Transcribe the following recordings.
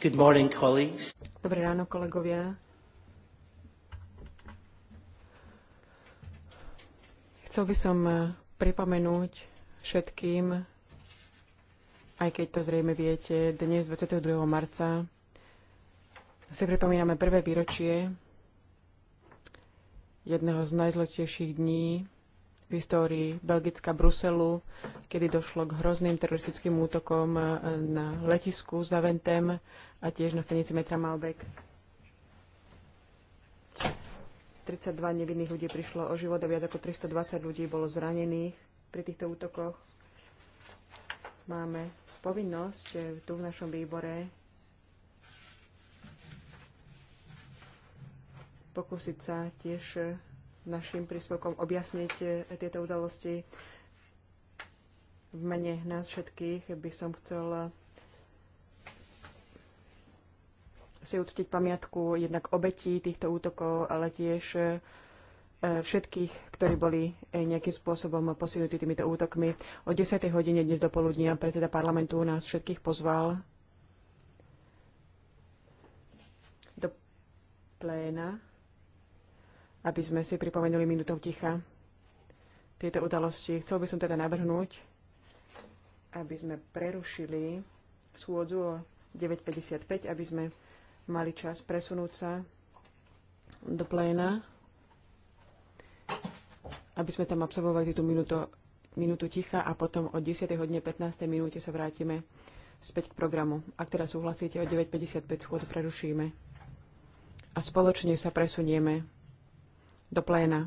Good morning, colleagues. Dobré ráno, kolegovia. Chcel by som eh, pripomenúť všetkým, aj keď to zrejme viete, dnes 22. marca si pripomíname prvé výročie jedného z najzlotejších dní v histórii Belgická Bruselu, kedy došlo k hrozným teroristickým útokom e, na letisku za Ventem a tiež na stanici metra Malbec. 32 nevinných ľudí prišlo o život a viac ako 320 ľudí bolo zranených pri týchto útokoch. Máme povinnosť e, tu v našom výbore pokúsiť sa tiež e, našim príspevkom objasniť e, tieto udalosti. V mene nás všetkých by som chcel e, si uctiť pamiatku jednak obetí týchto útokov, ale tiež e, všetkých, ktorí boli nejakým spôsobom posilnutí týmito útokmi. O 10. hodine dnes do poludnia predseda parlamentu nás všetkých pozval do pléna aby sme si pripomenuli minútou ticha tieto udalosti. Chcel by som teda navrhnúť, aby sme prerušili schôdzu o 9.55, aby sme mali čas presunúť sa do pléna, aby sme tam absolvovali tú minútu, minútu ticha a potom o 10.15 minúte sa vrátime späť k programu. Ak teda súhlasíte, o 9.55 schôdzu prerušíme a spoločne sa presunieme do pléna.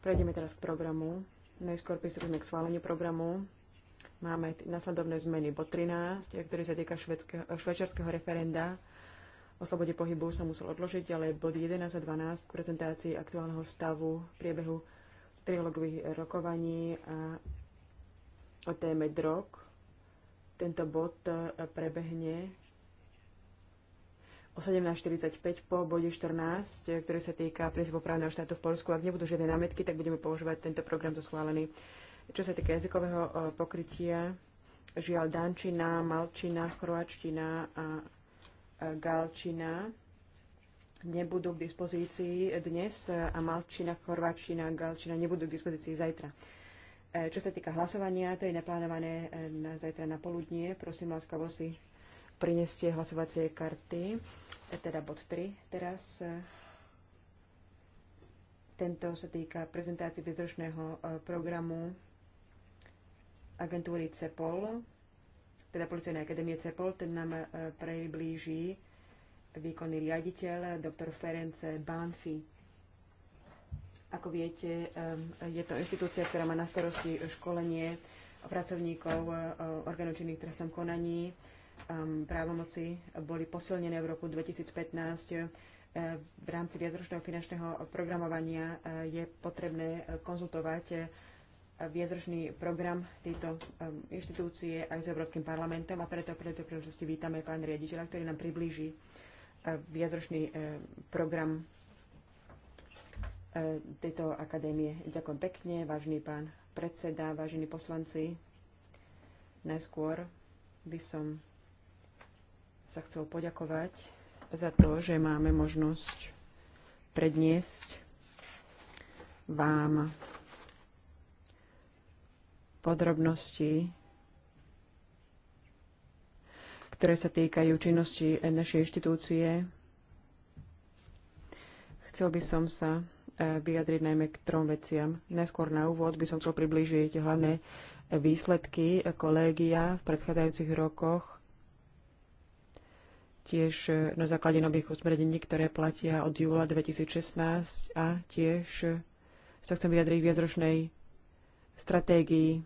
Prejdeme teraz k programu. Najskôr pristupujeme k schváleniu programu. Máme nasledovné zmeny. Bod 13, ktorý sa týka eh, švajčiarského referenda o slobode pohybu, sa musel odložiť, ale bod 11 a 12 k prezentácii aktuálneho stavu priebehu trilogových rokovaní a o téme drog. Tento bod e, prebehne o 17.45 po bode 14, e, ktorý sa týka princípov právneho štátu v Polsku. Ak nebudú žiadne námetky, tak budeme používať tento program za schválený. Čo sa týka jazykového e, pokrytia, žiaľ dančina, malčina, chorvačtina a galčina nebudú k dispozícii dnes a malčina, a galčina nebudú k dispozícii zajtra. E, čo sa týka hlasovania, to je naplánované e, na zajtra na poludnie. Prosím, láskavo si prineste hlasovacie karty, e, teda bod 3. Teraz tento sa týka prezentácie výzročného programu agentúry CEPOL, teda Policajnej akadémie CEPOL. Ten nám preblíží výkonný riaditeľ, doktor Ference Banfi. Ako viete, je to inštitúcia, ktorá má na starosti školenie pracovníkov e, orgánov činných trestnom konaní. Právomoci boli posilnené v roku 2015. E, v rámci viacročného finančného programovania e, je potrebné konzultovať viacročný program tejto inštitúcie aj s Európskym parlamentom a preto pre tejto príležitosti vítame pán riaditeľa, ktorý nám priblíži viacročný program E, tejto akadémie. Ďakujem pekne, vážený pán predseda, vážení poslanci. Najskôr by som sa chcel poďakovať za to, že máme možnosť predniesť vám podrobnosti, ktoré sa týkajú činnosti našej inštitúcie. Chcel by som sa vyjadriť najmä k trom veciam. Najskôr na úvod by som chcel priblížiť hlavné výsledky kolégia v predchádzajúcich rokoch, tiež eh, na základe nových usmernení, ktoré platia od júla 2016 a tiež eh, sa chcem vyjadriť viacročnej stratégii.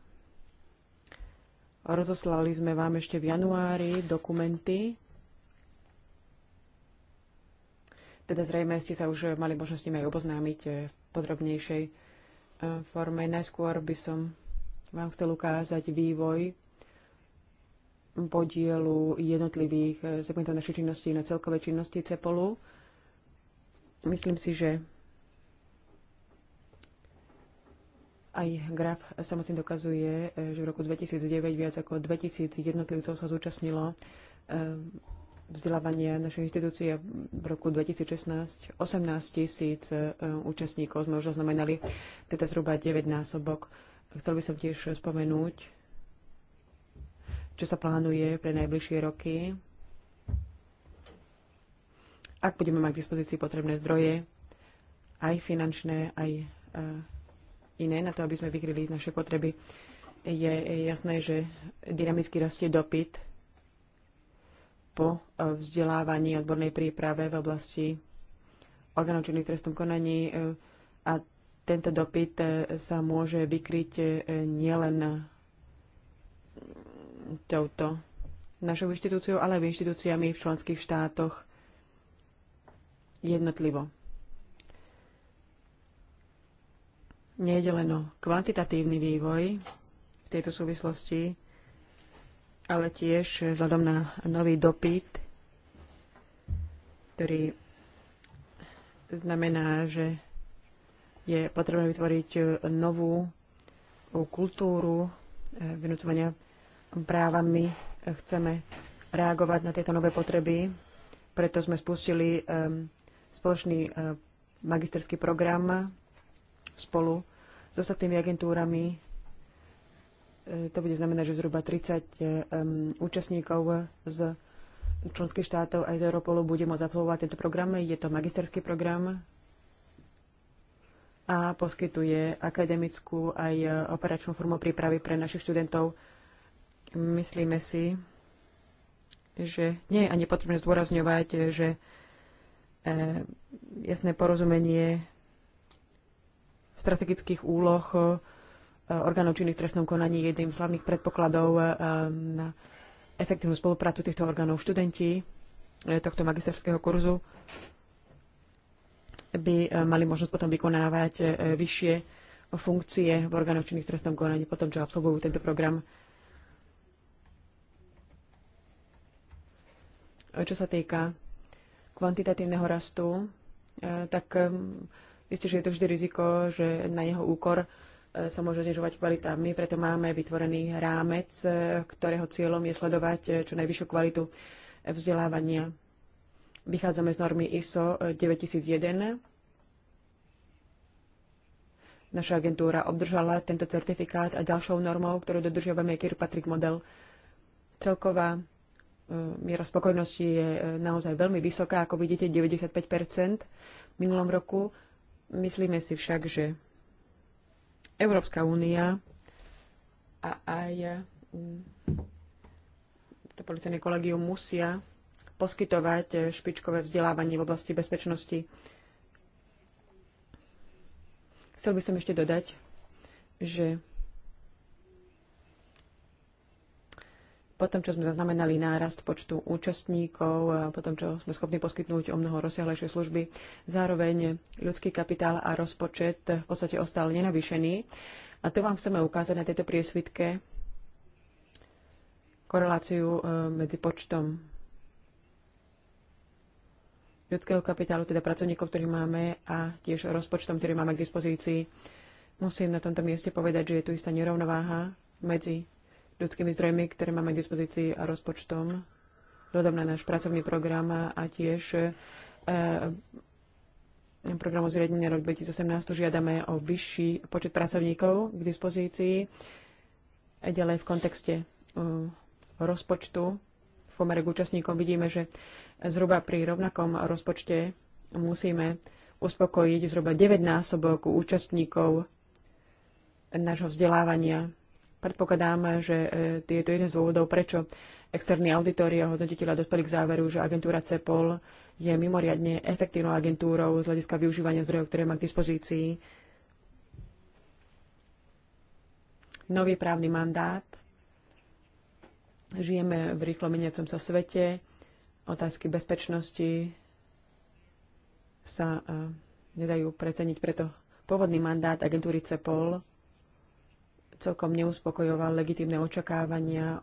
Rozoslali sme vám ešte v januári dokumenty Teda zrejme ste sa už mali možnosť s tým aj oboznámiť eh, v podrobnejšej eh, forme. Najskôr by som vám chcel ukázať vývoj podielu jednotlivých eh, segmentov našej činnosti na celkové činnosti CEPOLu. Myslím si, že aj graf samotný dokazuje, že v roku 2009 viac ako 2000 jednotlivcov sa zúčastnilo vzdelávania našej inštitúcie v roku 2016 18 tisíc e, účastníkov sme už zaznamenali, teda zhruba 9 násobok. Chcel by som tiež spomenúť, čo sa plánuje pre najbližšie roky. Ak budeme mať k dispozícii potrebné zdroje, aj finančné, aj e, iné, na to, aby sme vykryli naše potreby, je jasné, že dynamicky rastie dopyt po eh, vzdelávaní odbornej príprave v oblasti orgánov činných trestnom konaní eh, a tento dopyt eh, sa môže vykryť nielen touto našou inštitúciou, ale aj inštitúciami v členských štátoch jednotlivo. Nie je len kvantitatívny vývoj v tejto súvislosti, ale tiež vzhľadom na nový dopyt, ktorý znamená, že je potrebné vytvoriť novú kultúru e, vynúcovania právami. Chceme reagovať na tieto nové potreby, preto sme spustili spoločný e, magisterský program spolu s ostatnými agentúrami to bude znamenať, že zhruba 30 um, eh, účastníkov z členských štátov aj z Europolu bude môcť absolvovať tento program. Je to magisterský program a poskytuje akademickú aj eh, operačnú formu prípravy pre našich študentov. Myslíme si, že nie je ani potrebné zdôrazňovať, že eh, jasné porozumenie strategických úloh orgánov činných trestnom konaní je jedným z hlavných predpokladov eh, na efektívnu spoluprácu týchto orgánov. Študenti eh, tohto magisterského kurzu by eh, mali možnosť potom vykonávať vyššie funkcie v orgánoch činných trestnom konaní potom, čo absolvujú tento program. Čo sa týka kvantitatívneho rastu, tak ehm, isté, že je to vždy riziko, že na jeho úkor E, sa môže znižovať kvalita. My preto máme vytvorený rámec, e, ktorého cieľom je sledovať e, čo najvyššiu kvalitu vzdelávania. Vychádzame z normy ISO 9001. Naša agentúra obdržala tento certifikát a ďalšou normou, ktorú dodržiavame, je patrick model. Celková miera spokojnosti je naozaj veľmi vysoká, ako vidíte, 95 v minulom roku. Myslíme si však, že Európska únia a aj mm, to policajné kolegium musia poskytovať eh, špičkové vzdelávanie v oblasti bezpečnosti. Chcel by som ešte dodať, že Potom, čo sme zaznamenali nárast počtu účastníkov, potom, čo sme schopní poskytnúť o mnoho rozsiahlejšie služby, zároveň ľudský kapitál a rozpočet v podstate ostal nenavýšený. A tu vám chceme ukázať na tejto priesvitke koreláciu e, medzi počtom ľudského kapitálu, teda pracovníkov, ktorý máme a tiež rozpočtom, ktorý máme k dispozícii. Musím na tomto mieste povedať, že je tu istá nerovnováha medzi ľudskými zdrojmi, ktoré máme k dispozícii a rozpočtom, vzhľadom na náš pracovný program a tiež e, programu zriadenia rok 2018 žiadame o vyšší počet pracovníkov k dispozícii. A ďalej v kontexte e, rozpočtu v pomere k účastníkom vidíme, že zhruba pri rovnakom rozpočte musíme uspokojiť zhruba 9 násobok účastníkov nášho vzdelávania. Predpokladám, že e, je to jeden z dôvodov, prečo externí auditori a hodnotiteľa dospeli k záveru, že agentúra CEPOL je mimoriadne efektívnou agentúrou z hľadiska využívania zdrojov, ktoré má k dispozícii. Nový právny mandát. Žijeme v rýchlo meniacom sa svete. Otázky bezpečnosti sa e, nedajú preceniť, preto pôvodný mandát agentúry CEPOL celkom neuspokojoval legitímne očakávania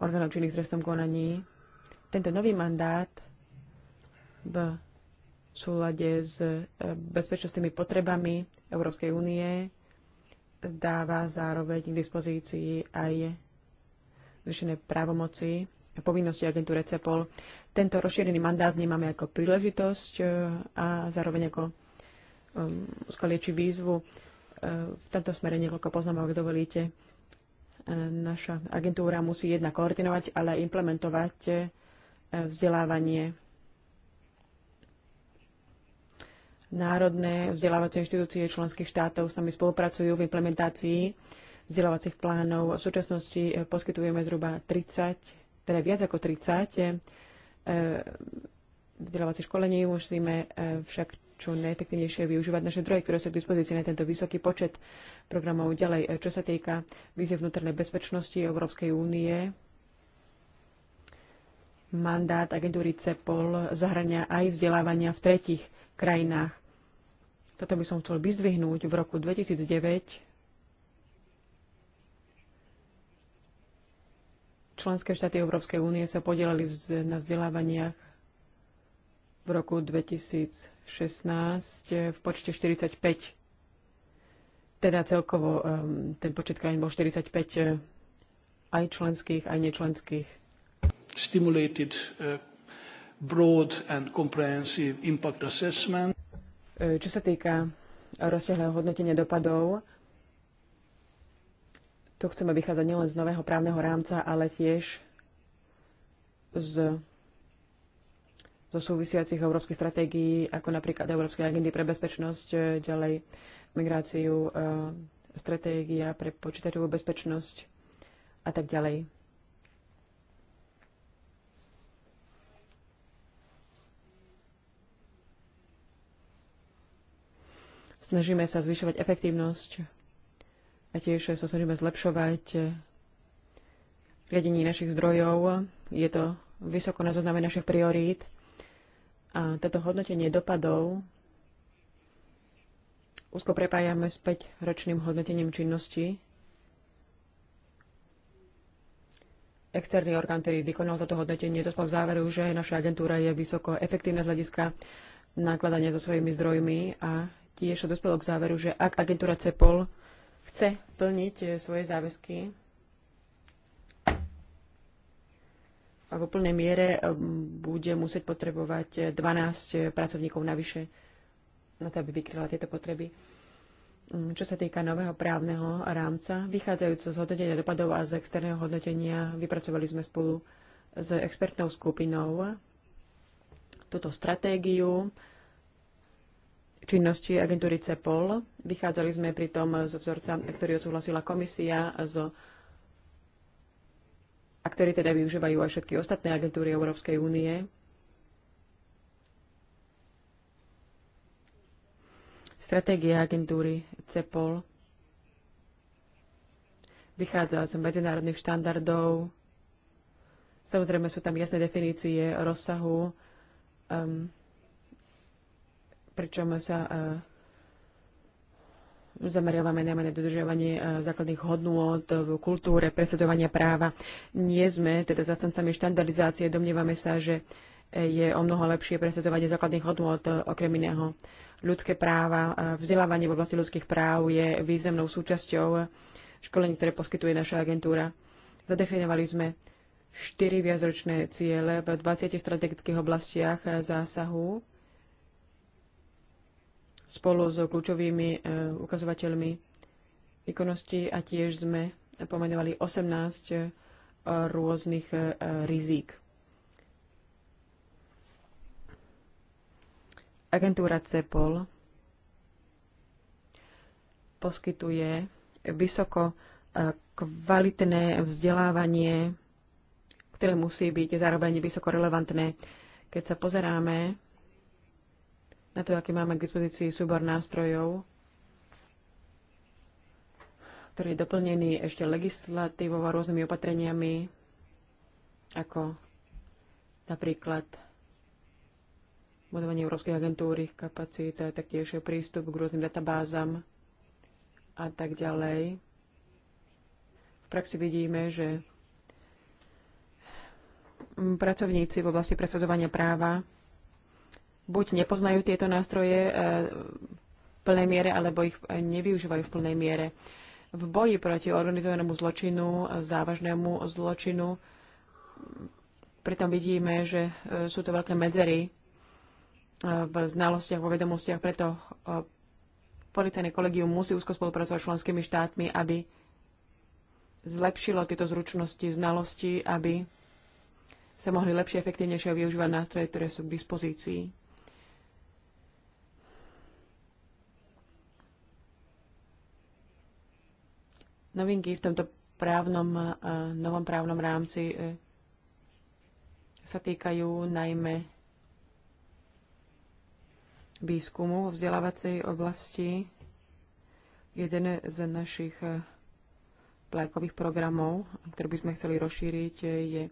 orgánov činných trestom konaní. Tento nový mandát v súlade s e, bezpečnostnými potrebami Európskej únie dáva zároveň k dispozícii aj zvyšené právomoci a povinnosti agentúre CEPOL. Tento rozšírený mandát vnímame ako príležitosť e, a zároveň ako um, skaliečí výzvu v tomto smere niekoľko poznámok, dovolíte. E, naša agentúra musí jedna koordinovať, ale aj implementovať e, vzdelávanie. Národné vzdelávacie inštitúcie členských štátov s nami spolupracujú v implementácii vzdelávacích plánov. V súčasnosti e, poskytujeme zhruba 30, teda viac ako 30 vzdelávacie školenie, Musíme však čo najefektívnejšie využívať naše zdroje, ktoré sú k dispozícii na tento vysoký počet programov. Ďalej, čo sa týka vízie vnútornej bezpečnosti Európskej únie, mandát agentúry CEPOL zahrania aj vzdelávania v tretich krajinách. Toto by som chcel vyzdvihnúť. V roku 2009 členské štáty Európskej únie sa podielali na vzdelávaniach v roku 2016 eh, v počte 45. Teda celkovo ehm, ten počet krajín bol 45 eh, aj členských, aj nečlenských. Stimulated eh, broad and comprehensive impact assessment. Čo sa týka rozsiahleho hodnotenia dopadov, tu chceme vychádzať nielen z nového právneho rámca, ale tiež z zo súvisiacich európskych stratégií, ako napríklad Európskej agendy pre bezpečnosť, e, ďalej migráciu, e, stratégia pre počítačovú bezpečnosť a tak ďalej. Snažíme sa zvyšovať efektívnosť a tiež sa snažíme zlepšovať riadenie našich zdrojov. Je to vysoko na zozname našich priorít a toto hodnotenie dopadov úzko prepájame s 5-ročným hodnotením činnosti. Externý orgán, ktorý vykonal toto hodnotenie, dospel záveru, že naša agentúra je vysoko efektívna z hľadiska nakladania so svojimi zdrojmi a tiež sa dospelo k záveru, že ak agentúra CEPOL chce plniť eh, svoje záväzky, v plnej miere eh, bude musieť potrebovať 12 eh, eh, pracovníkov navyše na to, aby vykryla tieto potreby. Mm, čo sa týka nového právneho rámca, vychádzajúco z hodnotenia dopadov a z externého hodnotenia, vypracovali sme spolu s expertnou skupinou túto stratégiu činnosti agentúry CEPOL. Vychádzali sme pritom z vzorca, ktorý odsúhlasila komisia, z so a ktoré teda využívajú aj všetky ostatné agentúry Európskej únie, Stratégia agentúry CEPOL vychádza z medzinárodných štandardov. Samozrejme sú tam jasné definície rozsahu, um, ehm, pričom sa uh, zameriavame najmä na dodržiavanie e, základných hodnôt v kultúre, presedovania práva. Nie sme teda zastancami štandardizácie, domnievame sa, že je o mnoho lepšie presedovanie základných hodnôt e, okrem iného. Ľudské práva, e, vzdelávanie v oblasti ľudských práv je významnou súčasťou školení, ktoré poskytuje naša agentúra. Zadefinovali sme štyri viacročné ciele v 20 strategických oblastiach zásahu spolu s so kľúčovými e, ukazovateľmi výkonnosti a tiež sme pomenovali 18 e, rôznych e, rizík. Agentúra CEPOL poskytuje vysoko kvalitné vzdelávanie, ktoré musí byť zároveň vysoko relevantné. Keď sa pozeráme na to, aký máme k dispozícii súbor nástrojov, ktorý je doplnený ešte legislatívou a rôznymi opatreniami, ako napríklad budovanie Európskej agentúry, kapacita, taktiež prístup k rôznym databázam a tak ďalej. V praxi vidíme, že pracovníci v oblasti presadzovania práva buď nepoznajú tieto nástroje e, v plnej miere, alebo ich e, nevyužívajú v plnej miere. V boji proti organizovanému zločinu, e, závažnému zločinu, pritom vidíme, že sú to veľké medzery v znalostiach, vo vedomostiach, preto policajné kolegium musí úzko spolupracovať s členskými štátmi, aby zlepšilo tieto zručnosti, znalosti, aby sa mohli lepšie, efektívnejšie využívať nástroje, ktoré sú k dispozícii. novinky v tomto právnom, e, novom právnom rámci e, sa týkajú najmä výskumu vo vzdelávacej oblasti. Jeden z našich plajkových e, programov, ktorý by sme chceli rozšíriť, je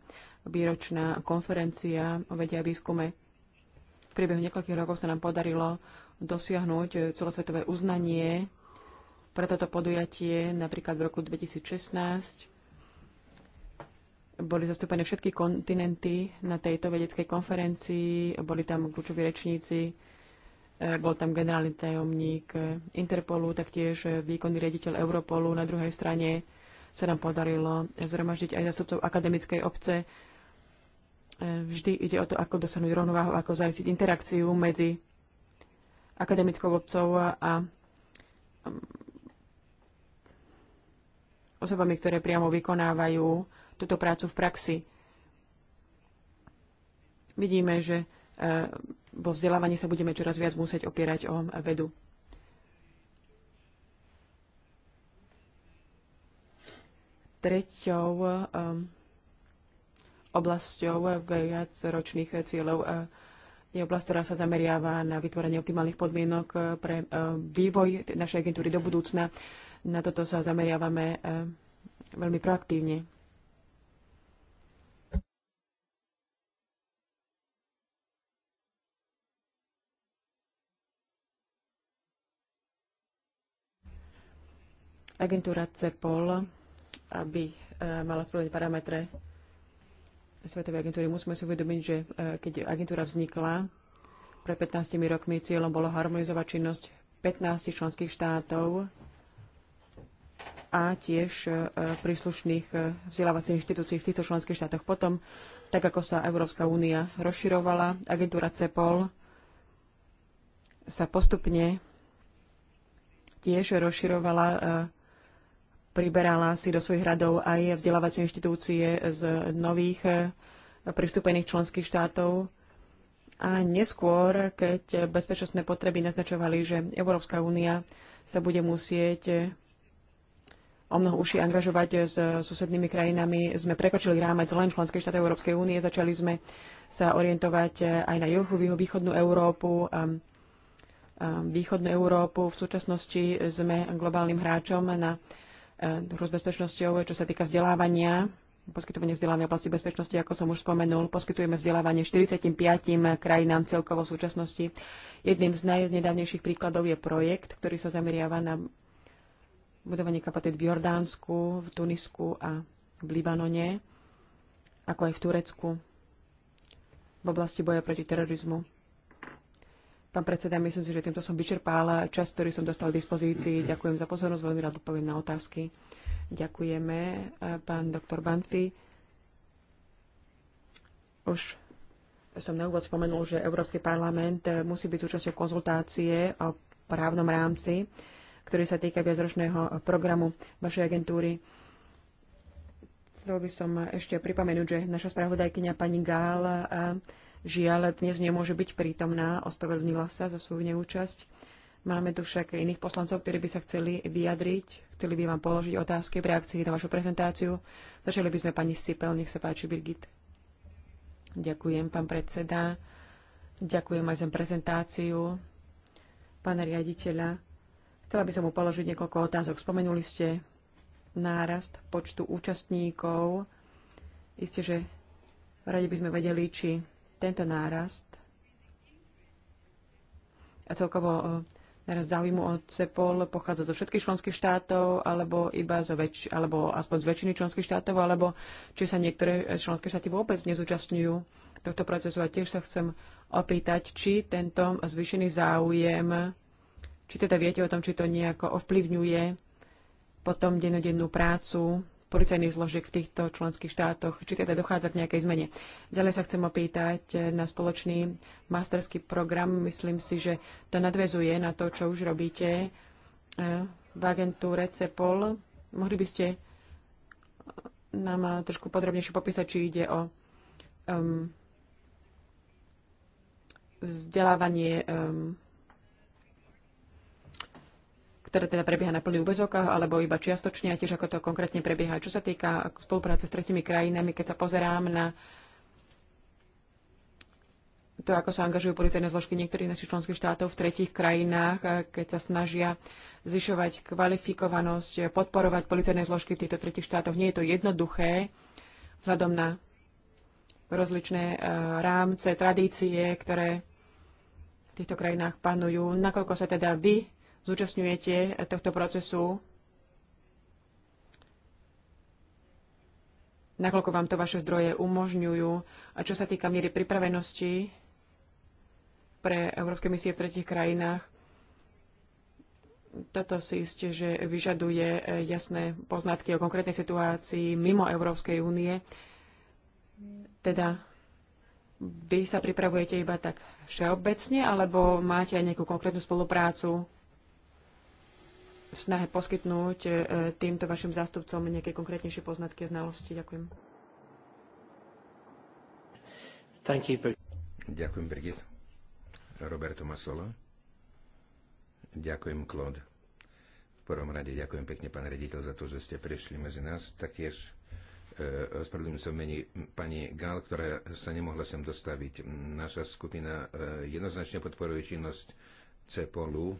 výročná konferencia o vede a výskume. V priebehu niekoľkých rokov sa nám podarilo dosiahnuť celosvetové uznanie pre toto podujatie. Napríklad v roku 2016 boli zastúpené všetky kontinenty na tejto vedeckej konferencii, boli tam kľúčoví rečníci, e, bol tam generálny tajomník Interpolu, taktiež výkonný riaditeľ Europolu. Na druhej strane sa nám podarilo zhromaždiť aj zastupcov akademickej obce. E, vždy ide o to, ako dosiahnuť rovnováhu, ako zajistiť interakciu medzi akademickou obcov a osobami, ktoré priamo vykonávajú túto prácu v praxi. Vidíme, že e, vo vzdelávaní sa budeme čoraz viac musieť opierať o vedu. Treťou oblasťou viac ročných cieľov e, je oblasť, ktorá sa zameriava na vytvorenie optimálnych podmienok e, pre vývoj našej agentúry do budúcna. Na toto sa zameriavame eh, veľmi proaktívne. Agentúra CEPOL, aby eh, mala splniť parametre Svetovej agentúry, musíme si uvedomiť, že eh, keď agentúra vznikla pred 15 rokmi, cieľom bolo harmonizovať činnosť 15 členských štátov a tiež e, príslušných e, vzdelávacích inštitúcií v týchto členských štátoch. Potom, tak ako sa Európska únia rozširovala, agentúra CEPOL sa postupne tiež rozširovala, e, priberala si do svojich radov aj vzdelávacie inštitúcie z nových pristúpených členských štátov. A neskôr, keď bezpečnostné potreby naznačovali, že Európska únia sa bude musieť o mnoho uši angažovať s susednými krajinami. Sme prekočili rámec len členské štáty Európskej únie, začali sme sa orientovať eh, aj na juhu, východnú Európu, ehm, ehm, východnú Európu. V súčasnosti sme globálnym hráčom na druhú eh, s bezpečnosťou, čo sa týka vzdelávania, poskytovanie vzdelávania v oblasti bezpečnosti, ako som už spomenul. Poskytujeme vzdelávanie 45 krajinám celkovo v súčasnosti. Jedným z najnedávnejších príkladov je projekt, ktorý sa zameriava na budovanie kapacít v Jordánsku, v Tunisku a v Libanone, ako aj v Turecku v oblasti boja proti terorizmu. Pán predseda, myslím si, že týmto som vyčerpala čas, ktorý som dostal k dispozícii. Ďakujem za pozornosť, veľmi rád odpoviem na otázky. Ďakujeme, eh, pán doktor Banfi. Už som na úvod spomenul, že Európsky parlament eh, musí byť súčasťou konzultácie o právnom rámci ktorý sa týka viacročného programu vašej agentúry. Chcel by som ešte pripomenúť, že naša spravodajkynia pani Gál žiaľ dnes nemôže byť prítomná, ospravedlnila sa za svoju neúčasť. Máme tu však iných poslancov, ktorí by sa chceli vyjadriť, chceli by vám položiť otázky v reakcii na vašu prezentáciu. Začali by sme pani Sipel, nech sa páči, Birgit. Ďakujem, pán predseda. Ďakujem aj za prezentáciu pána riaditeľa. Chcela by som mu položiť niekoľko otázok. Spomenuli ste nárast počtu účastníkov. Isté, že radi by sme vedeli, či tento nárast a celkovo e, nárast záujmu od CEPOL pochádza zo všetkých členských štátov, alebo iba zo väč- alebo aspoň z väčšiny členských štátov, alebo či sa niektoré členské štáty vôbec nezúčastňujú tohto procesu. A tiež sa chcem opýtať, či tento zvýšený záujem či teda viete o tom, či to nejako ovplyvňuje potom denodennú prácu policajných zložiek v týchto členských štátoch, či teda dochádza k nejakej zmene. Ďalej sa chcem opýtať na spoločný masterský program. Myslím si, že to nadvezuje na to, čo už robíte eh, v agentúre CEPOL. Mohli by ste eh, nám trošku podrobnejšie popísať, či ide o um, vzdelávanie um, ktoré teda prebieha na plný úvezok alebo iba čiastočne a tiež ako to konkrétne prebieha. Čo sa týka spolupráce s tretimi krajinami, keď sa pozerám na to, ako sa angažujú policajné zložky niektorých našich členských štátov v tretích krajinách, keď sa snažia zvyšovať kvalifikovanosť, podporovať policajné zložky v týchto tretich štátoch. Nie je to jednoduché vzhľadom na rozličné e, rámce, tradície, ktoré v týchto krajinách panujú. Nakoľko sa teda vy zúčastňujete tohto procesu, nakoľko vám to vaše zdroje umožňujú. A čo sa týka miery pripravenosti pre európske misie v tretich krajinách, toto si isté, že vyžaduje eh, jasné poznatky o konkrétnej situácii mimo Európskej únie. Teda vy sa pripravujete iba tak všeobecne, alebo máte aj nejakú konkrétnu spoluprácu snahe poskytnúť e, týmto vašim zástupcom nejaké konkrétnejšie poznatky a znalosti. Ďakujem. Thank you, Ďakujem, Brigit. Roberto Masola. Ďakujem, Claude. V prvom rade ďakujem pekne, pán rediteľ, za to, že ste prišli medzi nás. Taktiež e, ospravedlňujem sa meni pani Gal, ktorá sa nemohla sem dostaviť. Naša skupina e, jednoznačne podporuje činnosť CEPOLu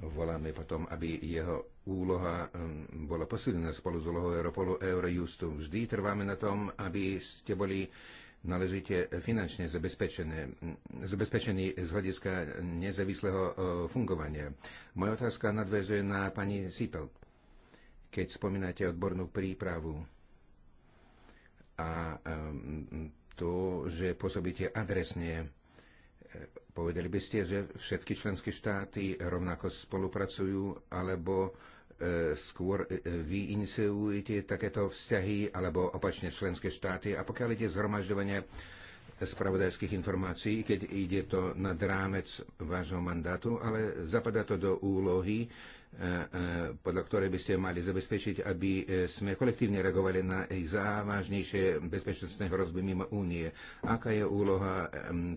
Voláme potom, aby jeho úloha um, bola posilnená spolu s úlohou Europolu Eurojustu. Vždy trváme na tom, aby ste boli náležite finančne zabezpečené, zabezpečení z hľadiska nezávislého uh, fungovania. Moja otázka nadväzuje na pani Sipel, keď spomínate odbornú prípravu a um, to, že pôsobíte adresne Povedali by ste, že všetky členské štáty rovnako spolupracujú, alebo e, skôr e, vy iniciujete takéto vzťahy, alebo opačne členské štáty. A pokiaľ ide zhromažďovanie spravodajských informácií, keď ide to nad rámec vášho mandátu, ale zapadá to do úlohy E, e, podľa ktorej by ste mali zabezpečiť, aby e, sme kolektívne reagovali na závažnejšie bezpečnostné hrozby mimo únie. Aká je úloha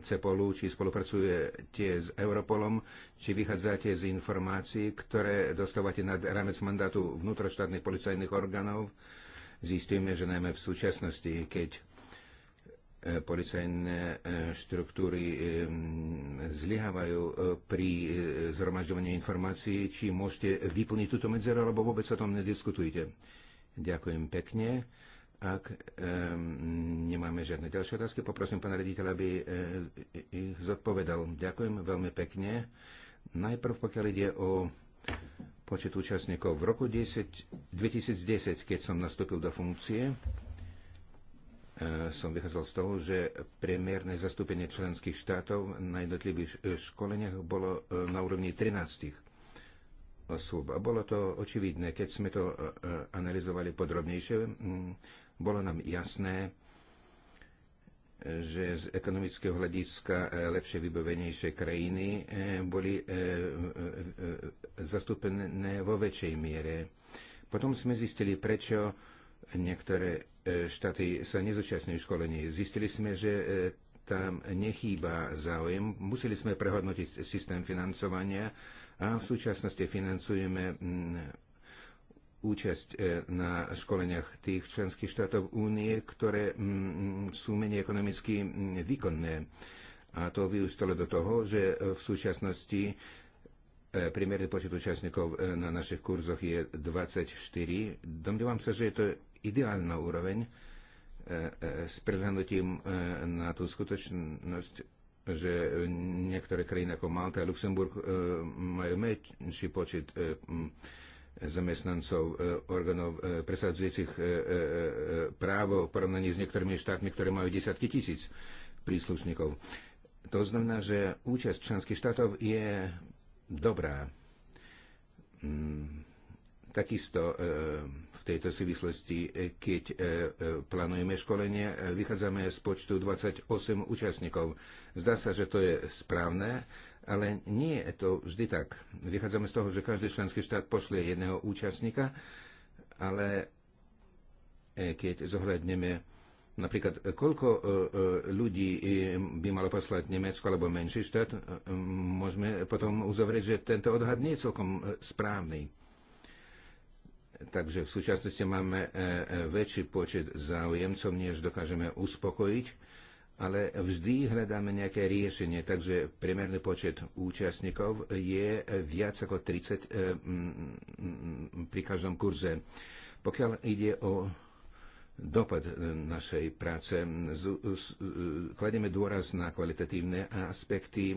CEPOLu? Či spolupracujete s Europolom? Či vychádzate z informácií, ktoré dostávate nad rámec mandátu vnútroštátnych policajných orgánov? Zistujeme, že najmä v súčasnosti, keď policajné e, štruktúry e, zlyhávajú e, pri zhromažďovaní informácií, či môžete vyplniť túto medzeru, alebo vôbec o tom nediskutujete. Ďakujem pekne. Ak nemáme žiadne ďalšie otázky, poprosím pána rediteľa, aby ich zodpovedal. Ďakujem veľmi pekne. Najprv, pokiaľ ide o počet účastníkov. V roku 10, 2010, keď som nastúpil do funkcie, E, som vychádzal z toho, že priemerné zastúpenie členských štátov na jednotlivých e, školeniach bolo e, na úrovni 13 osôb. A bolo to očividné. Keď sme to analyzovali podrobnejšie, bolo nám jasné, že z ekonomického hľadiska lepšie vybavenejšie krajiny boli zastúpené vo väčšej miere. Potom sme zistili, prečo niektoré E, štáty sa nezúčastňujú školení. Zistili sme, že e, tam nechýba záujem. Museli sme prehodnotiť systém financovania a v súčasnosti financujeme mm, účasť e, na školeniach tých členských štátov únie, ktoré mm, sú menej ekonomicky mm, výkonné. A to vyústalo do toho, že v súčasnosti priemerný počet účastníkov na našich kurzoch je 24. Domnievam sa, že je to ideálna úroveň e, e, s prihľadnutím e, na tú skutočnosť, že niektoré krajiny ako Malta a Luxemburg majú menší počet zamestnancov orgánov presadzujúcich právo v porovnaní s niektorými štátmi, ktoré majú desiatky tisíc príslušníkov. To znamená, že účasť členských štátov je dobrá. Mm, takisto tejto súvislosti, keď e, e, plánujeme školenie, vychádzame z počtu 28 účastníkov. Zdá sa, že to je správne, ale nie je to vždy tak. Vychádzame z toho, že každý členský štát pošle jedného účastníka, ale e, keď zohľadneme Napríklad, koľko ľudí by malo poslať Nemecko alebo menší štát, môžeme potom uzavrieť, že tento odhad nie je celkom správny. Takže v súčasnosti máme e, e, väčší počet záujemcov, než dokážeme uspokojiť, ale vždy hľadáme nejaké riešenie, takže priemerný počet účastníkov je viac ako 30 e, pri každom kurze. Pokiaľ ide o dopad našej práce. Kladieme dôraz na kvalitatívne aspekty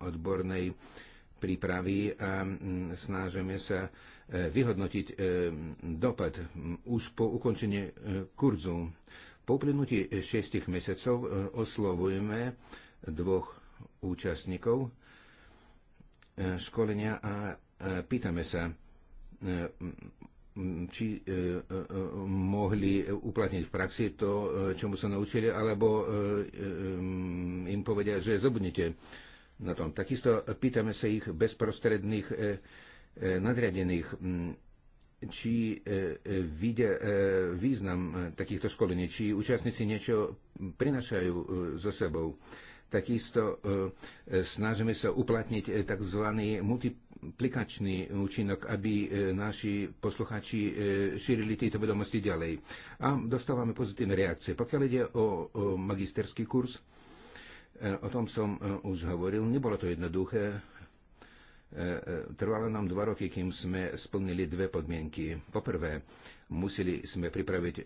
odbornej prípravy a snažíme sa e, vyhodnotiť e, dopad už po ukončení e, kurzu. Po uplynutí šestich mesiacov oslovujeme dvoch účastníkov školenia a pýtame sa, či mohli uplatniť v praxi to, čomu sa naučili, alebo im povedia, že zobudnite na tom. Takisto pýtame sa ich bezprostredných e, e, nadriadených, či e, vidia význam takýchto školení, či účastníci niečo prinašajú so sebou. Takisto snažíme sa uplatniť tzv. multiplikačný účinok, aby naši posluchači šírili tieto vedomosti ďalej. A dostávame pozitívne reakcie. Pokiaľ ide o magisterský kurz, E, o tom som e, už hovoril, nebolo to jednoduché. E, trvalo nám dva roky, kým sme splnili dve podmienky. Poprvé, museli sme pripraviť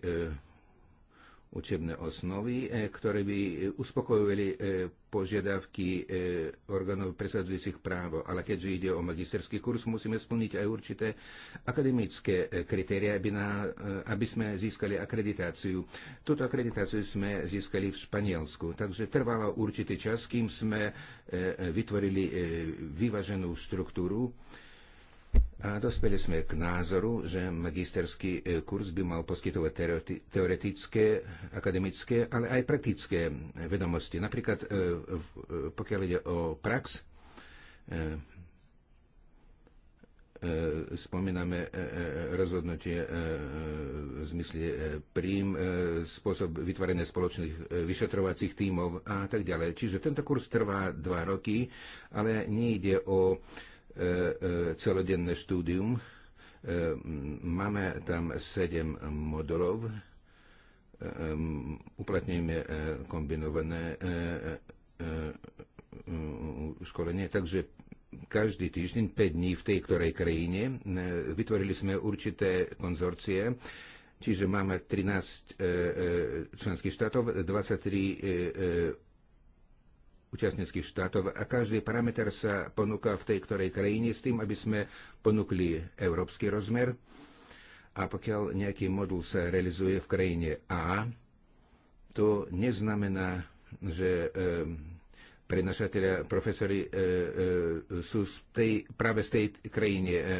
učebné osnovy, e, ktoré by uspokojovali e, požiadavky e, orgánov presadzujúcich právo. Ale keďže ide o magisterský kurz, musíme splniť aj určité akademické kritéria, aby, na, aby sme získali akreditáciu. Túto akreditáciu sme získali v Španielsku, takže trvalo určitý čas, kým sme vytvorili vyváženú štruktúru a dospeli sme k názoru, že magisterský e, kurz by mal poskytovať teoretické, akademické, ale aj praktické e, vedomosti. Napríklad, e, pokiaľ ide o prax, spomíname rozhodnutie v zmysle príjm, spôsob vytvorenia spoločných vyšetrovacích tímov a tak ďalej. Čiže tento kurz trvá dva roky, ale nejde o E, e, celodenné štúdium. E, máme tam sedem modulov. Uplatňujeme kombinované školenie, takže každý týždeň 5 dní v tej ktorej krajine. Vytvorili sme určité konzorcie, čiže máme 13 členských štátov, 23 účastníckých štátov a každý parameter sa ponúka v tej ktorej krajine s tým, aby sme ponúkli európsky rozmer a pokiaľ nejaký modul sa realizuje v krajine A, to neznamená, že e, prednášatelia, profesori e, e, sú z tej, práve z tej krajine. E, e,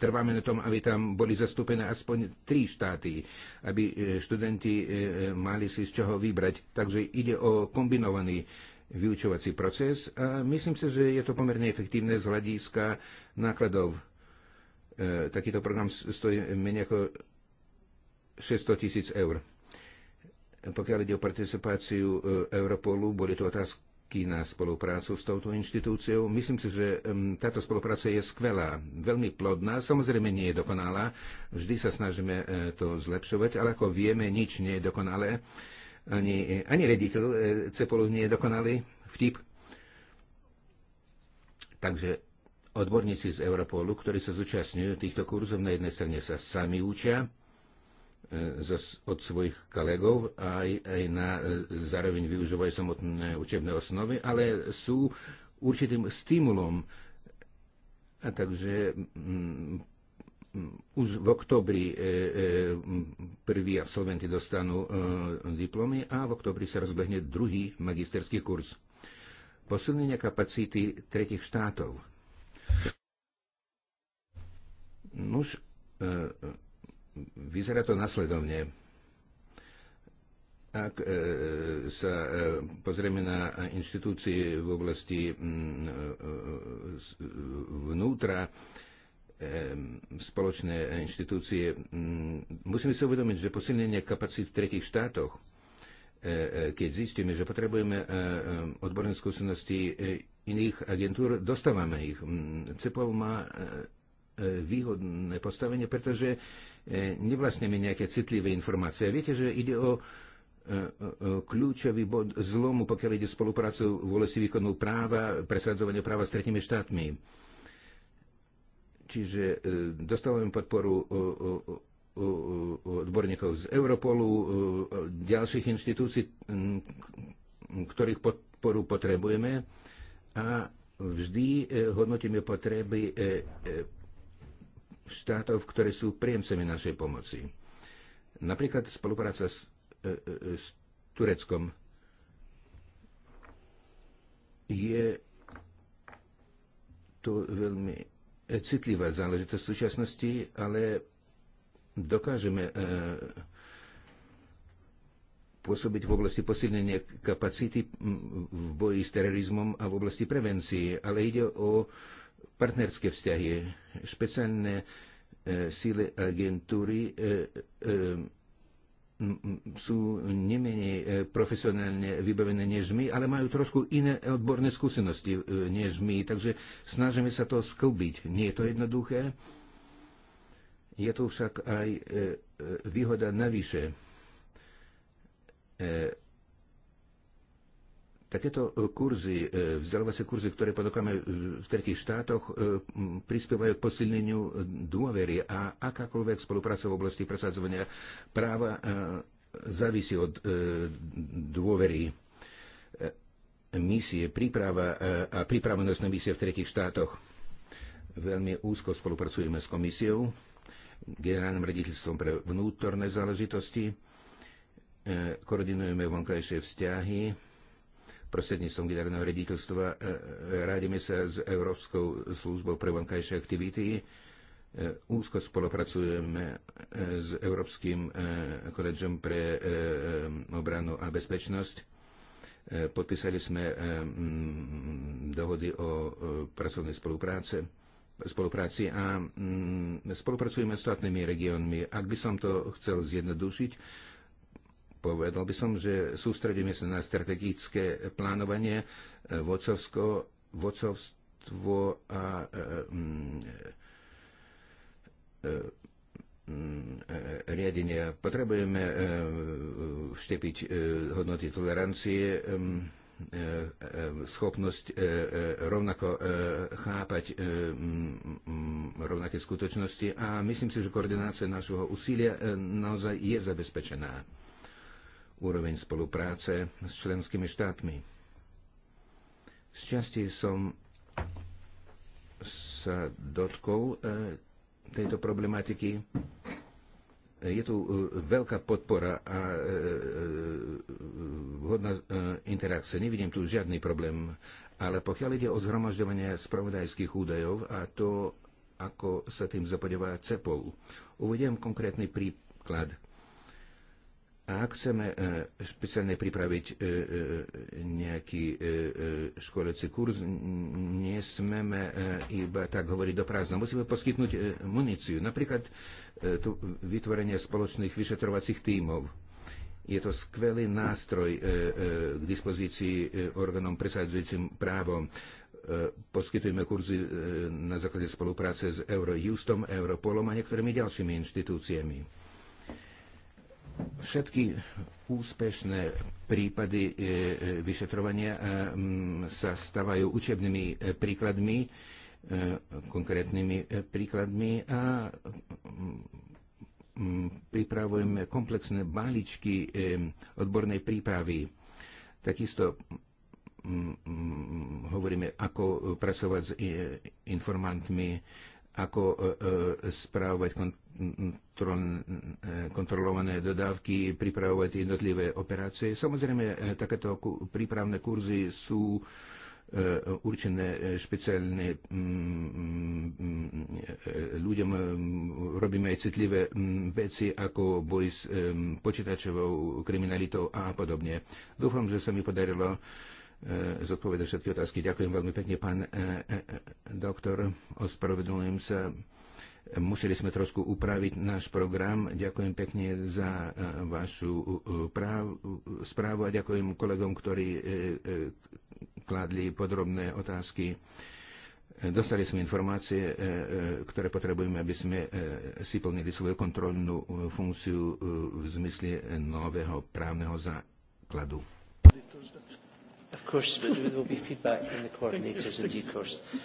trváme na tom, aby tam boli zastúpené aspoň tri štáty, aby študenti e, mali si z čoho vybrať. Takže ide o kombinovaný e, vyučovací proces a myslím si, že je to pomerne efektívne z hľadiska nákladov. E, takýto program stojí menej ako 600 tisíc eur. Pokiaľ ide o participáciu e, Europolu, boli to otázky na spoluprácu s touto inštitúciou. Myslím si, že táto spolupráca je skvelá, veľmi plodná, samozrejme nie je dokonalá, vždy sa snažíme e, to zlepšovať, ale ako vieme, nič nie je dokonalé. E, ani, ani rediteľ e, Cepolu nie je dokonalý vtip. Takže odborníci z Europolu, ktorí sa zúčastňujú týchto kurzov, na jednej strane sa sami učia e, od svojich kolegov a aj, aj na, e, zároveň využívajú samotné učebné osnovy, ale sú určitým stimulom. A takže už v oktobri e, e, prví absolventi dostanú e, diplomy a v oktobri sa rozbehne druhý magisterský kurz. Posilnenie kapacity tretich štátov. Nuž, vyzerá to nasledovne. Ak sa pozrieme na inštitúcie v oblasti vnútra, spoločné inštitúcie. Musíme si uvedomiť, že posilnenie kapacít v tretich štátoch, e, e, keď zistíme, že potrebujeme e, odborné skúsenosti iných agentúr, dostávame ich. CEPOL má výhodné postavenie, pretože nevlastníme nejaké citlivé informácie. Viete, že ide o kľúčový bod zlomu, pokiaľ ide spoluprácu v oblasti výkonu práva, presadzovanie práva s tretimi štátmi Čiže e, dostávame podporu e, e, odborníkov z Europolu, ďalších inštitúcií, ktorých podporu potrebujeme a vždy hodnotíme potreby štátov, ktoré sú príjemcami našej pomoci. Napríklad spolupráca s, s Tureckom je to veľmi E, citlivá záležitosť v súčasnosti, ale dokážeme e, pôsobiť v oblasti posilnenia kapacity v boji s terorizmom a v oblasti prevencie, ale ide o partnerské vzťahy, špeciálne e, síly agentúry sú nemenej e, profesionálne vybavené než my, ale majú trošku iné odborné skúsenosti e, než my, takže snažíme sa to sklbiť. Nie je to jednoduché, je to však aj e, výhoda navyše. Takéto e, kurzy, e, vzdelávacie kurzy, ktoré podokáme e, v tretich štátoch, prispievajú k posilneniu dôvery a akákoľvek spolupráca v oblasti presadzovania práva závisí od dôvery misie, príprava a pripravenosť na misie v tretich štátoch. Veľmi úzko spolupracujeme s komisiou, generálnym rediteľstvom pre vnútorné záležitosti, koordinujeme vonkajšie vzťahy, prostredníctvom generálneho rediteľstva e, e, radíme sa s Európskou službou pre vonkajšie aktivity. E, úzko spolupracujeme s Európskym koledžom pre obranu a bezpečnosť. Podpísali sme dohody o pracovnej spolupráce spolupráci a spolupracujeme s ostatnými regiónmi. Ak by som to chcel zjednodušiť, Povedal by som, že sústredíme sa na strategické plánovanie, e, vocovsko, vocovstvo a e, e, mm, mm, riadenia. Potrebujeme vštepiť hodnoty tolerancie, schopnosť rovnako chápať rovnaké skutočnosti a myslím si, že koordinácia našho úsilia naozaj je zabezpečená úroveň spolupráce s členskými štátmi. Z časti som sa dotkol e, tejto problematiky. Je tu e, veľká podpora a e, vhodná interakcia. Nevidím tu žiadny problém, ale pokiaľ ide o zhromažďovanie spravodajských údajov a to, ako sa tým zapodevá CEPOL, uvediem konkrétny príklad – ak chceme e, špeciálne pripraviť e, e, nejaký školeci kurz, nesmeme iba tak hovoriť do prázdna. Musíme poskytnúť muníciu. Napríklad tu vytvorenie spoločných vyšetrovacích tímov. Je to skvelý nástroj k dispozícii orgánom presadzujúcim právom. Poskytujeme kurzy na základe spolupráce s Eurojustom, Europolom a niektorými ďalšími inštitúciami Všetky úspešné prípady e, e, vyšetrovania e, sa stávajú učebnými príkladmi, konkrétnymi príkladmi a pripravujeme komplexné balíčky odbornej prípravy. Takisto hovoríme, ako pracovať s informantmi, ako e, e, správovať e, kontrolované dodávky, pripravovať jednotlivé operácie. Samozrejme, takéto prípravné kurzy sú určené špeciálne mm, mm, mm, ľuďom robíme aj citlivé veci ako boj s počítačovou kriminalitou a podobne. Dúfam, že sa mi podarilo E, zodpovedať všetky otázky. Ďakujem veľmi pekne, pán e, e, doktor. Ospravedlňujem sa. Museli sme trošku upraviť náš program. Ďakujem pekne za vašu práv, správu a ďakujem kolegom, ktorí kladli podrobné otázky. Dostali sme informácie, ktoré potrebujeme, aby sme si plnili svoju kontrolnú funkciu v zmysle nového právneho základu.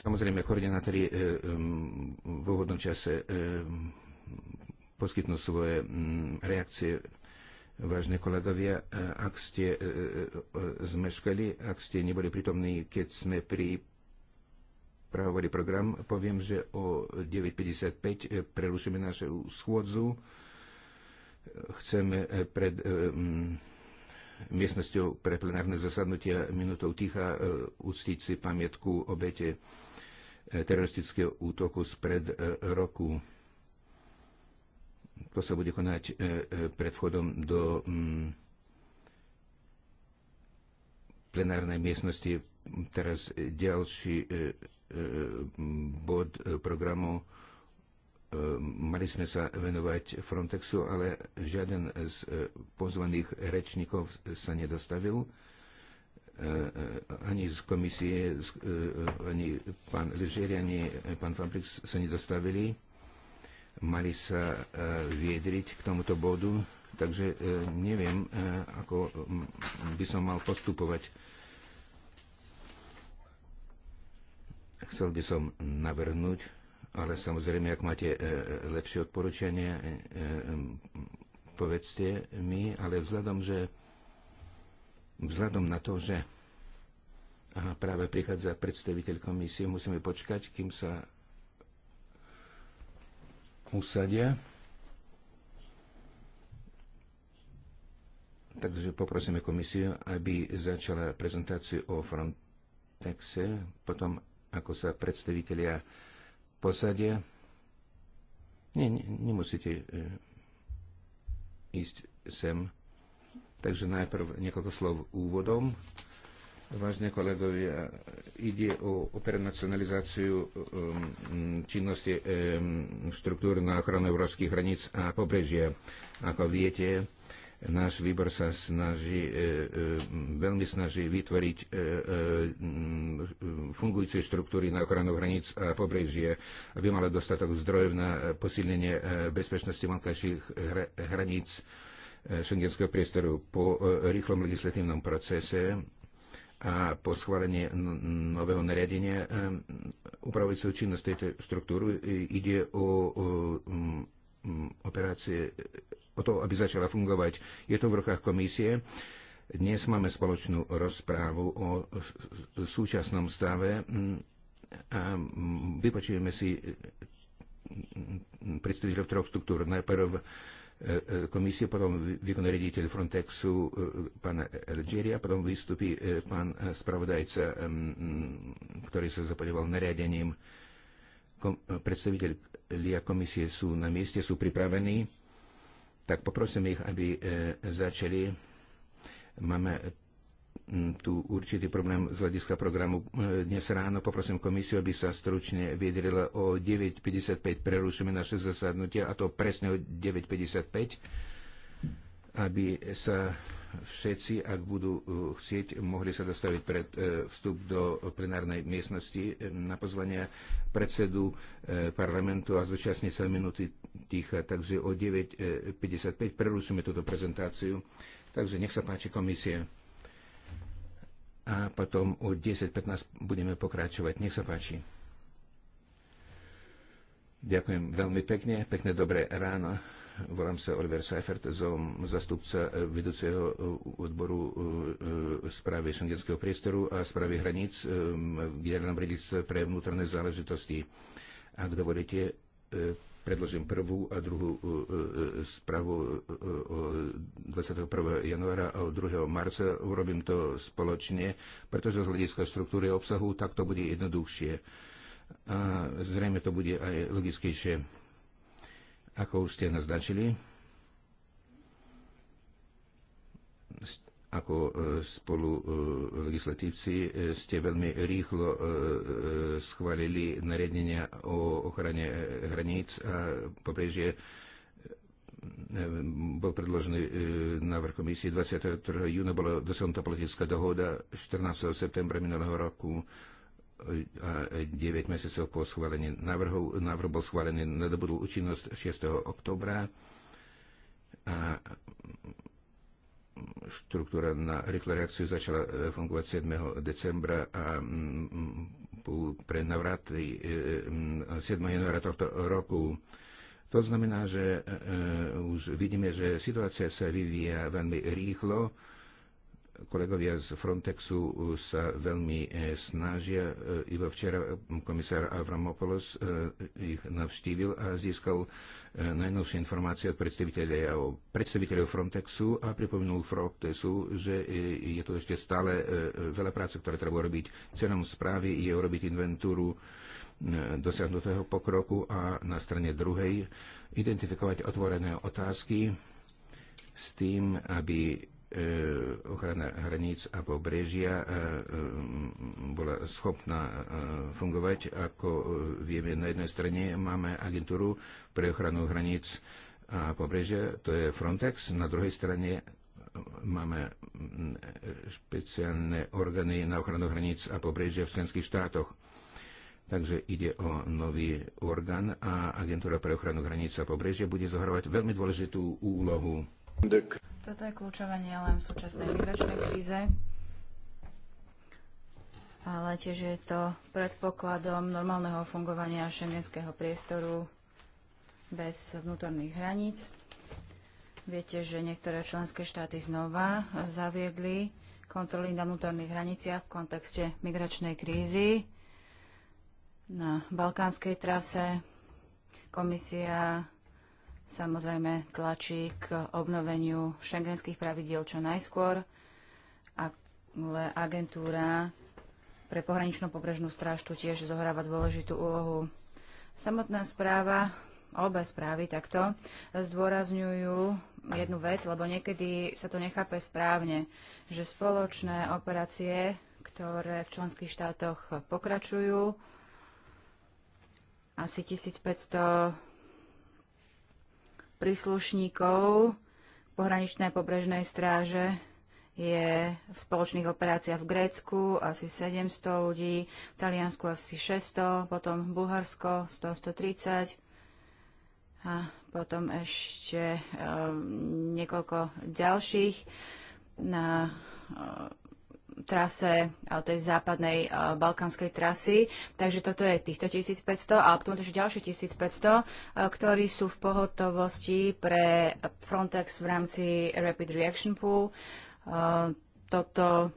Samozrejme, koordinátori eh, v úvodnom čase eh, poskytnú svoje mm, reakcie vážne kolegovia, eh, ak ste zmeškali, ak ste neboli pritomní, keď sme pri pravovali program, poviem, že o 9.55 prerušíme našu schôdzu. Chceme pred miestnosťou pre plenárne zasadnutia minutou ticha e, uctiť si pamätku obete e, teroristického útoku spred e, roku. To sa bude konať pred vchodom do mm, plenárnej miestnosti. Teraz ďalší bod programu Ehm, mali sme sa venovať Frontexu, ale žiaden z e, pozvaných rečníkov sa nedostavil. E, e, ani z komisie, ani pán Ležeri, ani pán Fabrix sa nedostavili. Mali sa viedriť k tomuto bodu, takže neviem, ako by som mal postupovať. Chcel by som navrhnúť ale samozrejme, ak máte e, e, lepšie e, e povedzte mi, ale vzhľadom, že vzhľadom na to, že Aha, práve prichádza predstaviteľ komisie, musíme počkať, kým sa usadia. Takže poprosíme komisiu, aby začala prezentáciu o Frontexe, potom ako sa predstavitelia posadia. Nie, nie, nemusíte e, ísť sem. Takže najprv niekoľko slov úvodom. Vážne kolegovia, ide o operacionalizáciu e, činnosti e, štruktúr na ochranu európskych hraníc a pobrežia. Ako viete, Náš výbor sa snaží, e, e, veľmi snaží vytvoriť e, fungujúce štruktúry na ochranu hraníc a pobrežie, aby mala dostatok zdrojov na posilnenie bezpečnosti vonkajších hraníc šengenského priestoru po rýchlom legislatívnom procese a po schválení nového nariadenia upravujúceho činnosť tejto štruktúry ide o operácie o to, aby začala fungovať. Je to v rukách komisie. Dnes máme spoločnú rozprávu o súčasnom stave a vypočujeme si predstaviteľov troch štruktúr. Najprv e, e, komisie, potom výkonný riaditeľ Frontexu, e, pán Algieri, potom vystupí pán spravodajca, ktorý sa zapodieval nariadením. Predstaviteľia komisie sú na mieste, sú pripravení tak poprosím ich, aby e, začali. Máme tu určitý problém z hľadiska programu e, dnes ráno. Poprosím komisiu, aby sa stručne vyjadrila o 9.55. Prerušíme naše zasadnutie, a to presne o 9.55, aby sa všetci, ak budú e, chcieť, mohli sa dostaviť pred vstup do plenárnej miestnosti na pozvanie predsedu parlamentu a zúčastniť sa minuty ticha, takže o 9.55 prerušíme túto prezentáciu. Takže nech sa páči komisie. A potom o 10.15 budeme pokračovať. Nech sa páči. Ďakujem veľmi pekne. Pekné dobré ráno. Volám sa Oliver Seifert, som zastupca vedúceho uh, odboru uh, uh, správy šengenského priestoru a správy hraníc v um, generálnom pre vnútorné záležitosti. Ak dovolíte, predložím prvú a druhú e, e, e, správu 21. januára a 2. marca. Urobím to spoločne, pretože z hľadiska štruktúry obsahu tak to bude jednoduchšie. A zrejme to bude aj logickejšie, ako už ste naznačili. ako e, spolu e, legislatívci e, ste veľmi rýchlo schválili nariadenia o ochrane hraníc a pobrežie bol predložený návrh komisie 23. júna, bola dosiahnutá politická dohoda 14. septembra minulého roku a 9 mesiacov po schválení návrhov. Návrh bol schválený, nadobudol účinnosť 6. oktobra a štruktúra na rýchlu reakciu začala e, fungovať 7. decembra a pre navrat 7. E, januára tohto roku. To znamená, že e, už vidíme, že situácia sa vyvíja veľmi rýchlo kolegovia z Frontexu uh, sa veľmi uh, snažia. Uh, iba včera um, komisár Avramopoulos ich navštívil a získal najnovšie informácie od predstaviteľov, Frontexu a pripomenul Frontexu, že je to ešte stále veľa práce, ktoré treba robiť. Cenom správy je urobiť inventúru dosiahnutého pokroku a na strane druhej identifikovať otvorené otázky s tým, aby E, ochrana hraníc a pobrežia e, e, bola schopná fungovať. Ako vieme, na jednej strane máme agentúru pre ochranu hraníc a pobrežia, to je Frontex, na druhej strane máme špeciálne orgány na ochranu hraníc a pobrežia v členských štátoch. Takže ide o nový orgán a agentúra pre ochranu hraníc a pobrežia bude zohrávať veľmi dôležitú úlohu. Dek. Toto je kľúčové nielen v súčasnej migračnej kríze, ale tiež je to predpokladom normálneho fungovania šengenského priestoru bez vnútorných hraníc. Viete, že niektoré členské štáty znova zaviedli kontroly na vnútorných hraniciach v kontexte migračnej krízy. Na balkánskej trase komisia samozrejme tlačí k obnoveniu šengenských pravidiel čo najskôr, ale agentúra pre pohraničnú pobrežnú stráž tu tiež zohráva dôležitú úlohu. Samotná správa, obe správy takto, zdôrazňujú jednu vec, lebo niekedy sa to nechápe správne, že spoločné operácie, ktoré v členských štátoch pokračujú, asi 1500 príslušníkov pohraničnej pobrežnej stráže je v spoločných operáciách v Grécku asi 700 ľudí, v Taliansku asi 600, potom Bulharsko 100-130 a potom ešte um, niekoľko ďalších na trase tej západnej balkánskej trasy. Takže toto je týchto 1500 a potom to je ďalšie 1500, ktorí sú v pohotovosti pre Frontex v rámci Rapid Reaction Pool. Toto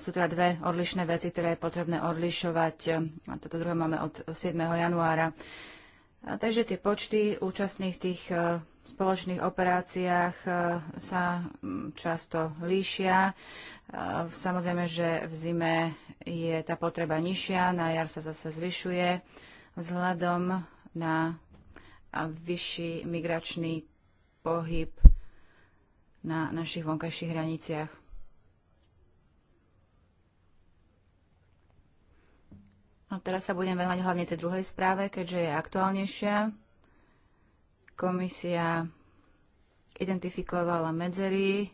sú teda dve odlišné veci, ktoré je potrebné odlišovať. A toto druhé máme od 7. januára. A takže tie počty účastných tých spoločných operáciách e, sa mm, často líšia. E, samozrejme, že v zime je tá potreba nižšia, na jar sa zase zvyšuje vzhľadom na vyšší migračný pohyb na našich vonkajších hraniciach. A teraz sa budem venovať hlavne tej druhej správe, keďže je aktuálnejšia. Komisia identifikovala medzery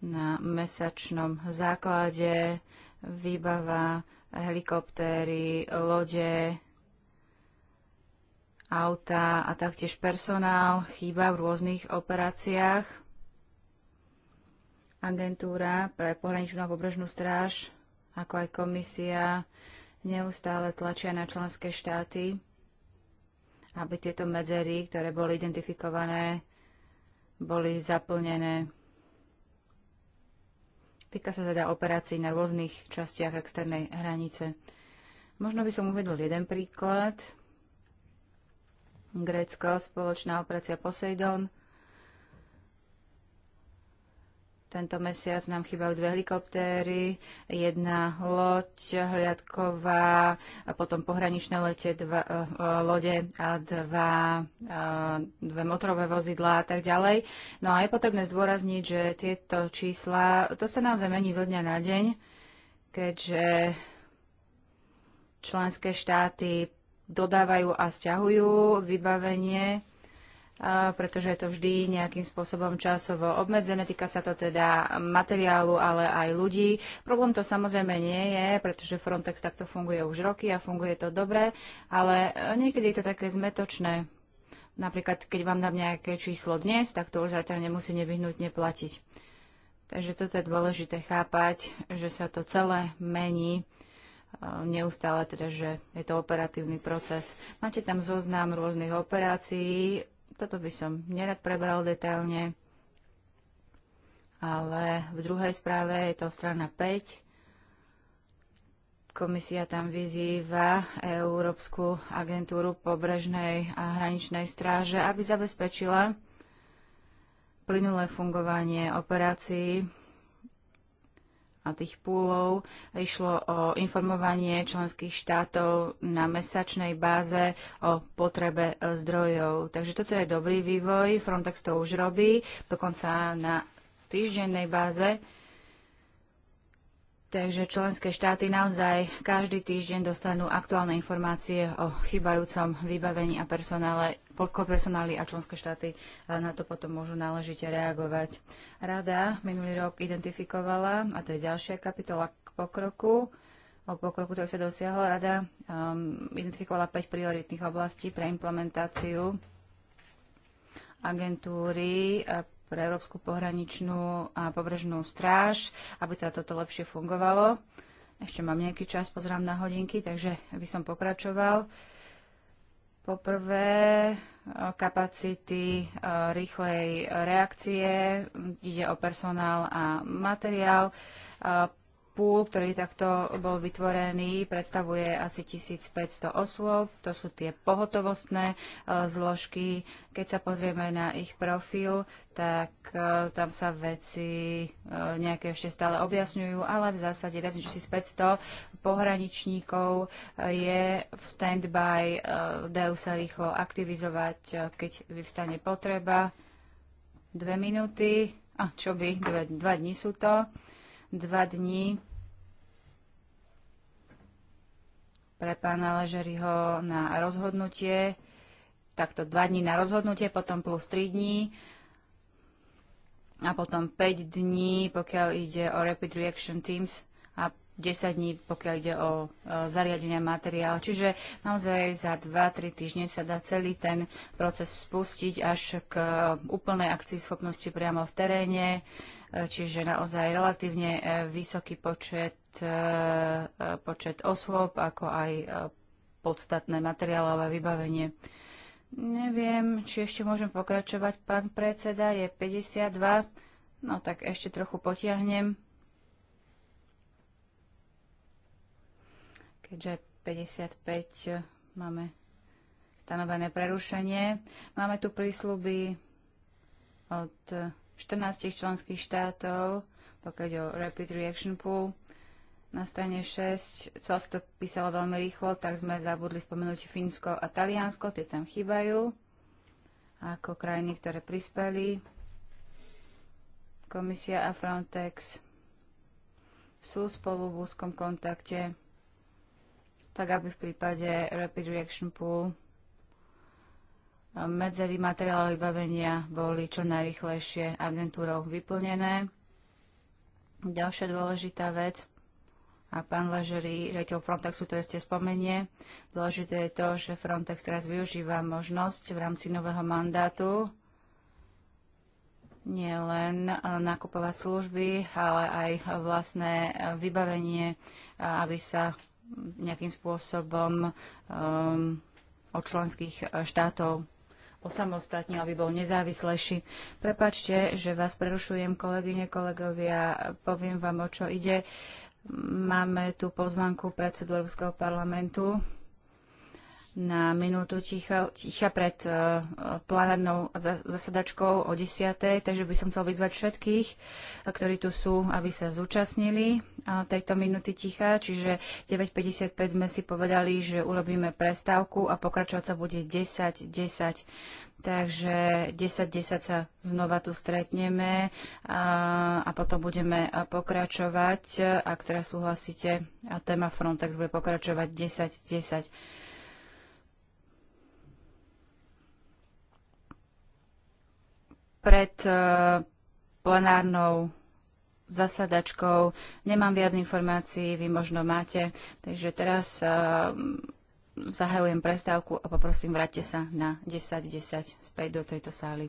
na mesačnom základe, výbava, helikoptéry, lode, auta a taktiež personál chýba v rôznych operáciách. Agentúra pre pohraničnú a pobrežnú stráž, ako aj komisia, neustále tlačia na členské štáty, aby tieto medzery, ktoré boli identifikované, boli zaplnené. Týka sa teda operácií na rôznych častiach externej hranice. Možno by som uvedol jeden príklad. Grécko, spoločná operácia Poseidon – Tento mesiac nám chýbajú dve helikoptéry, jedna loď hliadková, a potom pohraničné lete dva, eh, eh, lode a dva, eh, dve motorové vozidlá a tak ďalej. No a je potrebné zdôrazniť, že tieto čísla, to sa naozaj mení zo dňa na deň, keďže členské štáty dodávajú a stiahujú vybavenie pretože je to vždy nejakým spôsobom časovo obmedzené. Týka sa to teda materiálu, ale aj ľudí. Problém to samozrejme nie je, pretože Frontex takto funguje už roky a funguje to dobre, ale e, niekedy je to také zmetočné. Napríklad, keď vám dám nejaké číslo dnes, tak to už zajtra nemusí nevyhnutne platiť. Takže toto je dôležité chápať, že sa to celé mení e, neustále, teda, že je to operatívny proces. Máte tam zoznam rôznych operácií, toto by som nerad prebral detailne, ale v druhej správe je to strana 5. Komisia tam vyzýva Európsku agentúru pobrežnej a hraničnej stráže, aby zabezpečila plynulé fungovanie operácií tých púlov. Išlo o informovanie členských štátov na mesačnej báze o potrebe zdrojov. Takže toto je dobrý vývoj, Frontex to už robí, dokonca na týždennej báze. Takže členské štáty naozaj každý týždeň dostanú aktuálne informácie o chybajúcom vybavení a personále koľko personály a členské štáty e, na to potom môžu náležite reagovať. Rada minulý rok identifikovala, a to je ďalšia kapitola k pokroku, o pokroku, ktorý sa dosiahol, rada um, identifikovala 5 prioritných oblastí pre implementáciu agentúry e, pre Európsku pohraničnú a pobrežnú stráž, aby teda toto lepšie fungovalo. Ešte mám nejaký čas, pozrám na hodinky, takže by som pokračoval. Uh, Poprvé, kapacity e, rýchlej reakcie, ide o personál a materiál. E, púl, ktorý takto bol vytvorený, predstavuje asi 1500 osôb. To sú tie pohotovostné e, zložky. Keď sa pozrieme na ich profil, tak tam sa veci nejaké ešte stále objasňujú, ale v zásade viac než 1500 pohraničníkov eh, je v stand-by, eh, dajú sa rýchlo aktivizovať, eh, keď vyvstane potreba. Dve minúty, a čo by, dva, dva dní sú to, dva dní pre pána Ležeryho na rozhodnutie, takto dva dní na rozhodnutie, potom plus 3 dní a potom 5 dní, pokiaľ ide o Rapid Reaction Teams a 10 dní, pokiaľ ide o e, zariadenia materiál. Čiže naozaj za 2-3 týždne sa dá celý ten proces spustiť až k e, úplnej akcii schopnosti priamo v teréne, e, čiže naozaj relatívne vysoký počet, počet osôb, ako aj podstatné materiálové vybavenie. Neviem, či ešte môžem pokračovať. Pán predseda je 52, no tak ešte trochu potiahnem. keďže 55 máme stanovené prerušenie. Máme tu prísľuby od 14 členských štátov, pokiaľ o Rapid Reaction Pool. Na strane 6, celé to písalo veľmi rýchlo, tak sme zabudli spomenúť Fínsko a Taliansko, tie tam chýbajú ako krajiny, ktoré prispeli. Komisia a Frontex sú spolu v úzkom kontakte tak aby v prípade Rapid Reaction Pool eh, medzery materiálov vybavenia boli čo najrychlejšie agentúrou vyplnené. Ďalšia dôležitá vec, a pán Ležery, riaditeľ Frontexu, to ste spomenie. Dôležité je to, že Frontex teraz využíva možnosť v rámci nového mandátu nielen eh, nakupovať služby, ale aj vlastné eh, vybavenie, aby sa nejakým spôsobom um, od členských eh, štátov Osamostatne, aby bol nezávislejší. Prepačte, že vás prerušujem, kolegyne, kolegovia, poviem vám, o čo ide. Máme tu pozvanku predsedu Európskeho parlamentu, na minútu ticha, ticha pred e, e, plánadnou zasadačkou o 10. Takže by som chcel vyzvať všetkých, ktorí tu sú, aby sa zúčastnili tejto minúty ticha. Čiže 9.55 sme si povedali, že urobíme prestávku a pokračovať sa bude 10.10. 10. Takže 10.10 sa znova tu stretneme a, a potom budeme pokračovať. Ak teraz súhlasíte, a téma Frontex bude pokračovať 10.10. 10. 10. pred e, plenárnou zasadačkou. Nemám viac informácií, vy možno máte. Takže teraz e, zahajujem prestávku a poprosím, vráťte sa na 10.10 10, späť do tejto sály.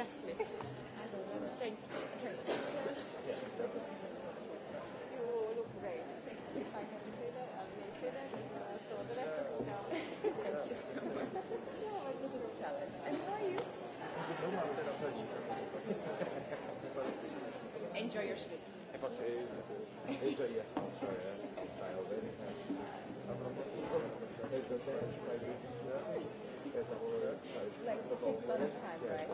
exactly. I don't know, I'm staying for the You look great. If I can say that, I will say that. So the rest is now. Thank you so much. No, it was a challenge. And how are you? Enjoy your sleep. If I say, enjoy your sleep. I Like just on time, right?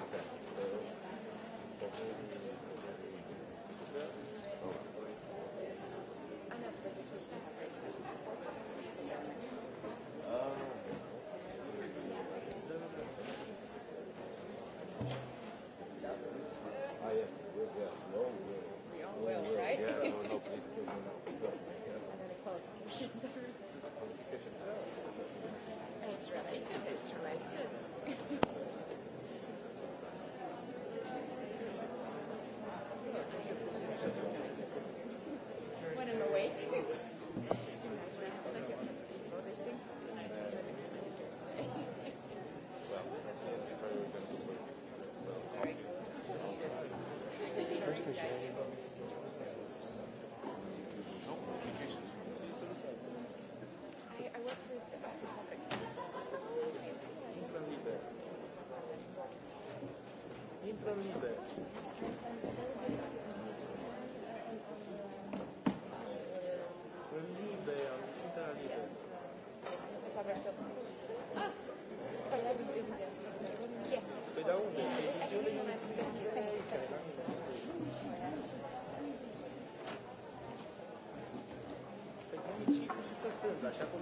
așa cum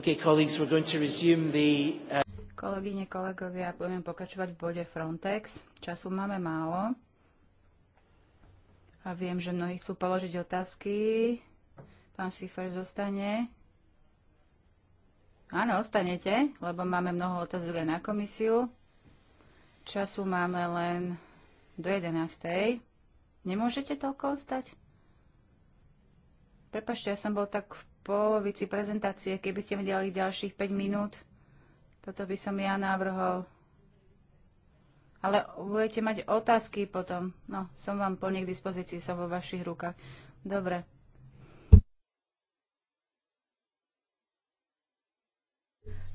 Okay, colleagues, we're going to resume the... Uh... Kolegyne, kolegovia, budeme pokračovať v bode Frontex. Času máme málo. A viem, že mnohí chcú položiť otázky. Pán Sifer zostane. Áno, ostanete, lebo máme mnoho otázok aj na komisiu. Času máme len do 11. Nemôžete toľko ostať? Prepašte, ja som bol tak v polovici prezentácie, keby ste mi dali ďalších 5 minút. Toto by som ja navrhol. Ale budete mať otázky potom. No, som vám plne k dispozícii, som vo vašich rukách. Dobre.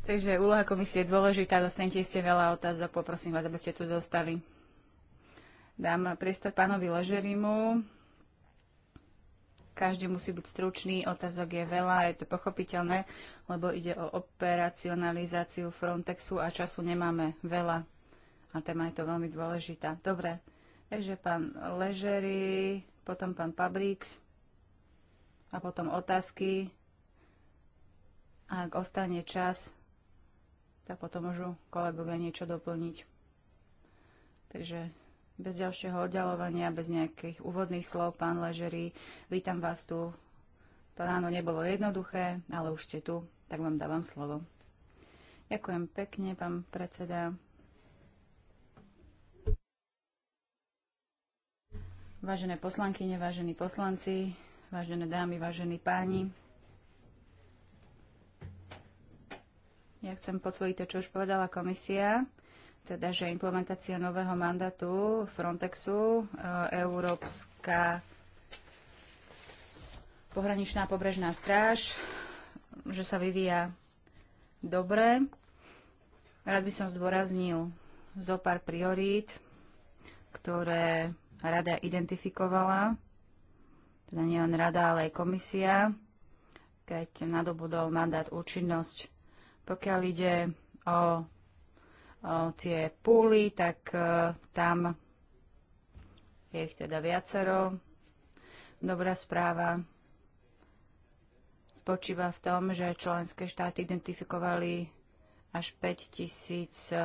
Takže úloha komisie je dôležitá, dostanete ste veľa otázok, poprosím vás, aby ste tu zostali. Dám priestor pánovi Ležerimu. Každý musí byť stručný, otázok je veľa, je to pochopiteľné, lebo ide o operacionalizáciu Frontexu a času nemáme veľa. A téma je to veľmi dôležitá. Dobre, takže pán Ležery, potom pán Pabrix a potom otázky. Ak ostane čas, tak potom môžu kolegovia niečo doplniť. Takže bez ďalšieho oddalovania, bez nejakých úvodných slov, pán Ležery, vítam vás tu. To ráno nebolo jednoduché, ale už ste tu, tak vám dávam slovo. Ďakujem pekne, pán predseda. Vážené poslankyne, vážení poslanci, vážené dámy, vážení páni. Ja chcem potvrdiť to, čo už povedala komisia teda že implementácia nového mandátu Frontexu, e, Európska pohraničná pobrežná stráž, že sa vyvíja dobre. Rád by som zdôraznil zo pár priorít, ktoré rada identifikovala, teda nielen rada, ale aj komisia, keď nadobudol mandát účinnosť. Pokiaľ ide o tie púly, tak e, tam je ich teda viacero. Dobrá správa spočíva v tom, že členské štáty identifikovali až 5 tisíc e,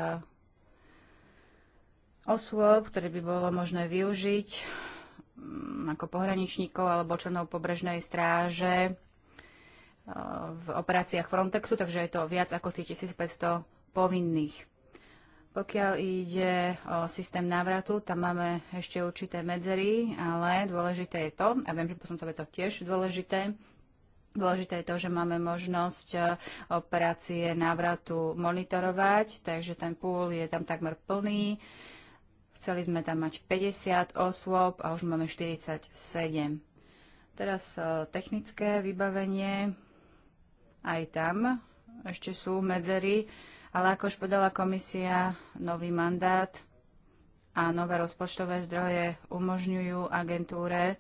osôb, ktoré by bolo možné využiť mm, ako pohraničníkov alebo členov pobrežnej stráže e, v operáciách Frontexu, takže je to viac ako 1500 povinných. Pokiaľ ide o systém návratu, tam máme ešte určité medzery, ale dôležité je to, a viem, že poslancov je to tiež dôležité, Dôležité je to, že máme možnosť e, operácie návratu monitorovať, takže ten púl je tam takmer plný. Chceli sme tam mať 50 osôb a už máme 47. Teraz e, technické vybavenie. Aj tam ešte sú medzery. Ale ako už podala komisia, nový mandát a nové rozpočtové zdroje umožňujú agentúre,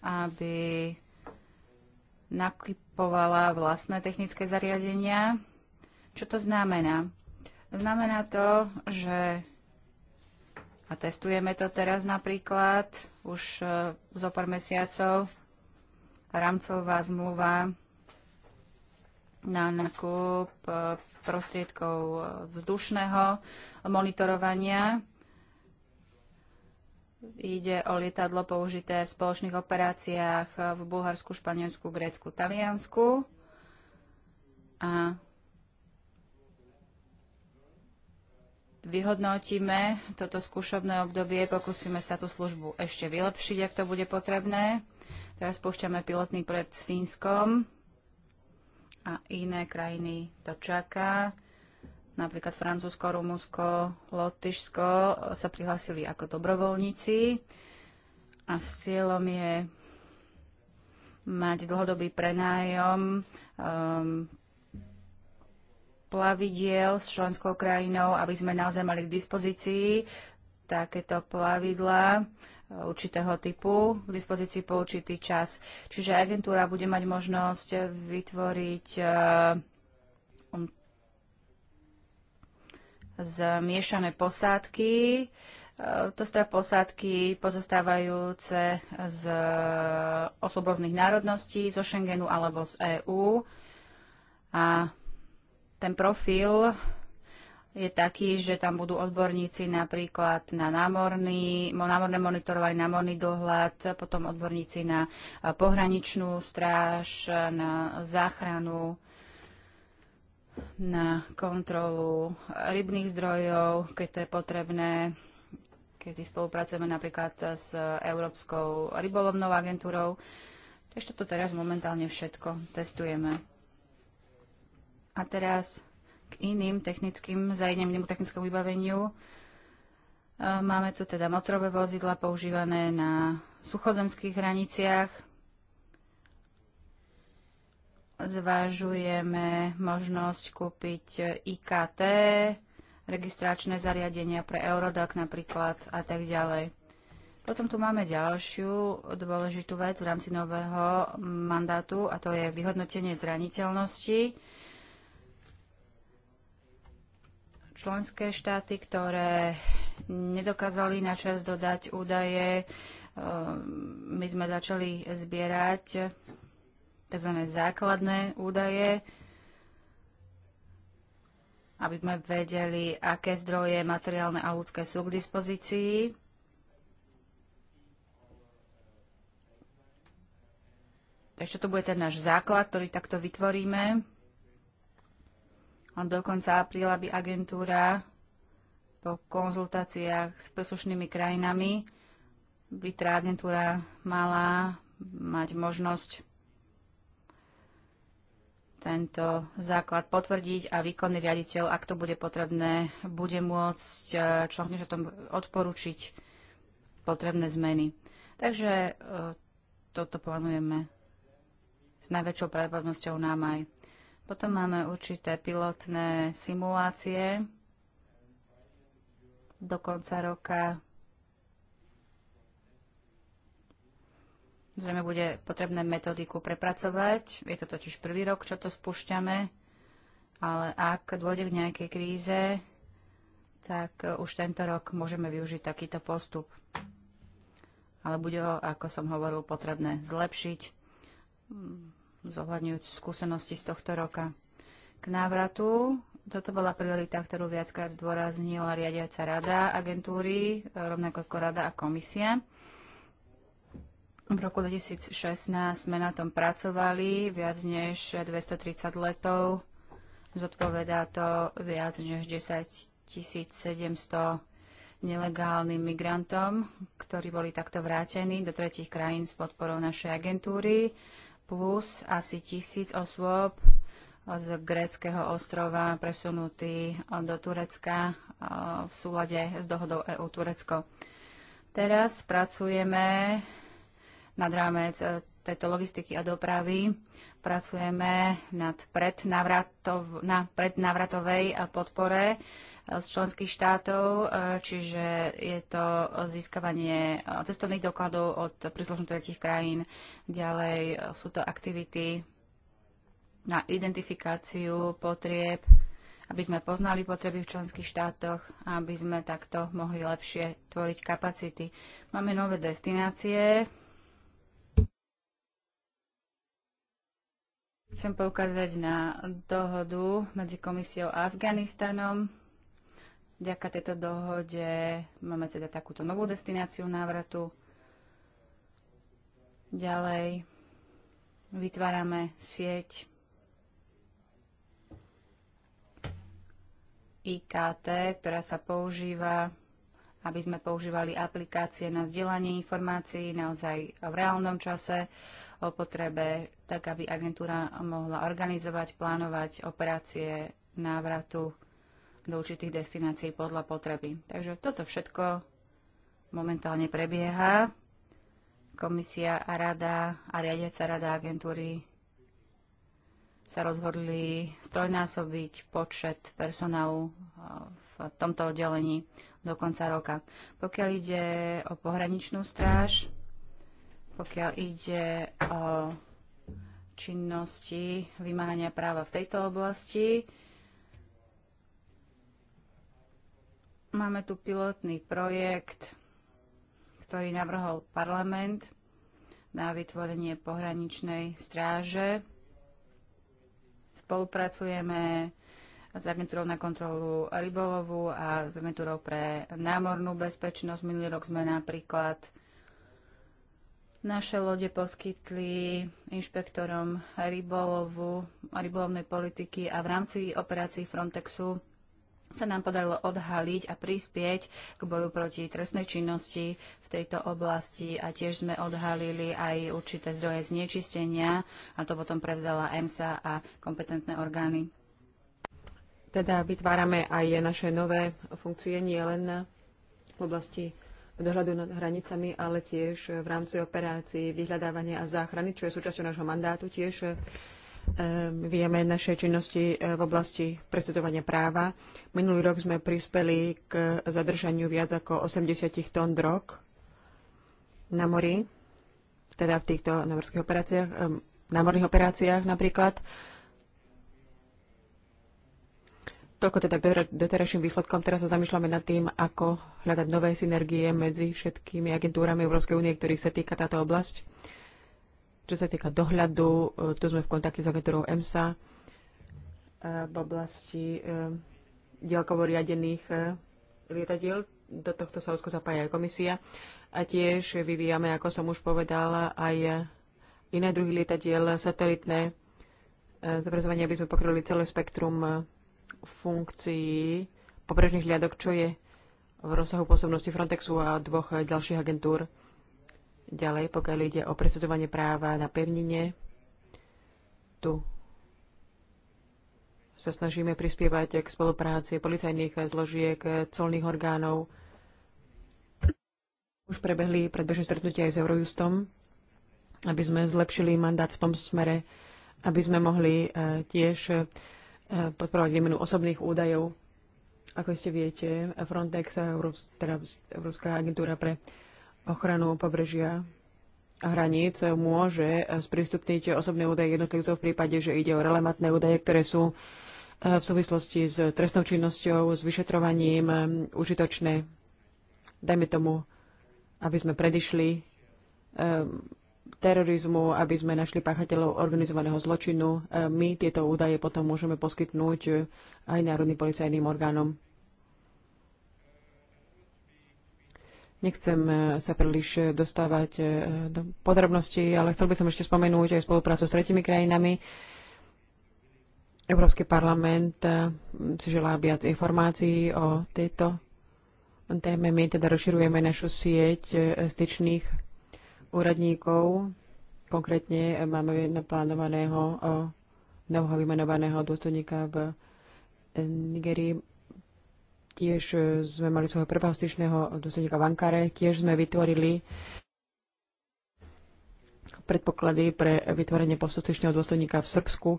aby nakupovala vlastné technické zariadenia. Čo to znamená? Znamená to, že a testujeme to teraz napríklad už e, zo pár mesiacov, rámcová zmluva na nákup e, prostriedkov e, vzdušného monitorovania. Ide o lietadlo použité v spoločných operáciách v Bulharsku, Španielsku, Grécku, Taliansku. A vyhodnotíme toto skúšobné obdobie, pokúsime sa tú službu ešte vylepšiť, ak to bude potrebné. Teraz spúšťame pilotný projekt s Fínskom a iné krajiny to čaká. Napríklad Francúzsko, Rumúnsko, Lotyšsko sa prihlásili ako dobrovoľníci a s cieľom je mať dlhodobý prenájom um, plavidiel s členskou krajinou, aby sme naozaj mali k dispozícii takéto plavidla určitého typu k dispozícii po určitý čas. Čiže agentúra bude mať možnosť vytvoriť eh, zmiešané posádky. Eh, to sú teda posádky pozostávajúce z eh, osob rôznych národností, zo Schengenu alebo z EÚ. A ten profil je taký, že tam budú odborníci napríklad na námorný, námorné monitorovanie, námorný dohľad, potom odborníci na pohraničnú stráž, na záchranu, na kontrolu rybných zdrojov, keď to je potrebné, keď spolupracujeme napríklad s Európskou rybolovnou agentúrou. Ešte to teraz momentálne všetko testujeme. A teraz k iným technickým, zajednenému technickému vybaveniu. E, máme tu teda motorové vozidla používané na suchozemských hraniciach. Zvážujeme možnosť kúpiť IKT, registračné zariadenia pre Eurodac napríklad a tak ďalej. Potom tu máme ďalšiu dôležitú vec v rámci nového mandátu a to je vyhodnotenie zraniteľnosti. členské štáty, ktoré nedokázali načas dodať údaje. Ehm, my sme začali zbierať tzv. základné údaje, aby sme vedeli, aké zdroje materiálne a ľudské sú k dispozícii. Takže to bude ten náš základ, ktorý takto vytvoríme. A do konca apríla by agentúra po konzultáciách s príslušnými krajinami by tá teda agentúra mala mať možnosť tento základ potvrdiť a výkonný riaditeľ, ak to bude potrebné, bude môcť e, o tom odporučiť potrebné zmeny. Takže e, toto plánujeme s najväčšou pravdepodobnosťou na maj. Potom máme určité pilotné simulácie do konca roka. Zrejme bude potrebné metodiku prepracovať. Je to totiž prvý rok, čo to spúšťame, ale ak dôjde k nejakej kríze, tak už tento rok môžeme využiť takýto postup. Ale bude ho, ako som hovoril, potrebné zlepšiť zohľadňujúc skúsenosti z tohto roka. K návratu toto bola priorita, ktorú viackrát zdôraznila riadiaca rada agentúry, e, rovnako ako rada a komisia. V roku 2016 sme na tom pracovali viac než 230 letov. Zodpovedá to viac než 10 700 nelegálnym migrantom, ktorí boli takto vrátení do tretich krajín s podporou našej agentúry plus asi tisíc osôb z gréckého ostrova presunutý eh, do Turecka eh, v súlade s dohodou EU-Turecko. Teraz pracujeme nad rámec eh, tejto logistiky a dopravy. Pracujeme nad prednavratov, na prednávratovej podpore eh, z členských štátov, eh, čiže je to získavanie eh, cestovných dokladov od príslušných tretich krajín. Ďalej sú to aktivity na identifikáciu potrieb, aby sme poznali potreby v členských štátoch a aby sme takto mohli lepšie tvoriť kapacity. Máme nové destinácie, Chcem poukázať na dohodu medzi komisiou a Afganistanom. Vďaka tejto dohode máme teda takúto novú destináciu návratu. Ďalej vytvárame sieť IKT, ktorá sa používa, aby sme používali aplikácie na zdieľanie informácií naozaj v reálnom čase o potrebe, tak aby agentúra mohla organizovať, plánovať operácie návratu do určitých destinácií podľa potreby. Takže toto všetko momentálne prebieha. Komisia a rada a riadiaca rada agentúry sa rozhodli strojnásobiť počet personálu v tomto oddelení do konca roka. Pokiaľ ide o pohraničnú stráž, pokiaľ ide o činnosti vymáhania práva v tejto oblasti. Máme tu pilotný projekt, ktorý navrhol parlament na vytvorenie pohraničnej stráže. Spolupracujeme s agentúrou na kontrolu rybolovu a s agentúrou pre námornú bezpečnosť. Minulý rok sme napríklad naše lode poskytli inšpektorom rybolovu rybolovnej politiky a v rámci operácií Frontexu sa nám podarilo odhaliť a prispieť k boju proti trestnej činnosti v tejto oblasti a tiež sme odhalili aj určité zdroje znečistenia a to potom prevzala EMSA a kompetentné orgány. Teda vytvárame aj naše nové funkcie, nie len v oblasti dohľadu nad hranicami, ale tiež v rámci operácií vyhľadávania a záchrany, čo je súčasťou nášho mandátu, tiež e, vieme naše činnosti e, v oblasti presedovania práva. Minulý rok sme prispeli k zadržaniu viac ako 80 tón drog na mori, teda v týchto námorských operáciách, e, námorných operáciách napríklad. Toľko teda doterajším výsledkom. Teraz sa zamýšľame nad tým, ako hľadať nové synergie medzi všetkými agentúrami Európskej únie, ktorých sa týka táto oblasť. Čo sa týka dohľadu, e, tu sme v kontakte s agentúrou EMSA e, v oblasti e, dielkovo riadených lietadiel. Do tohto sa úzko zapája aj komisia. A tiež vyvíjame, ako som už povedala, aj iné druhy lietadiel, satelitné zobrazovanie, aby sme pokryli celé spektrum funkcií pobrežných hliadok, čo je v rozsahu pôsobnosti Frontexu a dvoch ďalších agentúr. Ďalej, pokiaľ ide o presudovanie práva na pevnine, tu sa snažíme prispievať k spolupráci policajných zložiek, colných orgánov. Už prebehli predbežné stretnutia aj s Eurojustom, aby sme zlepšili mandát v tom smere, aby sme mohli eh, tiež podporovať výmenu osobných údajov. Ako ste viete, Frontex, teda Európska agentúra pre ochranu pobrežia a hraníc, môže sprístupniť osobné údaje jednotlivcov v prípade, že ide o relevantné údaje, ktoré sú e, v súvislosti s trestnou činnosťou, s vyšetrovaním e, užitočné, dajme tomu, aby sme predišli e, terorizmu, aby sme našli páchateľov organizovaného zločinu. E, my tieto údaje potom môžeme poskytnúť e, aj národným policajným orgánom. Nechcem e, sa príliš dostávať do podrobností, ale chcel by som ešte spomenúť aj spoluprácu s tretimi krajinami. Európsky parlament si želá viac informácií o tejto téme. My teda rozširujeme našu sieť styčných úradníkov. Konkrétne máme naplánovaného nového vymenovaného dôstojníka v Nigerii. Tiež sme mali svojho prvého styčného dôstojníka v Ankare. Tiež sme vytvorili predpoklady pre vytvorenie postostyčného dôstojníka v Srbsku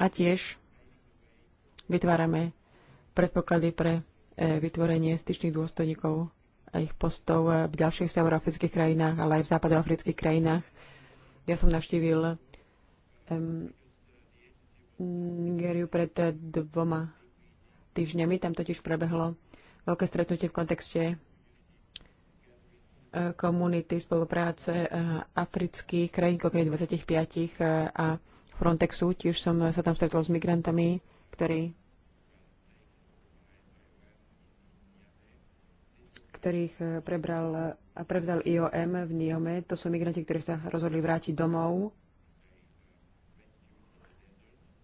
a tiež vytvárame predpoklady pre e, vytvorenie styčných dôstojníkov ich postov v ďalších severoafrických krajinách, ale aj v západoafrických krajinách. Ja som navštívil um, Nigeriu pred dvoma týždňami. Tam totiž prebehlo veľké stretnutie v kontexte e, komunity spolupráce e, afrických krajín, konkrétne 25 e, a Frontexu. Tiež som sa tam stretol s migrantami, ktorí ktorých eh, prebral a eh, prevzal IOM v Niome. To sú migranti, ktorí sa rozhodli vrátiť domov.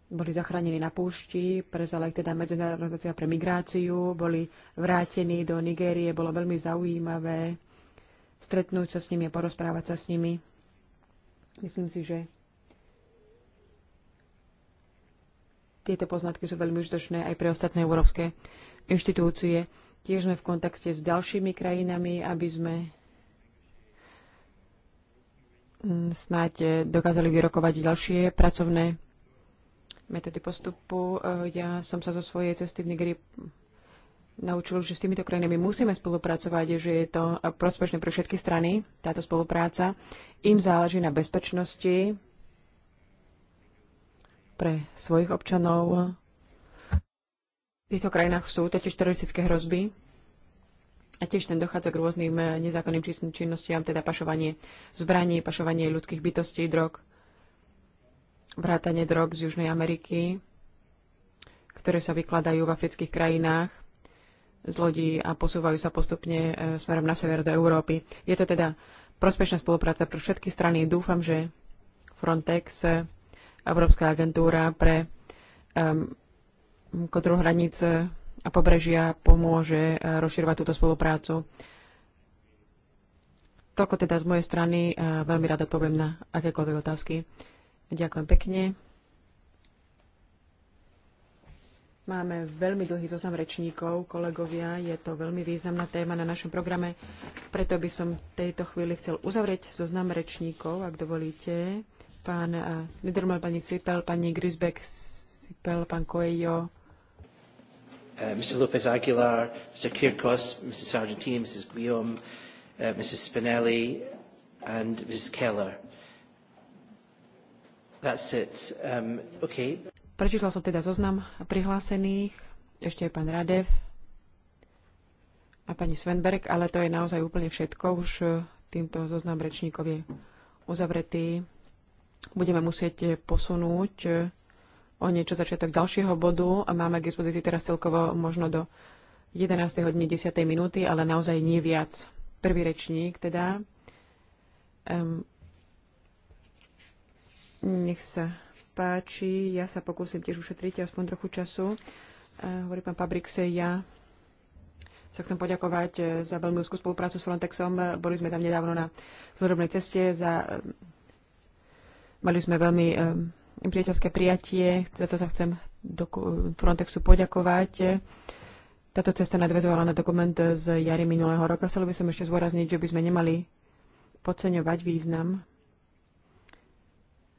Boli zachránení na púšti, prezala ich teda Medzinárodná pre migráciu, boli vrátení do Nigérie, bolo veľmi zaujímavé stretnúť sa s nimi a porozprávať sa s nimi. Myslím si, že tieto poznatky sú veľmi užitočné aj pre ostatné európske inštitúcie. Tiež sme v kontakte s ďalšími krajinami, aby sme mm, snáď eh, dokázali vyrokovať ďalšie pracovné metódy postupu. Eh, ja som sa zo svojej cesty v Nigerii naučil, že s týmito krajinami musíme spolupracovať, že je to eh, prospešné pre všetky strany, táto spolupráca. Im záleží na bezpečnosti pre svojich občanov, v týchto krajinách sú totiž teroristické hrozby a tiež ten dochádza k rôznym eh, nezákonným činnostiam, teda pašovanie zbraní, pašovanie ľudských bytostí, drog, vrátanie drog z Južnej Ameriky, ktoré sa vykladajú v afrických krajinách z lodí a posúvajú sa postupne eh, smerom na sever do Európy. Je to teda prospešná spolupráca pre všetky strany. Dúfam, že Frontex, eh, Európska agentúra pre um, kontrolu hraníc a pobrežia pomôže eh, rozširovať túto spoluprácu. Toľko teda z mojej strany. Eh, veľmi rada odpoviem na akékoľvek otázky. Ďakujem pekne. Máme veľmi dlhý zoznam rečníkov, kolegovia. Je to veľmi významná téma na našom programe. Preto by som v tejto chvíli chcel uzavrieť zoznam rečníkov, ak dovolíte. Pán eh, Nedermal, pani Sipel, pani Grisbeck, Sipel, pán Coelho, uh, Mr Lopez Aguilar, Mr Kirkos, Mrs Sargentini, Mrs Guillaume, uh, Mrs Spinelli and Mrs Keller. That's it. Um, okay. Prečítala som teda zoznam prihlásených, ešte aj pán Radev a pani Svenberg, ale to je naozaj úplne všetko. Už uh, týmto zoznam rečníkov je uzavretý. Budeme musieť uh, posunúť uh, o niečo začiatok ďalšieho bodu a máme k dispozícii teraz celkovo možno do 11. hodiny 10. minúty, ale naozaj nie viac. Prvý rečník teda. Um, nech sa páči, ja sa pokúsim tiež ušetriť aspoň trochu času. Uh, hovorí pán Pabrikse, ja sa chcem poďakovať e, za veľmi úzkú spoluprácu s Frontexom. E, boli sme tam nedávno na služobnej ceste, za, mali sme veľmi um, priateľské prijatie. Za to sa chcem Frontexu poďakovať. Táto cesta nadvedovala na dokument z jary minulého roka. Chcel by som ešte zvorazniť, že by sme nemali podceňovať význam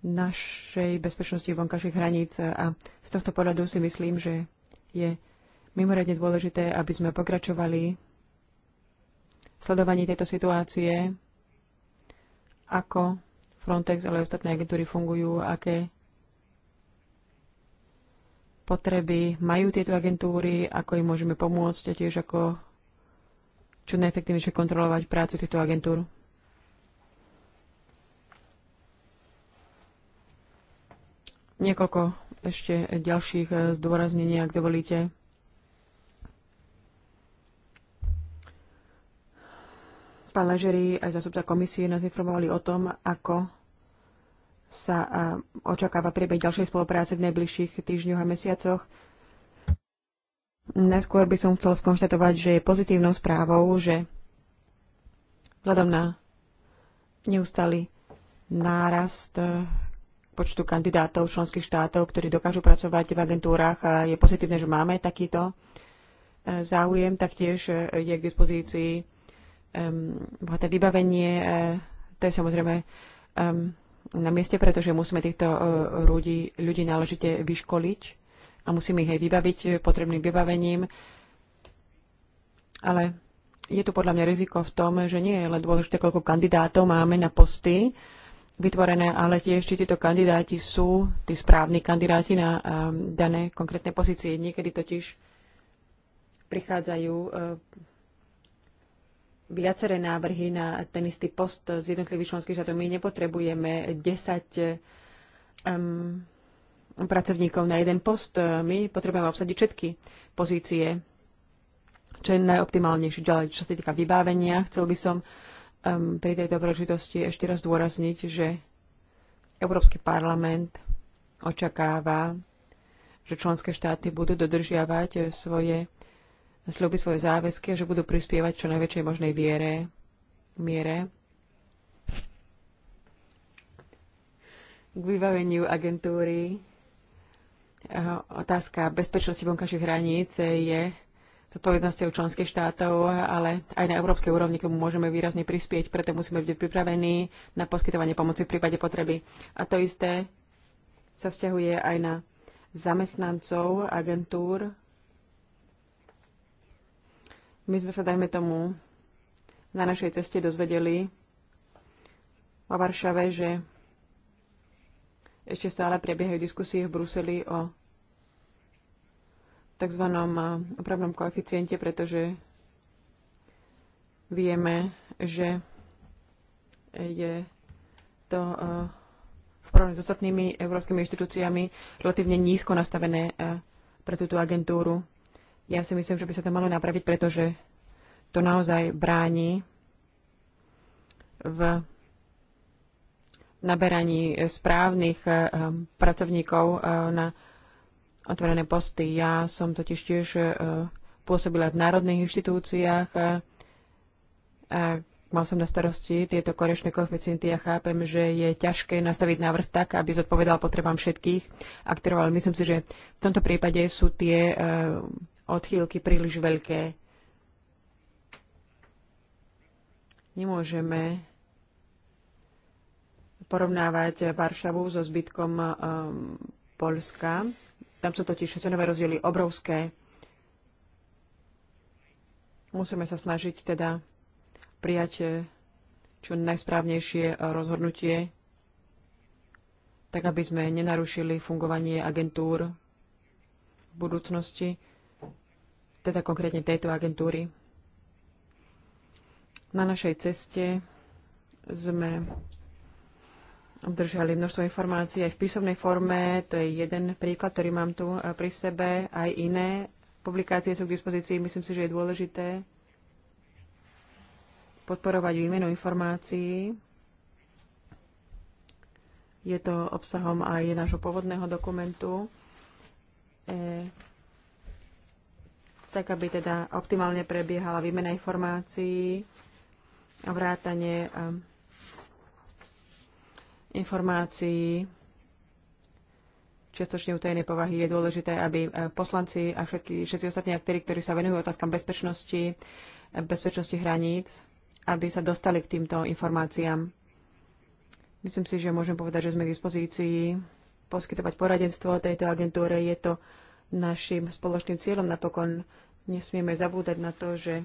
našej bezpečnosti vonkajších hraníc a z tohto pohľadu si myslím, že je mimoriadne dôležité, aby sme pokračovali v sledovaní tejto situácie, ako Frontex, ale ostatné agentúry fungujú, aké potreby majú tieto agentúry, ako im môžeme pomôcť a tiež ako čo najefektívnejšie kontrolovať prácu týchto agentúr. Niekoľko ešte ďalších eh, zdôraznení, ak dovolíte. Pán Ležery aj zásobca komisie nás informovali o tom, ako sa očakáva priebeh ďalšej spolupráce v najbližších týždňoch a mesiacoch. Najskôr by som chcel skonštatovať, že je pozitívnou správou, že vzhľadom na neustály nárast e, počtu kandidátov členských štátov, ktorí dokážu pracovať v agentúrach. A je pozitívne, že máme takýto e, záujem. Taktiež e, je k dispozícii bohaté vybavenie. To je samozrejme um, na mieste, pretože musíme týchto e, ľudí, ľudí náležite vyškoliť a musíme ich aj vybaviť e, potrebným vybavením. Ale je tu podľa mňa riziko v tom, že nie je len dôležité, koľko kandidátov máme na posty vytvorené, ale tiež, či títo kandidáti sú tí správni kandidáti na e, dané konkrétne pozície. Niekedy totiž prichádzajú viaceré návrhy na ten istý post z jednotlivých členských štátov. My nepotrebujeme 10 um, pracovníkov na jeden post. My potrebujeme obsadiť všetky pozície, čo je najoptimálnejšie. Ďalej, čo sa týka vybávenia, chcel by som um, pri tejto príležitosti ešte raz dôrazniť, že Európsky parlament očakáva, že členské štáty budú dodržiavať svoje sľuby svoje záväzky a že budú prispievať čo najväčšej možnej viere, miere k vybaveniu agentúry. Otázka bezpečnosti vonkajších hraníc je zodpovednosťou členských štátov, ale aj na európskej úrovni k tomu môžeme výrazne prispieť, preto musíme byť pripravení na poskytovanie pomoci v prípade potreby. A to isté sa vzťahuje aj na zamestnancov agentúr my sme sa, dajme tomu, na našej ceste dozvedeli o Varšave, že ešte stále prebiehajú diskusie v Bruseli o tzv. Eh, opravnom koeficiente, pretože vieme, že je to eh, v porovnaní s ostatnými európskymi inštitúciami relatívne nízko nastavené eh, pre túto agentúru. Ja si myslím, že by sa to malo napraviť, pretože to naozaj bráni v naberaní správnych eh, eh, pracovníkov eh, na otvorené posty. Ja som totiž tiež pôsobila v národných inštitúciách. A mal som na starosti tieto korečné koeficienty a ja chápem, že je ťažké nastaviť návrh tak, aby zodpovedal potrebám všetkých aktérov, ale myslím si, že v tomto prípade sú tie odchýlky príliš veľké. Nemôžeme porovnávať Varšavu so zbytkom um, Polska. Tam sú totiž cenové rozdiely obrovské. Musíme sa snažiť teda prijať eh, čo najsprávnejšie eh, rozhodnutie, tak aby sme nenarušili fungovanie agentúr v budúcnosti teda konkrétne tejto agentúry. Na našej ceste sme obdržali množstvo informácií aj v písomnej forme. To je jeden príklad, ktorý mám tu eh, pri sebe. Aj iné publikácie sú k dispozícii. Myslím si, že je dôležité podporovať výmenu informácií. Je to obsahom aj nášho pôvodného dokumentu. E tak aby teda optimálne prebiehala výmena informácií a vrátanie ehm, informácií čiastočne utajenej povahy je dôležité, aby e, poslanci a všetky, všetci ostatní aktéry, ktorí sa venujú otázkam bezpečnosti, e, bezpečnosti hraníc, aby sa dostali k týmto informáciám. Myslím si, že môžem povedať, že sme k dispozícii poskytovať poradenstvo tejto agentúre. Je to našim spoločným cieľom. Napokon nesmieme zabúdať na to, že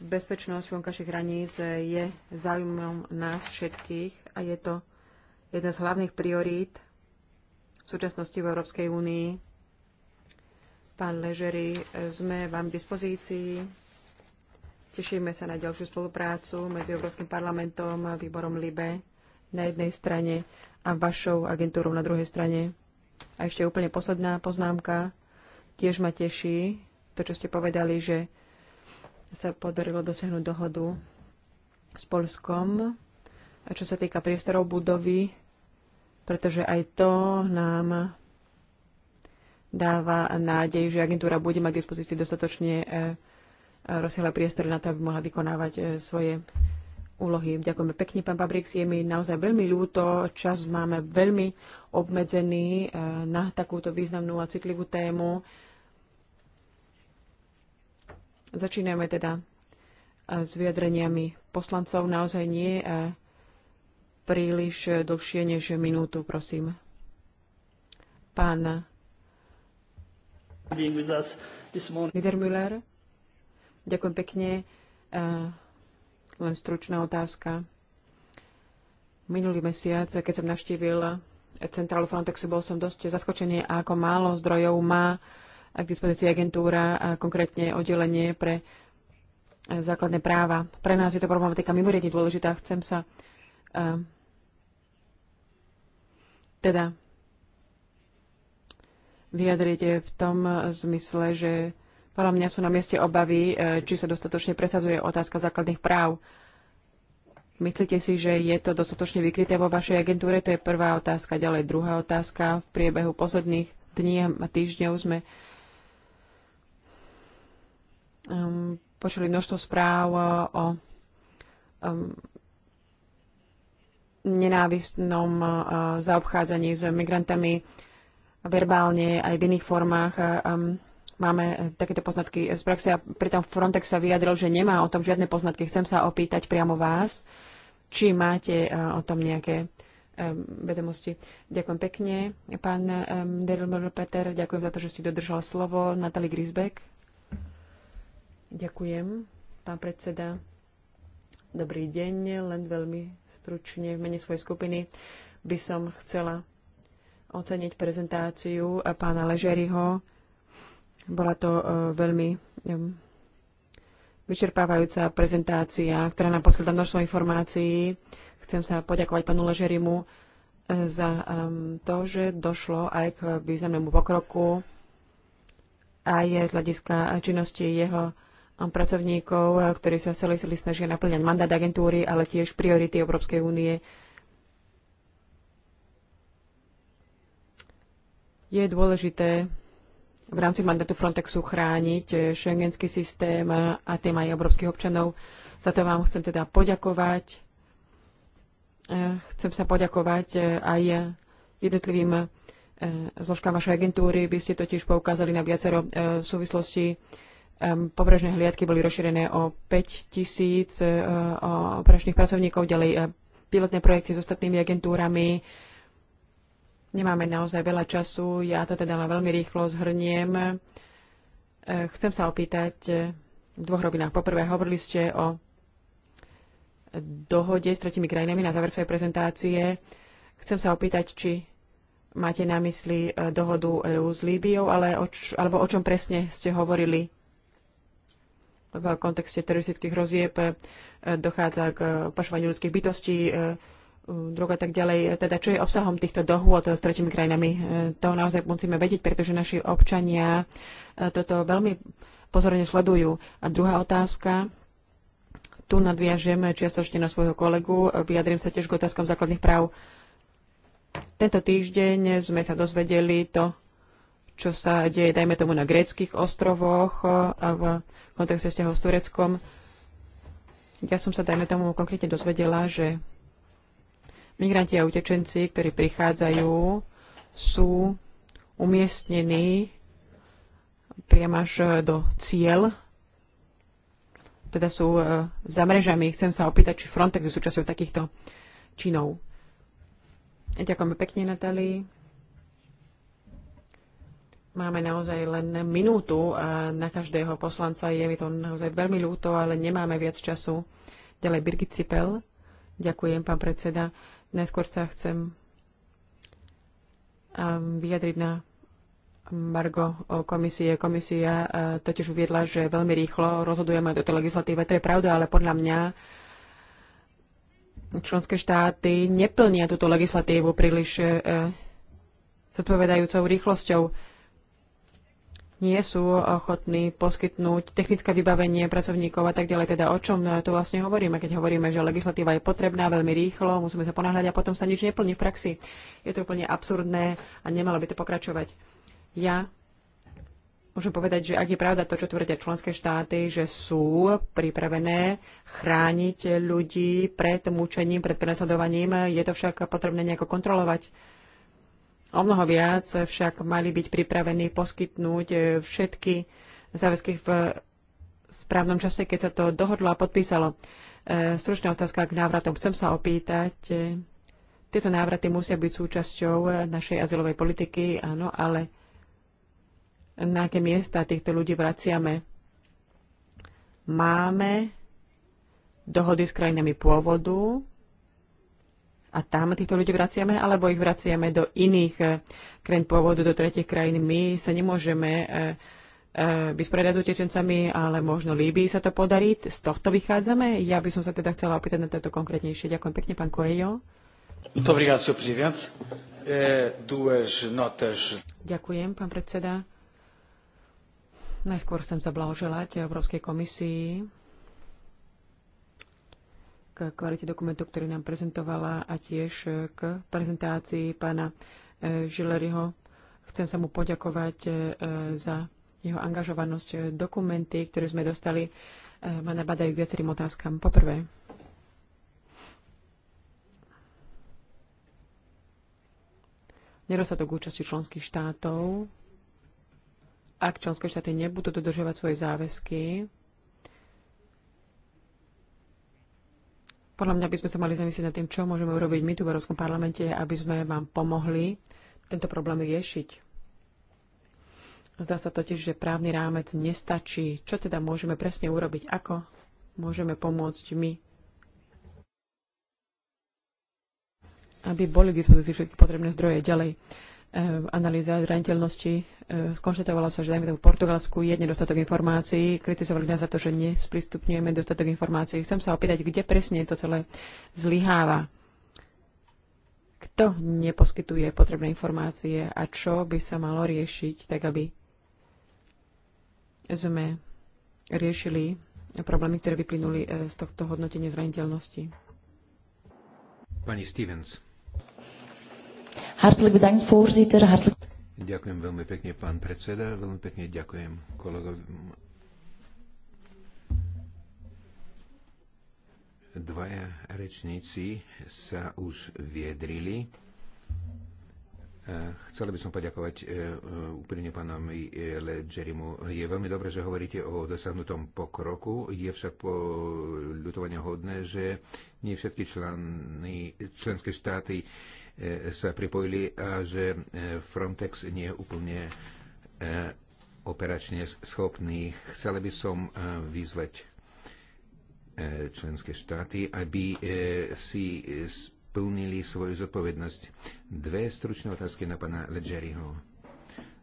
bezpečnosť vonkajších hraníc je záujmom nás všetkých a je to jedna z hlavných priorít v súčasnosti v Európskej únii. Pán Ležery, sme vám k dispozícii. Tešíme sa na ďalšiu spoluprácu medzi Európskym parlamentom a výborom LIBE na jednej strane a vašou agentúrou na druhej strane. A ešte úplne posledná poznámka. Tiež ma teší to, čo ste povedali, že sa podarilo dosiahnuť dohodu s Polskom, a čo sa týka priestorov budovy, pretože aj to nám dáva nádej, že agentúra bude mať k dispozícii dostatočne eh, rozsiahle priestory na to, aby mohla vykonávať eh, svoje úlohy. Ďakujeme pekne, pán Babrix. Je mi naozaj veľmi ľúto. Čas máme veľmi obmedzený eh, na takúto významnú a citlivú tému. Začíname teda eh, s vyjadreniami poslancov. Naozaj nie eh, príliš dlhšie než minútu, prosím. Pán Lidermüller, ďakujem pekne len stručná otázka. Minulý mesiac, keď som navštívil centrálu Frontexu, bol som dosť zaskočený, ako málo zdrojov má k dispozícii agentúra, a konkrétne oddelenie pre základné práva. Pre nás je to problematika mimoriadne dôležitá. Chcem sa uh, teda vyjadriť v tom zmysle, že podľa mňa sú na mieste obavy, e, či sa dostatočne presadzuje otázka základných práv. Myslíte si, že je to dostatočne vykryté vo vašej agentúre? To je prvá otázka. Ďalej druhá otázka. V priebehu posledných dní a týždňov sme um, počuli množstvo správ e, o um, nenávistnom uh, zaobchádzaní s migrantami verbálne aj v iných formách. Um, Máme eh, takéto poznatky z praxe a pritom Frontex sa vyjadril, že nemá o tom žiadne poznatky. Chcem sa opýtať priamo vás, či máte eh, o tom nejaké eh, vedomosti. Ďakujem pekne, pán Deril Peter. Ďakujem za to, že ste dodržal slovo. Natali Grisbeck. Ďakujem, pán predseda. Dobrý deň, len veľmi stručne v mene svojej skupiny by som chcela oceniť prezentáciu pána Ležeriho. Bola to e, veľmi e, vyčerpávajúca prezentácia, ktorá nám poskytla množstvo informácií. Chcem sa poďakovať panu Ležerimu e, za to, že došlo aj k významnému pokroku aj z hľadiska činnosti jeho pracovníkov, ktorí sa celý sily snažia naplňať mandát agentúry, ale tiež priority Európskej únie. Je dôležité v rámci mandátu Frontexu chrániť eh, šengenský systém a tým aj európskych občanov. Za to vám chcem teda poďakovať. Eh, chcem sa poďakovať eh, aj jednotlivým zložkám vašej agentúry. Vy ste totiž poukázali na viacero súvislosti. Pobrežné hliadky boli rozšírené o 5 tisíc operačných pracovníkov, ďalej pilotné projekty s ostatnými agentúrami, Nemáme naozaj veľa času, ja to teda ma veľmi rýchlo zhrniem. E, chcem sa opýtať e, v dvoch rovinách. Poprvé, hovorili ste o dohode s tretimi krajinami na záver svojej prezentácie. Chcem sa opýtať, či máte na mysli e, dohodu EÚ s Líbiou, ale o č- alebo o čom presne ste hovorili v kontexte teroristických rozieb Dochádza k pašovaniu ľudských bytostí, drog a tak ďalej. Teda čo je obsahom týchto dohôd s tretimi krajinami? E, to naozaj musíme vedieť, pretože naši občania e, toto veľmi pozorne sledujú. A druhá otázka, tu nadviažeme čiastočne na svojho kolegu, vyjadrím sa tiež k otázkom základných práv. Tento týždeň sme sa dozvedeli to, čo sa deje, dajme tomu, na gréckých ostrovoch a v kontexte s Tureckom. Ja som sa, dajme tomu, konkrétne dozvedela, že migranti a utečenci, ktorí prichádzajú, sú umiestnení priam až e, do cieľ, teda sú e, za mrežami. Chcem sa opýtať, či Frontex je súčasťou takýchto činov. Ďakujeme pekne, Natali. Máme naozaj len minútu na každého poslanca. Je mi to naozaj veľmi ľúto, ale nemáme viac času. Ďalej Birgit Cipel. Ďakujem, pán predseda. Najskôr sa chcem um, vyjadriť na Margo komisie. Komisia uh, totiž uviedla, že veľmi rýchlo rozhodujeme o tejto legislatíve. To je pravda, ale podľa mňa členské štáty neplnia túto legislatívu príliš uh, zodpovedajúcou rýchlosťou nie sú ochotní poskytnúť technické vybavenie pracovníkov a tak ďalej. Teda o čom tu vlastne hovoríme, keď hovoríme, že legislatíva je potrebná veľmi rýchlo, musíme sa ponáhľať a potom sa nič neplní v praxi. Je to úplne absurdné a nemalo by to pokračovať. Ja môžem povedať, že ak je pravda to, čo tvrdia členské štáty, že sú pripravené chrániť ľudí pred mučením, pred prenasledovaním, je to však potrebné nejako kontrolovať. O mnoho viac však mali byť pripravení poskytnúť e, všetky záväzky v správnom čase, keď sa to dohodlo a podpísalo. E, Stručná otázka k návratom. Chcem sa opýtať, e, tieto návraty musia byť súčasťou našej azylovej politiky, áno, ale na aké miesta týchto ľudí vraciame? Máme dohody s krajinami pôvodu, a tam týchto ľudí vraciame, alebo ich vraciame do iných eh, krajín pôvodu, do tretich krajín. My sa nemôžeme eh, eh, vysporiadať s utečencami, ale možno Líbii sa to podarí. Z tohto vychádzame? Ja by som sa teda chcela opýtať na toto konkrétnejšie. Ďakujem pekne, pán Coelho. Ďakujem, pán predseda. Najskôr chcem zablahoželať Európskej komisii k kvalite dokumentu, ktorý nám prezentovala a tiež k prezentácii pána e, Žileriho. Chcem sa mu poďakovať e, za jeho angažovanosť. Dokumenty, ktoré sme dostali, e, ma nabadajú k viacerým otázkam. Poprvé, Nerostatok účasti členských štátov. Ak členské štáty nebudú dodržiavať svoje záväzky, Podľa mňa by sme sa mali zamyslieť nad tým, čo môžeme urobiť my tu v Európskom parlamente, aby sme vám pomohli tento problém riešiť. Zdá sa totiž, že právny rámec nestačí. Čo teda môžeme presne urobiť? Ako môžeme pomôcť my? Aby boli k dispozícii všetky potrebné zdroje ďalej. E, analýza zraniteľnosti. E, Skonštatovalo sa, že dajme tomu v Portugalsku je nedostatok informácií. Kritizovali nás za to, že nesprístupňujeme dostatok informácií. Chcem sa opýtať, kde presne to celé zlyháva. Kto neposkytuje potrebné informácie a čo by sa malo riešiť, tak aby sme riešili problémy, ktoré vyplynuli e, z tohto hodnotenia zraniteľnosti. Pani Stevens. Hartelijk bedankt, voorzitter. Hartelijk... Ďakujem veľmi pekne, pán predseda. Veľmi pekne ďakujem kolegovi. Dvaja rečníci sa už viedrili. Eh, Chcel by som poďakovať eh, eh, úprimne pánovi Ledgerimu. Je veľmi dobré, že hovoríte o dosiahnutom pokroku. Je však po ľutovania hodné, že nie všetky členy, členské štáty sa pripojili a že e, Frontex nie je úplne e, operačne schopný. Chcela by som e, vyzvať členské štáty, aby si splnili svoju zodpovednosť. Dve stručné otázky na pana Ledgeriho.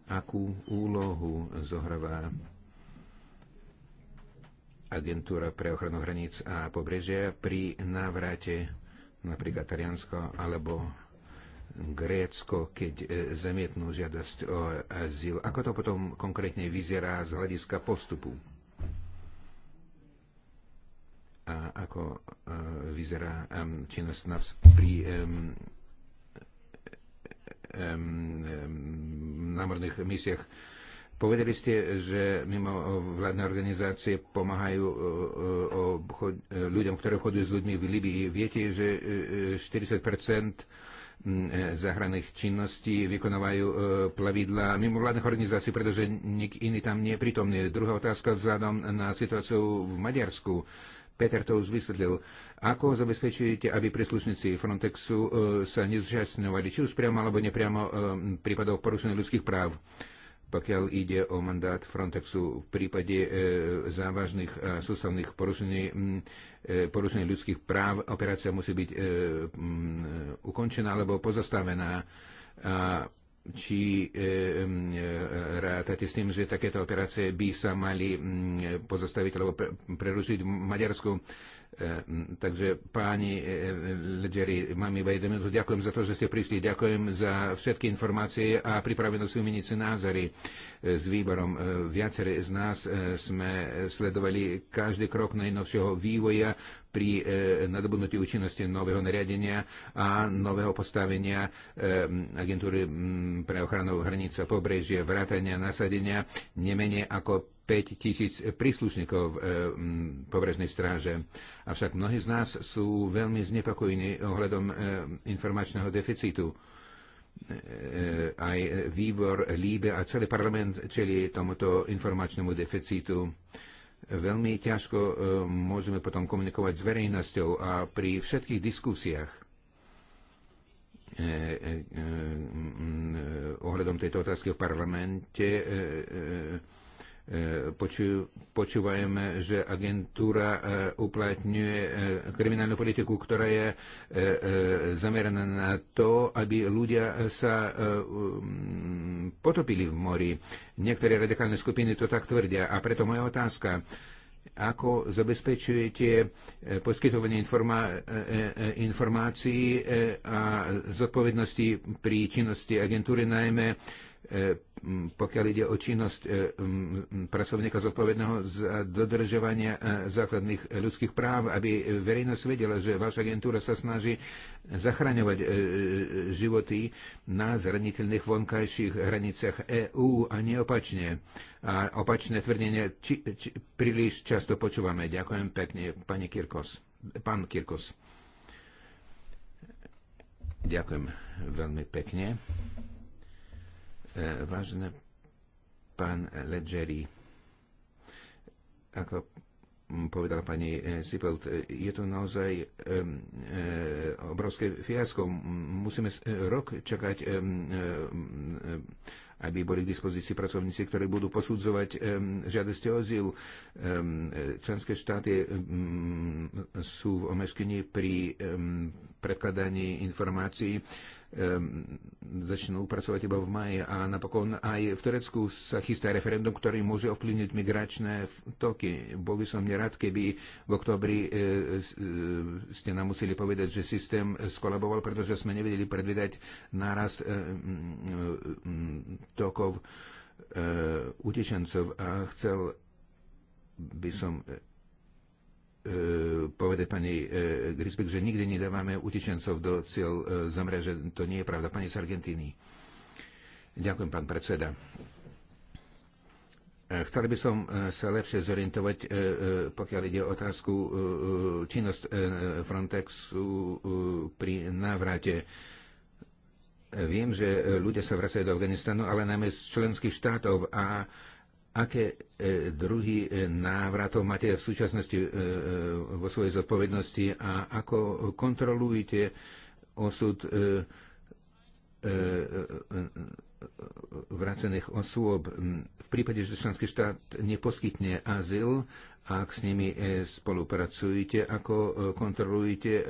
Akú úlohu zohráva agentúra pre ochranu hraníc a pobrežia pri návrate napríklad Taliansko alebo Grécko, keď e, zamietnú žiadosť o azyl. Ako to potom konkrétne vyzerá z hľadiska postupu? A ako e, vyzerá činnosť NAVS pri námorných misiach? Povedali ste, že mimo vládne organizácie pomáhajú e, ľuďom, ktorí chodujú s ľuďmi v Libii. Viete, že 40 E, zahraných činností vykonávajú e, plavidla mimovládnych organizácií, pretože nik iný tam nie je prítomný. Druhá otázka vzhľadom na situáciu v Maďarsku. Peter to už vysvetlil. Ako zabezpečujete, aby príslušníci Frontexu e, sa nezúčastňovali, či už priamo alebo nepriamo prípadov porušenia ľudských práv? pokiaľ ide o mandát Frontexu v prípade e, závažných a sústavných porušení, e, porušení ľudských práv, operácia musí byť e, m, ukončená alebo pozastavená. A či e, e, rátate s tým, že takéto operácie by sa mali pozastaviť alebo pre, prerušiť v Maďarsku. E, Ehm, takže páni e, e, Ledgeri, mám iba jednu minútu. Ďakujem za to, že ste prišli. Ďakujem za všetky informácie a pripravenosť vymeniť si názory e, s výborom. Viaceré z nás sme sledovali každý krok najnovšieho vývoja pri e, nadobudnutí účinnosti nového nariadenia a nového postavenia e, agentúry pre ochranu hranice pobrežia, vrátania, nasadenia nemenej ako 5 tisíc príslušníkov e, pobrežnej stráže. Avšak mnohí z nás sú veľmi znepokojení ohľadom e, informačného deficitu. E, e aj výbor Líbe a celý parlament čeli tomuto informačnému deficitu. E, veľmi ťažko e, môžeme potom komunikovať s verejnosťou a pri všetkých diskusiách e, e, ohľadom tejto otázky v parlamente E, poču, počúvajme, že agentúra e, uplatňuje e, kriminálnu politiku, ktorá je zameraná na to, aby ľudia sa um, potopili v mori. Niektoré radikálne skupiny to tak tvrdia. A preto moja otázka ako zabezpečujete poskytovanie informá- informácií a zodpovednosti pri činnosti agentúry, najmä E, pokiaľ ide o činnosť e, pracovníka zodpovedného za dodržovanie e, základných ľudských práv, aby verejnosť vedela, že vaša agentúra sa snaží zachraňovať životy na zraniteľných vonkajších hraniciach EÚ a neopačne. A opačné tvrdenie či, či, príliš často počúvame. Ďakujem pekne, pani Kirkos. Pán Kirkos. Ďakujem veľmi pekne. E, vážne pán Ledgeri, ako povedala pani e, Sipelt, e, je to naozaj obrovské fiasko. Musíme rok čakať, aby boli k dispozícii pracovníci, ktorí budú posudzovať žiadosti o azyl. Členské štáty sú v omeškení pri predkladaní informácií Ehm, začnú pracovať iba v maji a napokon aj v Turecku sa chystá referendum, ktorý môže ovplyvniť migračné toky. Bol by som nerad, keby v oktobri e, e, ste nám museli povedať, že systém skolaboval, pretože sme nevedeli predvídať nárast e, tokov utečencov a chcel by som E, povedať pani e, Grisbeck, že nikdy nedávame utečencov do cieľ e, zomre, že to nie je pravda. Pani z Argentíny. Ďakujem, pán predseda. E, chcel by som e, sa lepšie zorientovať, pokiaľ ide o otázku činnosť Frontexu pri návrate. Viem, že ľudia sa vracajú do Afganistanu, ale najmä z členských štátov a Aké e, druhy e, návratov máte v súčasnosti e, vo svojej zodpovednosti a ako kontrolujete osud vracených osôb v prípade, že členský štát neposkytne azyl, ak s nimi spolupracujete, ako kontrolujete,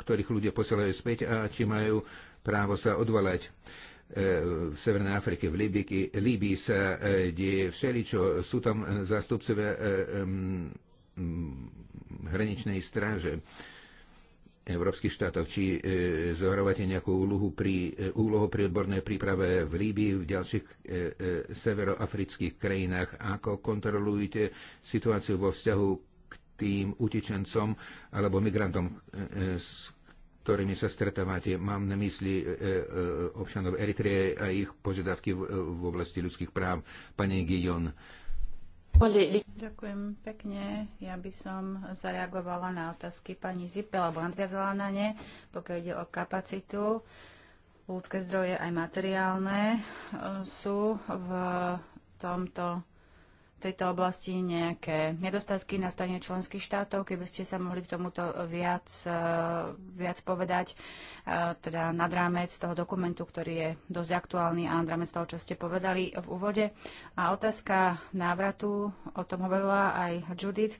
ktorých ľudia posielajú späť a či majú právo sa odvalať. E, v Severnej Afrike, v Líbii, e, Líbii sa e, deje všeličo. Sú tam zástupcovia hraničnej stráže európskych štátov, či zohrávate nejakú úlohu pri, úlohu pri odbornej príprave v Líbii, v ďalších severoafrických krajinách, ako kontrolujete situáciu vo vzťahu k tým utečencom alebo migrantom, s ktorými sa stretávate. Mám na mysli e, e, občanov Eritreje a ich požiadavky v e, oblasti ľudských práv. pani Gijon. Ďakujem pekne. Ja by som zareagovala na otázky pani Zipe, alebo nadviazala na ne, pokiaľ ide o kapacitu. Ľudské zdroje aj materiálne sú v tomto tejto oblasti nejaké nedostatky na strane členských štátov, keby ste sa mohli k tomuto viac, e, viac povedať, e, teda nad rámec toho dokumentu, ktorý je dosť aktuálny a nad rámec toho, čo ste povedali v úvode. A otázka návratu, o tom hovorila aj Judith.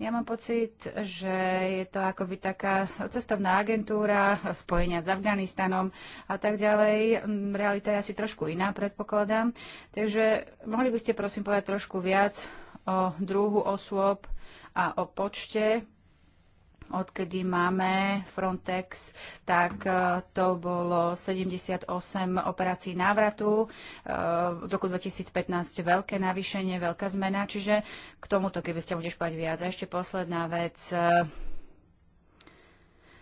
Ja mám pocit, že je to akoby taká cestovná agentúra, spojenia s Afganistanom a tak ďalej. Mm, realita je asi trošku iná, predpokladám. Takže mohli by ste prosím povedať trošku viac o druhu osôb a o počte odkedy máme Frontex, tak e, to bolo 78 operácií návratu, v e, roku 2015 veľké navýšenie, veľká zmena, čiže k tomuto, keby ste budeš povedať viac. A ešte posledná vec, e,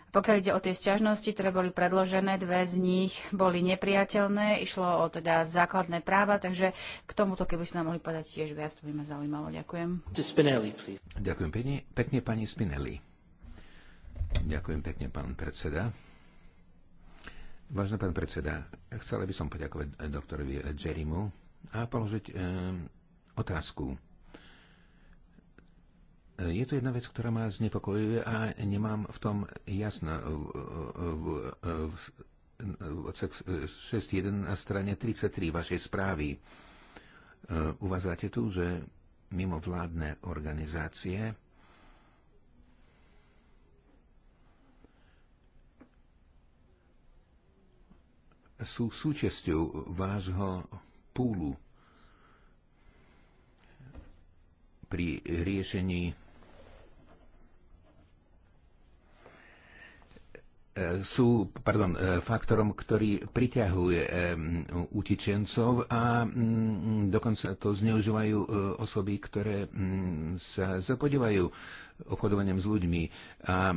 pokiaľ ide o tie sťažnosti, ktoré boli predložené, dve z nich boli nepriateľné, išlo o teda základné práva, takže k tomuto, keby ste nám mohli povedať tiež viac, to by ma zaujímalo. Ďakujem. Spinelli, Ďakujem pekne, pekne pani Spinelli. Ďakujem pekne, pán predseda. Vážne pán predseda, chcela by som poďakovať doktorovi Jerimu a položiť e, otázku. Je tu jedna vec, ktorá ma znepokojuje a nemám v tom jasno. V, v, v, v 6.1 na strane 33 vašej správy eh, uvádzate tu, že mimovládne organizácie sú súčasťou vášho púlu pri riešení e, sú pardon, e, faktorom, ktorý priťahuje e, utečencov a dokonca to zneužívajú osoby, ktoré sa zapodívajú obchodovaním s ľuďmi. A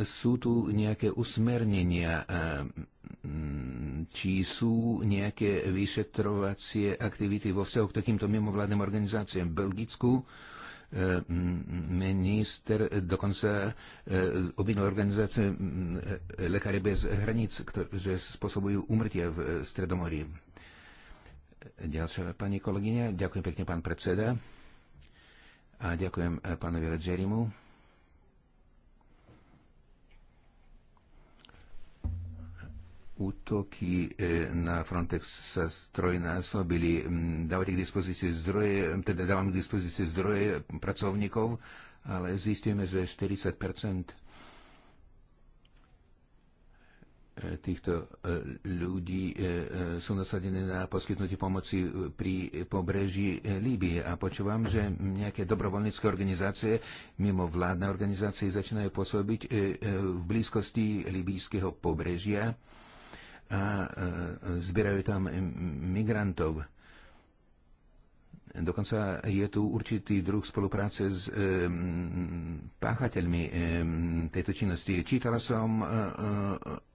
sú tu nejaké usmernenia, e, či sú nejaké vyšetrovacie aktivity vo vzťahu k takýmto mimovládnym organizáciám v Belgicku. E, minister dokonca e, obvinil organizácie Lekári bez hraníc, že spôsobujú umrtia v Stredomorí. Ďalšia pani kolegyňa. Ďakujem pekne, pán predseda. A ďakujem pánovi Ledžerimu útoky e, na Frontex sa trojnásobili. Dávate k dispozícii zdroje, teda dávam k dispozícii zdroje pracovníkov, ale zistíme, že 40 e, týchto e, ľudí sú nasadené na poskytnutie pomoci pri pobreží Líbie. A počúvam, že nejaké dobrovoľnícke organizácie, mimo vládne organizácie, začínajú pôsobiť v blízkosti líbijského pobrežia a e, zbierajú tam migrantov. Dokonca je tu určitý druh spolupráce s e, páchateľmi e, tejto činnosti. Čítala som e, e,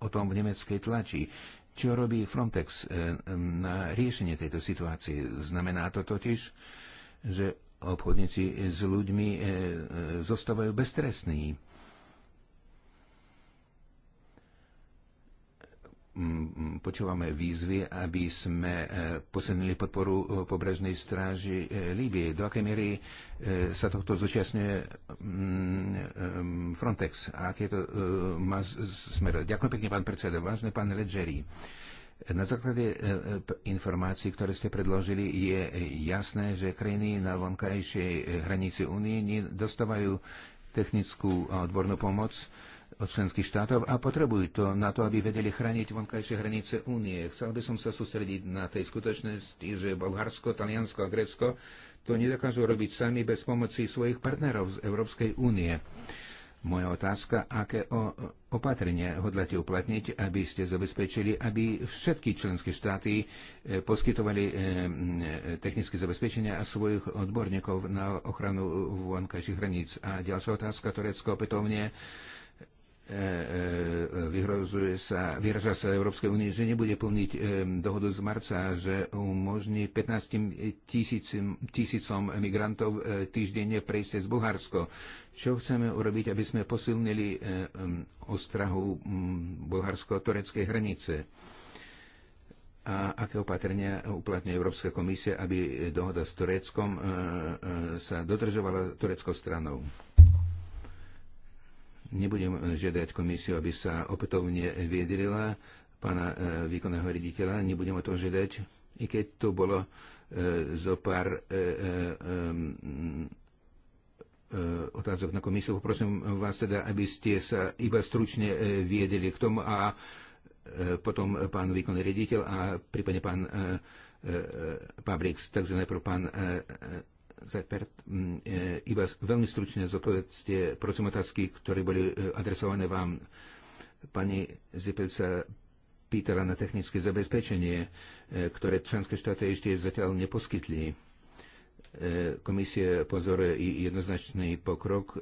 o tom v nemeckej tlači. Čo robí Frontex e, na riešenie tejto situácie? Znamená to totiž, že obchodníci s ľuďmi e, e, zostávajú beztrestní. počúvame výzvy, aby sme e, posunili podporu e, pobrežnej stráži e, Líbie. Do akej miery sa tohto zúčastňuje Frontex? A aké to má smer? Ďakujem pekne, pán predseda. Vážne pán Ledgeri. Na základe informácií, ktoré ste predložili, je jasné, že krajiny na vonkajšej hranici únie nedostávajú technickú a odbornú pomoc od členských štátov a potrebujú to na to, aby vedeli chrániť vonkajšie hranice únie. Chcel by som sa sústrediť na tej skutočnosti, že Bulharsko, Taliansko a Grécko to nedokážu robiť sami bez pomoci svojich partnerov z Európskej únie. Moja otázka, aké o, opatrenia hodláte uplatniť, aby ste zabezpečili, aby všetky členské štáty e, poskytovali e, e, technické zabezpečenia a svojich odborníkov na ochranu vonkajších hraníc. A ďalšia otázka, Turecko opätovne E, e, e, vyhrozuje sa, vyhrozuje sa Európskej únie, že nebude plniť dohodu z marca, že umožní 15 tisíc, tisícom migrantov týždenne prejsť cez Bulharsko. Čo chceme urobiť, aby sme posilnili ostrahu bulharsko-tureckej hranice? a aké opatrenia uplatňuje Európska komisia, aby dohoda s Tureckom sa dodržovala tureckou stranou. Nebudem eh, žiadať komisiu, aby sa opätovne viedrila pána eh, výkonného riaditeľa, nebudem o to žiadať, i keď to bolo eh, zo pár mm, otázok na komisiu. Poprosím vás teda, aby ste sa iba stručne viedeli k tomu a potom pán výkonný riaditeľ a prípadne pán Pabrix. Takže najprv pán Mm, e, iba veľmi stručne zodpovedzte prosím otázky, ktoré boli e, adresované vám. Pani Zipel sa pýtala na technické zabezpečenie, e, ktoré členské štáty ešte zatiaľ neposkytli. Komisie pozoruje i jednoznačný pokrok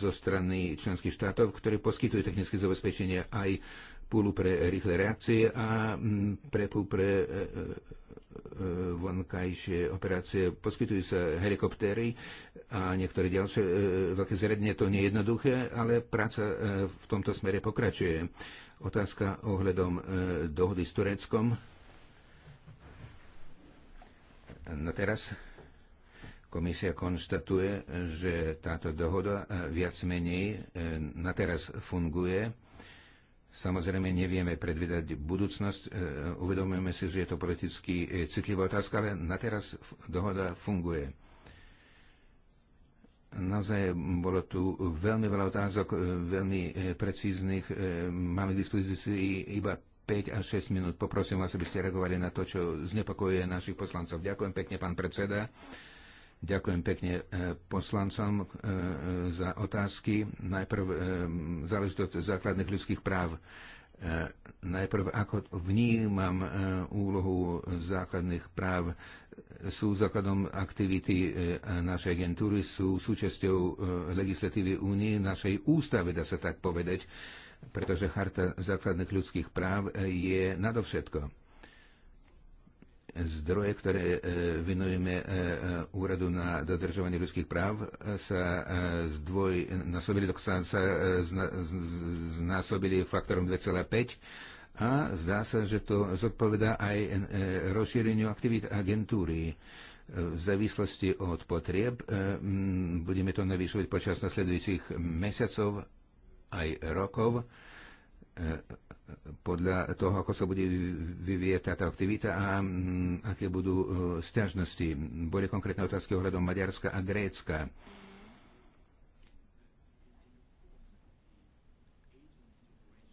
zo strany členských štátov, ktoré poskytujú technické zabezpečenie aj púlu pre rýchle reakcie a mm, pre púl pre E, vonkajšie operácie. Poskytujú sa helikoptéry a niektoré ďalšie e, veľké zredne To nie je jednoduché, ale práca e, v tomto smere pokračuje. Otázka ohľadom dohody s Tureckom. No teraz komisia konštatuje, že táto dohoda viac menej na teraz funguje Samozrejme, nevieme predvídať budúcnosť. E, uvedomujeme si, že je to politicky e, citlivá otázka, ale na teraz dohoda funguje. Naozaj bolo tu veľmi veľa otázok, e, veľmi precíznych. Máme k dispozícii iba 5 až 6 minút. Poprosím vás, aby ste reagovali na to, čo znepokojuje našich poslancov. Ďakujem pekne, pán predseda. Ďakujem pekne e, poslancom e, e, za otázky. Najprv záležitosť základných ľudských práv. Najprv, ako vnímam úlohu základných práv, sú základom aktivity našej agentúry, sú súčasťou legislatívy únie, našej ústave, dá sa tak povedať, pretože Charta základných ľudských práv je nadovšetko zdroje, ktoré e, venujeme e, e, úradu na dodržovanie ľudských práv, sa zdvojnásobili, dokonca sa znásobili faktorom 2,5 a zdá sa, že to zodpoveda aj rozšíreniu aktivít agentúry. V závislosti od potrieb budeme to navýšovať počas nasledujúcich mesiacov aj rokov podľa toho, ako sa bude vyvieť táto aktivita a mm, aké budú e, stiažnosti. Boli konkrétne otázky ohľadom Maďarska a Grécka.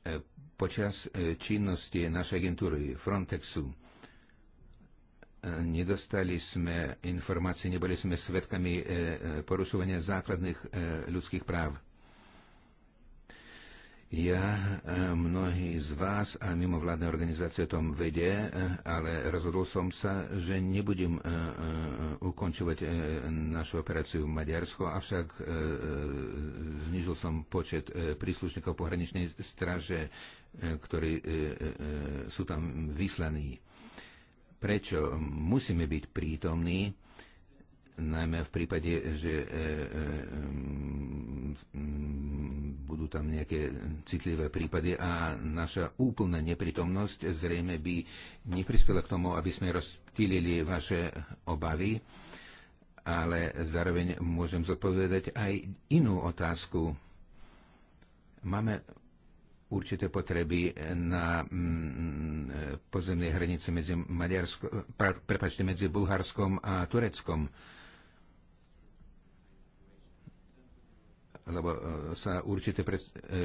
E, počas e, činnosti našej agentúry Frontexu nedostali sme informácie, neboli sme svedkami porušovania základných ľudských práv. Ja, eh, mnohí z vás a mimovládne organizácie o tom vedie, eh, ale rozhodol som sa, že nebudem eh, ukončovať našu operáciu v Maďarsku, avšak znižil som počet príslušníkov pohraničnej straže, ktorí sú tam vyslaní. Prečo musíme byť prítomní? najmä v prípade, že e, e, budú tam nejaké citlivé prípady a naša úplná neprítomnosť zrejme by neprispela k tomu, aby sme rozptýlili vaše obavy, ale zároveň môžem zodpovedať aj inú otázku. Máme určité potreby na pozemnej hranici medzi, Maďarsko, prepačte, medzi Bulharskom a Tureckom lebo e, sa určité pre, e, e,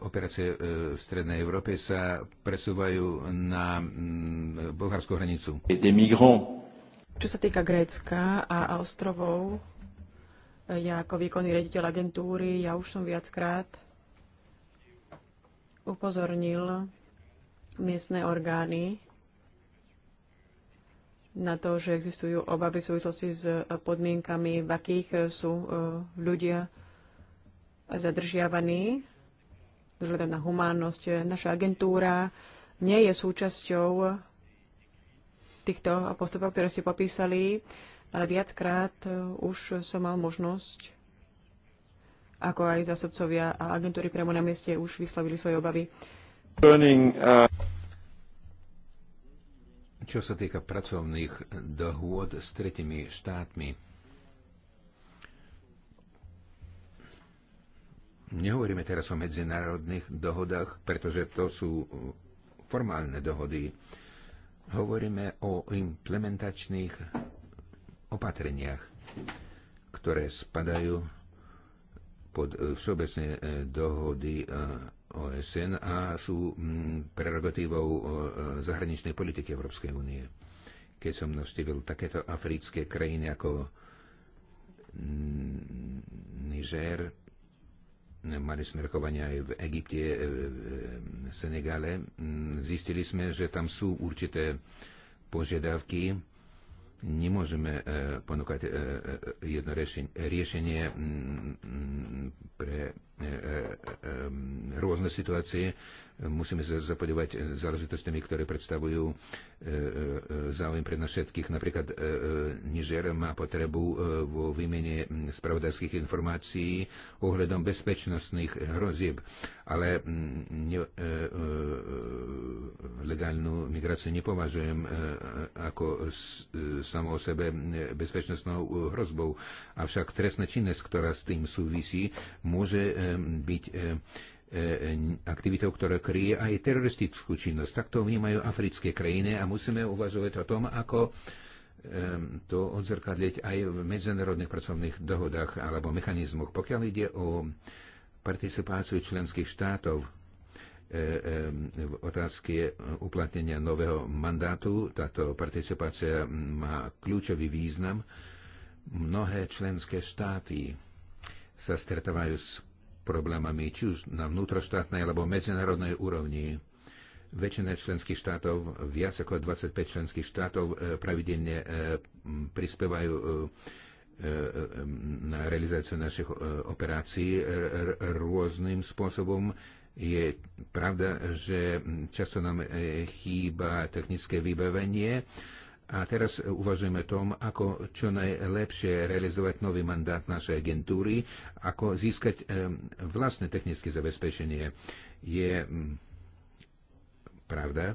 operácie e, v Strednej Európe sa presúvajú na m, mm, bulharskú hranicu. Čo sa týka Grécka a ostrovov, ja ako výkonný rediteľ agentúry, ja už som viackrát upozornil miestne orgány na to, že existujú obavy v súvislosti s podmienkami, v akých sú ľudia zadržiavaní vzhľadom na humánnosť. Naša agentúra nie je súčasťou týchto postupov, ktoré ste popísali, ale viackrát už som mal možnosť, ako aj zásobcovia a agentúry priamo na mieste už vyslavili svoje obavy. Burning, uh... Čo sa týka pracovných dohôd s tretimi štátmi, Nehovoríme teraz o medzinárodných dohodách, pretože to sú uh, formálne dohody. Hovoríme o implementačných opatreniach, ktoré spadajú pod uh, všeobecné uh, dohody OSN a sú mm, prerogatívou zahraničnej politiky Európskej únie. Keď som navštívil takéto africké krajiny ako mm, Niger, mali sme rokovania aj v Egypte, e, e, v Senegale, mm, zistili sme, že tam sú určité požiadavky, nemôžeme e, ponúkať jedno riešenie mm, mm, pre E, e, e, rôzne situácie. Musíme sa zapodívať záležitostiami, ktoré predstavujú záujem pre nás všetkých. Napríklad Niger má potrebu vo výmene spravodajských informácií ohľadom bezpečnostných hrozieb, ale legálnu migráciu nepovažujem ako samo o sebe bezpečnostnou hrozbou. Avšak trestná činnosť, ktorá s tým súvisí, môže Eh, byť eh, eh, aktivitou, ktorá kryje aj teroristickú činnosť. Tak to vnímajú africké krajiny a musíme uvažovať o tom, ako to odzrkadliť aj v medzinárodných pracovných dohodách alebo mechanizmoch. Pokiaľ ide o participáciu členských štátov v otázke uplatnenia nového mandátu, táto participácia má kľúčový význam. Mnohé členské štáty sa stretávajú s problémami, či už na vnútroštátnej alebo medzinárodnej úrovni. Väčšina členských štátov, viac ako 25 členských štátov e, pravidelne e, prispievajú e, na realizáciu našich operácií rôznym spôsobom. Je pravda, že často nám chýba technické vybavenie, a teraz e, uvažujeme tom, ako čo najlepšie realizovať nový mandát našej agentúry, ako získať e, vlastné technické zabezpečenie. Je mm, pravda,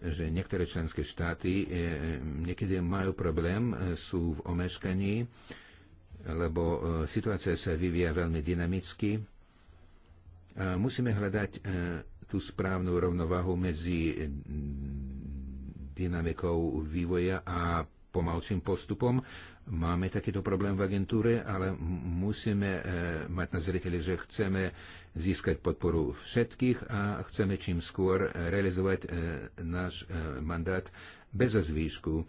že niektoré členské štáty e, niekedy majú problém, sú v omeškaní, lebo situácia sa vyvíja veľmi dynamicky. Musíme hľadať tú správnu rovnováhu medzi dynamikou vývoja a pomalším postupom. Máme takýto problém v agentúre, ale musíme e, mať na zreteli, že chceme získať podporu všetkých a chceme čím skôr realizovať e, náš e, mandát bez zvýšku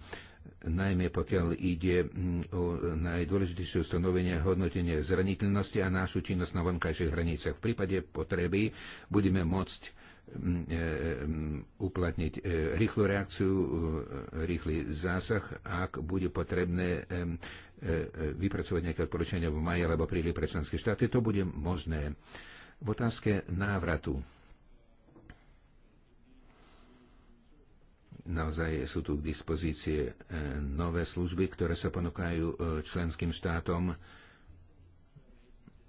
najmä pokiaľ ide o najdôležitejšie ustanovenie hodnotenie zraniteľnosti a našu činnosť na vonkajších hranicách. V prípade potreby budeme môcť e, uplatniť e, rýchlu reakciu, e, rýchly zásah, ak bude potrebné e, vypracovať nejaké odporúčania v maji alebo príli pre členské štáty, to bude možné. V otázke návratu. Naozaj sú tu k dispozície nové služby, ktoré sa ponúkajú členským štátom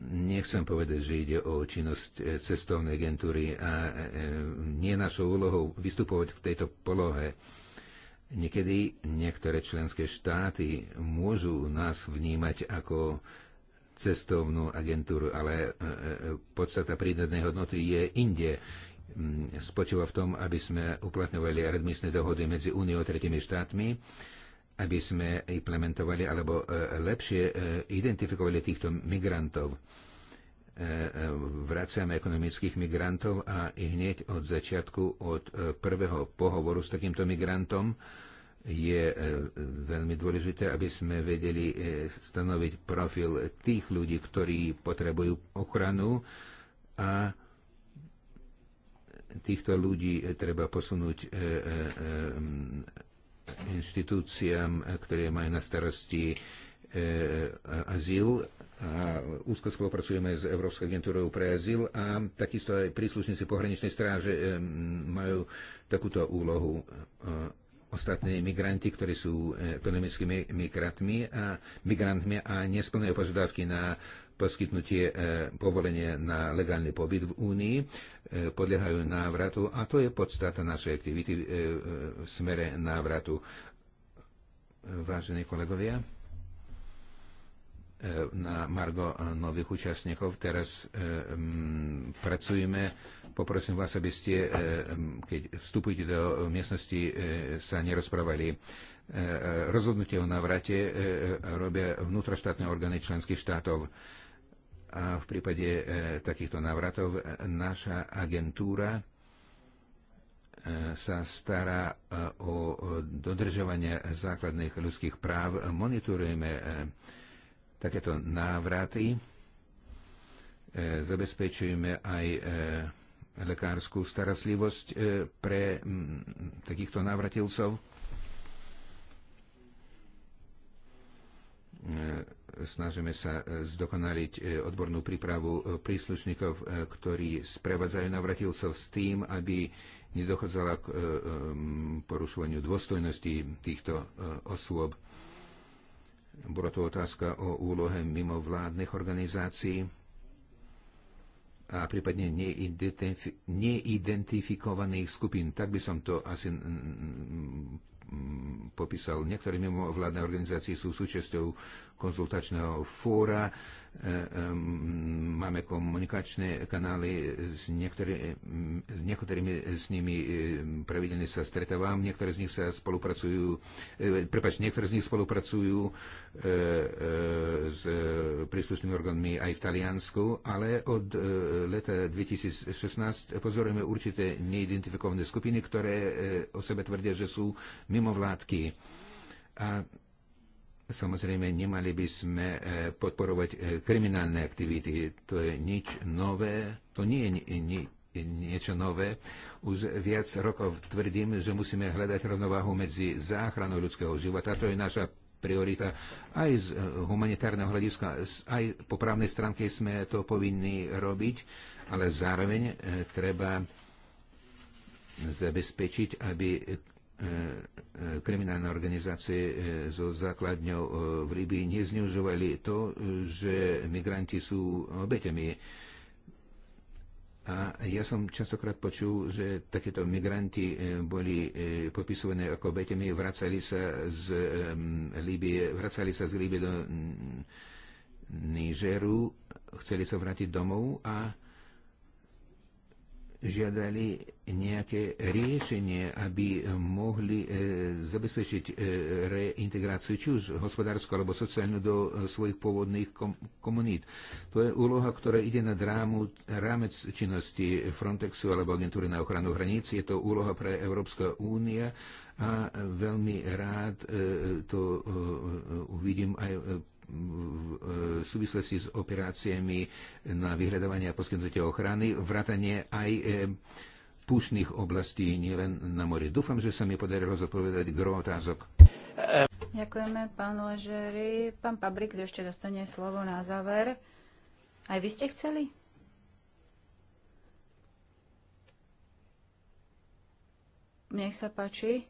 nechcem povedať, že ide o činnosť e, cestovnej agentúry a e, e, nie našou úlohou vystupovať v tejto polohe. Niekedy niektoré členské štáty môžu nás vnímať ako cestovnú agentúru, ale podstata prídadnej hodnoty je inde. Mm, spočíva v tom, aby sme uplatňovali redmisné dohody medzi Úniou a tretimi štátmi aby sme implementovali alebo e, lepšie e, identifikovali týchto migrantov. E, vraciame ekonomických migrantov a i hneď od začiatku, od prvého pohovoru s takýmto migrantom je veľmi dôležité, aby sme vedeli stanoviť profil tých ľudí, ktorí potrebujú ochranu a týchto ľudí treba posunúť inštitúciám, ktoré majú na starosti e, azyl a úzko spolupracujeme s Európskou agentúrou pre azyl a takisto aj príslušníci pohraničnej stráže e, majú takúto úlohu. E, ostatní migranti, ktorí sú ekonomickými migrantmi a, migrantmi a nesplňujú požiadavky na poskytnutie e, povolenie na legálny pobyt v Únii, e, podliehajú návratu a to je podstata našej aktivity e, v smere návratu. Vážení kolegovia, na Margo nových účastníkov. Teraz um, pracujeme. Poprosím vás, aby ste, um, keď vstupujete do miestnosti, um, sa nerozprávali. Rozhodnutie o návrate robia vnútroštátne orgány členských štátov a v prípade e, takýchto návratov e, naša agentúra e, sa stará o dodržovanie základných ľudských práv. Monitorujeme takéto návraty. Zabezpečujeme aj lekárskú starostlivosť pre takýchto návratilcov snažíme sa zdokonaliť odbornú prípravu príslušníkov, ktorí sprevádzajú navratilcov s tým, aby nedochádzala k porušovaniu dôstojnosti týchto osôb. Bola to otázka o úlohe mimovládnych organizácií a prípadne neidentifikovaných skupín. Tak by som to asi popísal. Niektoré mimovládne organizácie sú súčasťou konzultačného fóra, e, e, máme komunikačné kanály, s, niektorý, s niektorými s nimi e, pravidelne sa stretávam, niektoré z nich sa spolupracujú, prepač, niektoré z nich spolupracujú s príslušnými orgánmi aj v Taliansku, ale od leta 2016 pozorujeme určité neidentifikované skupiny, ktoré o sebe tvrdia, že sú mimovládky. A Samozrejme, nemali by sme e, podporovať e, kriminálne aktivity. To je nič nové. To nie je ni, niečo nové. Už viac rokov tvrdím, že musíme hľadať rovnováhu medzi záchranou ľudského života. To je naša priorita. Aj z e, humanitárneho hľadiska, aj po právnej stránke sme to povinní robiť, ale zároveň treba zabezpečiť, aby E, e, kriminálne organizácie e, so základňou v Líbii nezneužovali to, že migranti sú obeťami. A ja som častokrát počul, že takéto migranti boli popisované ako obeťami, vracali sa z Líbie, vracali sa z Líbie do Nížeru, chceli sa vrátiť domov a žiadali nejaké riešenie, aby mohli e, zabezpečiť e, reintegráciu či už hospodárskú alebo sociálnu do e, svojich pôvodných kom- komunít. To je úloha, ktorá ide na drámu rámec činnosti Frontexu alebo agentúry na ochranu hraníc. Je to úloha pre Európska únia a veľmi rád e, to e, uvidím aj e, v e, súvislosti s operáciami na vyhľadávanie a poskytnutie ochrany, vrátanie aj e, púšnych oblastí, nielen na mori. Dúfam, že sa mi podarilo zodpovedať gro otázok. Ďakujeme, pán Ležeri. Pán Pabrik ešte dostane slovo na záver. Aj vy ste chceli? Nech sa páči.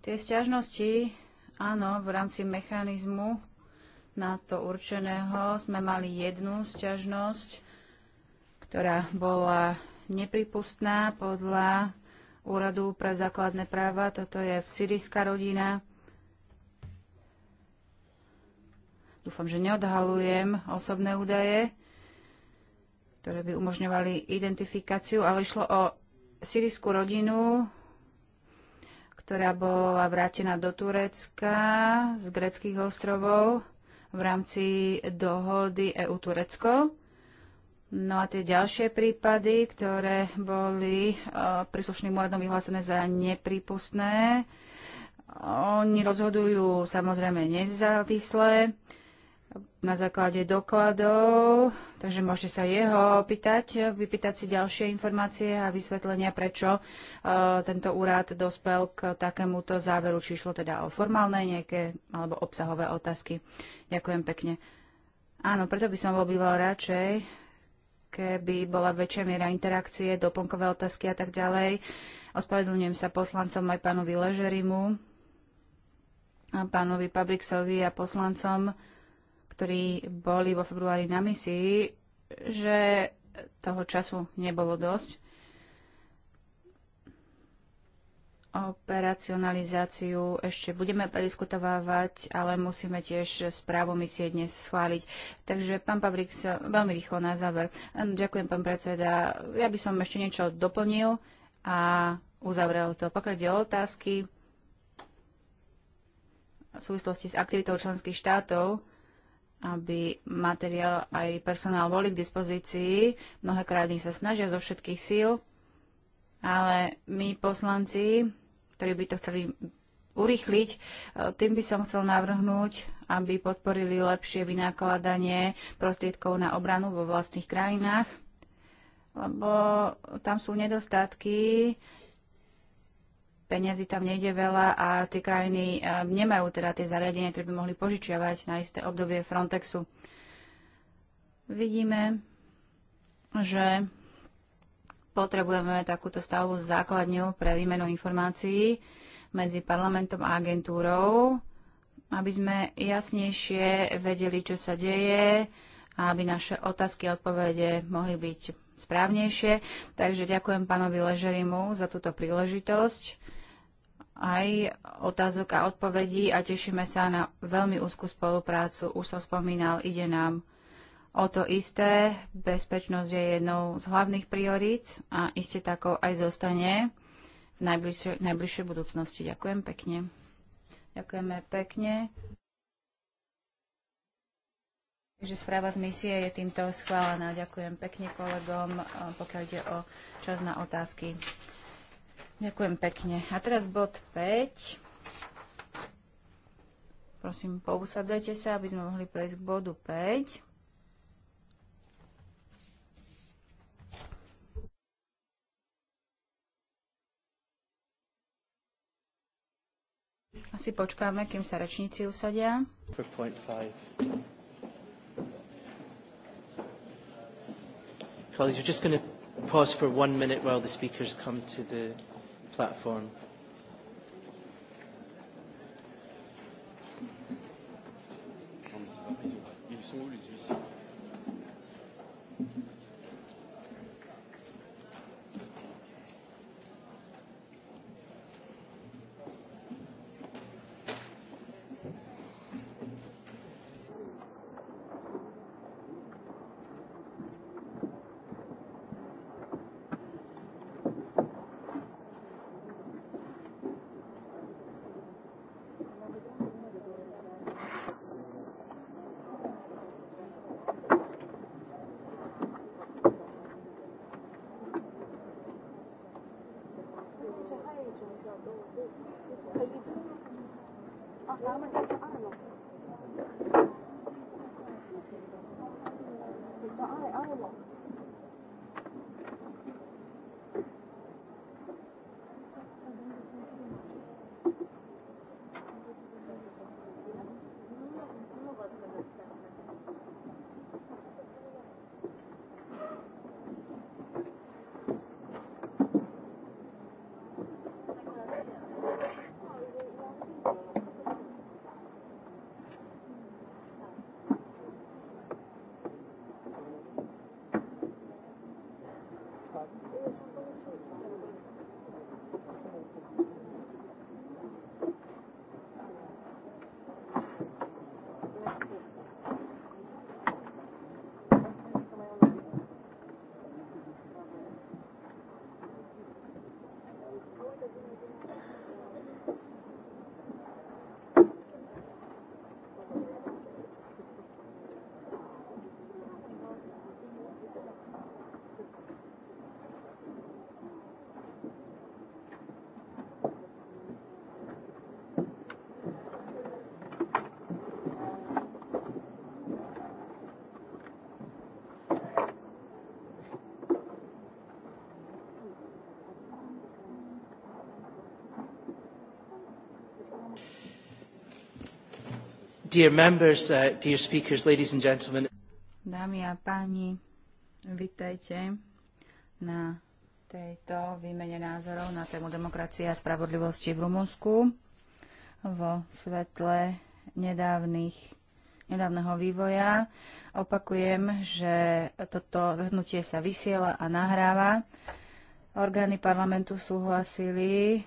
Tie stiažnosti, áno, v rámci mechanizmu na to určeného sme mali jednu stiažnosť ktorá bola nepripustná podľa Úradu pre základné práva. Toto je syrijská rodina. Dúfam, že neodhalujem osobné údaje, ktoré by umožňovali identifikáciu, ale išlo o syrijskú rodinu, ktorá bola vrátená do Turecka z greckých ostrovov v rámci dohody EU-Turecko. No a tie ďalšie prípady, ktoré boli e, príslušným úradom vyhlásené za nepripustné, oni rozhodujú samozrejme nezávisle na základe dokladov, takže môžete sa jeho opýtať, vypýtať si ďalšie informácie a vysvetlenia, prečo e, tento úrad dospel k takémuto záveru, či išlo teda o formálne nejaké alebo obsahové otázky. Ďakujem pekne. Áno, preto by som bol býval radšej, keby bola väčšia miera interakcie, doplnkové otázky a tak ďalej. Ospravedlňujem sa poslancom aj pánovi Ležerimu, a pánovi Pabriksovi a poslancom, ktorí boli vo februári na misii, že toho času nebolo dosť. operacionalizáciu ešte budeme prediskutovávať, ale musíme tiež správu misie dnes schváliť. Takže, pán Pavlik, veľmi rýchlo na záver. Ďakujem, pán predseda. Ja by som ešte niečo doplnil a uzavrel to. Pokiaľ ide o otázky v súvislosti s aktivitou členských štátov, aby materiál aj personál boli k dispozícii. Mnohé krádny sa snažia zo všetkých síl, ale my poslanci ktorí by to chceli urýchliť, e, tým by som chcel navrhnúť, aby podporili lepšie vynakladanie prostriedkov na obranu vo vlastných krajinách, lebo tam sú nedostatky, peniazy tam nejde veľa a tie krajiny e, nemajú teda tie zariadenia, ktoré by mohli požičiavať na isté obdobie Frontexu. Vidíme, že potrebujeme takúto stavú základňu pre výmenu informácií medzi parlamentom a agentúrou, aby sme jasnejšie vedeli, čo sa deje a aby naše otázky a odpovede mohli byť správnejšie. Takže ďakujem pánovi Ležerimu za túto príležitosť aj otázok a odpovedí a tešíme sa na veľmi úzkú spoluprácu. Už sa spomínal, ide nám o to isté. Bezpečnosť je jednou z hlavných priorít a iste takou aj zostane v najbližšej, najbližšej budúcnosti. Ďakujem pekne. Ďakujeme pekne. Takže správa z misie je týmto schválená. Ďakujem pekne kolegom, pokiaľ ide o čas na otázky. Ďakujem pekne. A teraz bod 5. Prosím, pousadzajte sa, aby sme mohli prejsť k bodu 5. Asi počkáme, kým sa rečníci usadia. Colleagues, we're just going to pause for one minute while the speakers come to the platform. Ils sont où les huissiers Dear members, uh, dear speakers, ladies and gentlemen. Dámy a páni, vitajte na tejto výmene názorov na tému demokracie a spravodlivosti v Rumunsku vo svetle nedávnych nedávneho vývoja. Opakujem, že toto zhrnutie sa vysiela a nahráva. Orgány parlamentu súhlasili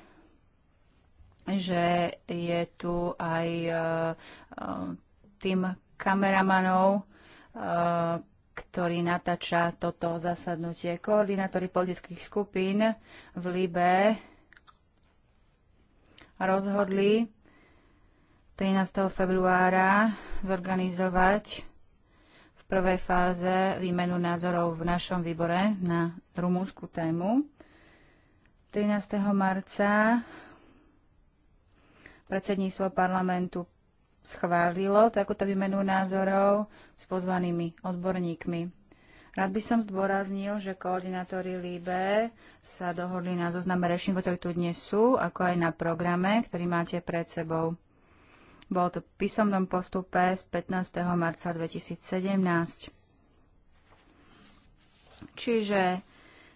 že je tu aj e, e, tým kameramanov, e, ktorý natáča toto zasadnutie. Koordinátori politických skupín v Libe rozhodli 13. februára zorganizovať v prvej fáze výmenu názorov v našom výbore na rumúnsku tému. 13. marca Predsedníctvo parlamentu schválilo takúto výmenu názorov s pozvanými odborníkmi. Rád by som zdôraznil, že koordinátori LIBE sa dohodli na zozname rečníkov, ktorí tu dnes sú, ako aj na programe, ktorý máte pred sebou. Bolo to v písomnom postupe z 15. marca 2017. Čiže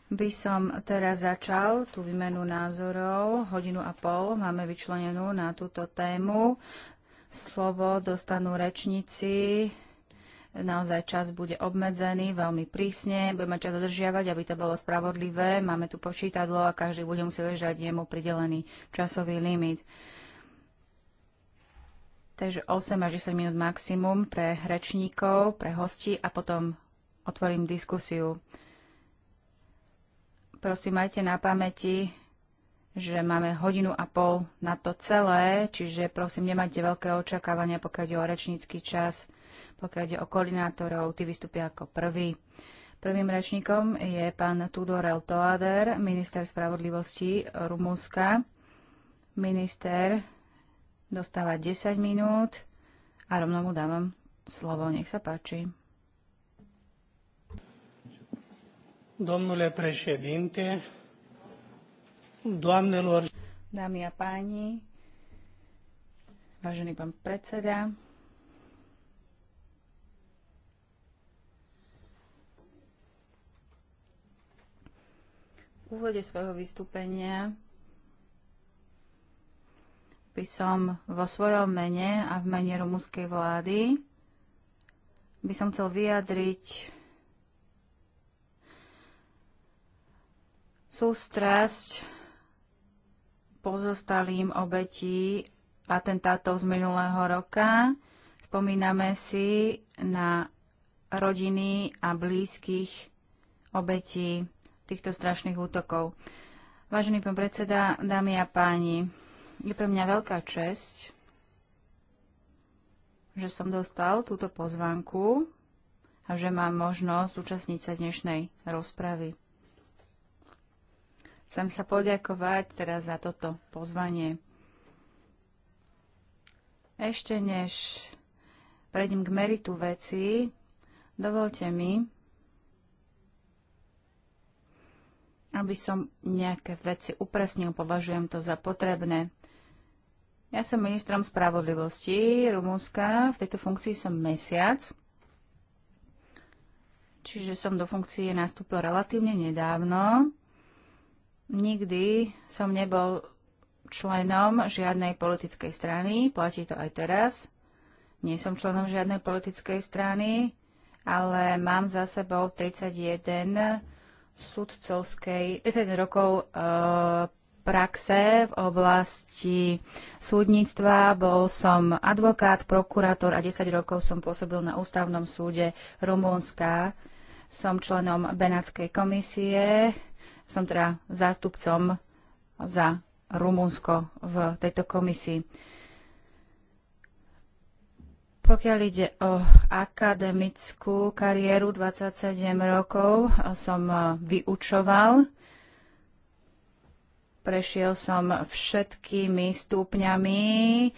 by som teraz začal tú výmenu názorov. Hodinu a pol máme vyčlenenú na túto tému. Slovo dostanú rečníci. Naozaj čas bude obmedzený veľmi prísne. Budeme čas dodržiavať, aby to bolo spravodlivé. Máme tu počítadlo a každý bude musieť ležať jemu pridelený časový limit. Takže 8 až 10 minút maximum pre rečníkov, pre hosti a potom otvorím diskusiu. Prosím, majte na pamäti, že máme hodinu a pol na to celé, čiže prosím, nemajte veľké očakávania, pokiaľ ide o rečnícky čas, pokiaľ ide o koordinátorov, tí vystúpia ako prvý. Prvým rečníkom je pán Tudorel Toader, minister spravodlivosti Rumúnska. Minister dostáva 10 minút a rovno mu dávam slovo. Nech sa páči. Domnule președinte, doamnelor... Dámy a páni, vážený pán predseda, v úvode svojho vystúpenia by som vo svojom mene a v mene rumúnskej vlády by som chcel vyjadriť strásť pozostalým obetí atentátov z minulého roka. Spomíname si na rodiny a blízkych obetí týchto strašných útokov. Vážený pán predseda, dámy a páni, je pre mňa veľká česť, že som dostal túto pozvánku a že mám možnosť zúčastniť sa dnešnej rozpravy. Chcem sa poďakovať teraz za toto pozvanie. Ešte než prejdem k meritu veci, dovolte mi, aby som nejaké veci upresnil, považujem to za potrebné. Ja som ministrom spravodlivosti Rumúnska, v tejto funkcii som mesiac, čiže som do funkcie nastúpil relatívne nedávno. Nikdy som nebol členom žiadnej politickej strany, platí to aj teraz. Nie som členom žiadnej politickej strany, ale mám za sebou 31 sudcovskej, 31 rokov e, praxe v oblasti súdnictva. Bol som advokát, prokurátor a 10 rokov som pôsobil na ústavnom súde Rumúnska. Som členom Benátskej komisie, som teda zástupcom za Rumunsko v tejto komisii. Pokiaľ ide o akademickú kariéru, 27 rokov eh, som eh, vyučoval. Prešiel som všetkými stupňami eh,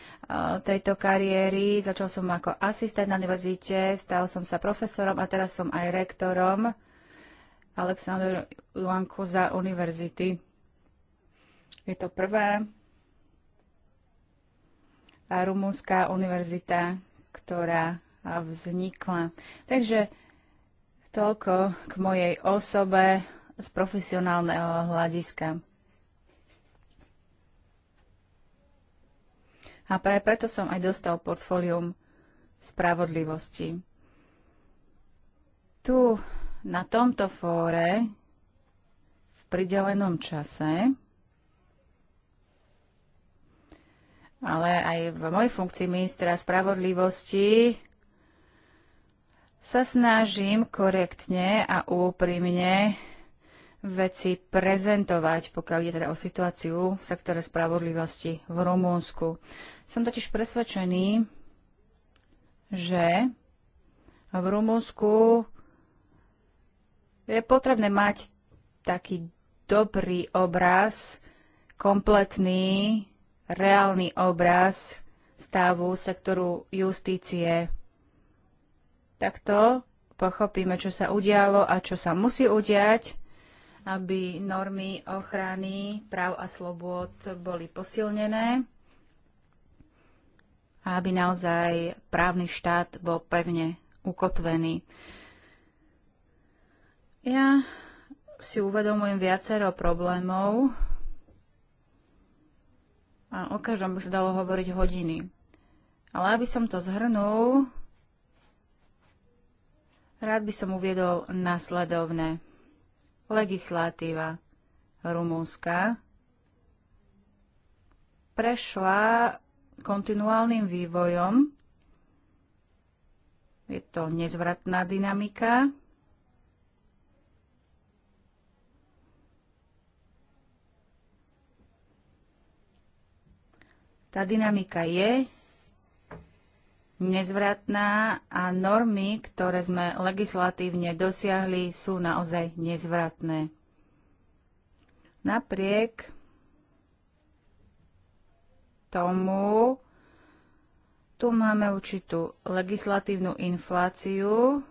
tejto kariéry. Začal som ako asistent na univerzite, stal som sa profesorom a teraz som aj rektorom Aleksandr Luanko za univerzity. Je to prvá rumúnska univerzita, ktorá vznikla. Takže toľko k mojej osobe z profesionálneho hľadiska. A práve preto som aj dostal portfólium spravodlivosti. Tu na tomto fóre v pridelenom čase, ale aj v mojej funkcii ministra spravodlivosti sa snažím korektne a úprimne veci prezentovať, pokiaľ ide teda o situáciu v sektore spravodlivosti v Rumúnsku. Som totiž presvedčený, že v Rumúnsku je potrebné mať taký dobrý obraz, kompletný, reálny obraz stavu sektoru justície. Takto pochopíme, čo sa udialo a čo sa musí udiať, aby normy ochrany práv a slobôd boli posilnené a aby naozaj právny štát bol pevne ukotvený. Ja si uvedomujem viacero problémov a o každom by sa dalo hovoriť hodiny. Ale aby som to zhrnul, rád by som uviedol nasledovné. Legislatíva Rumúnska prešla kontinuálnym vývojom. Je to nezvratná dynamika. Tá dynamika je nezvratná a normy, ktoré sme legislatívne dosiahli, sú naozaj nezvratné. Napriek tomu tu máme určitú legislatívnu infláciu.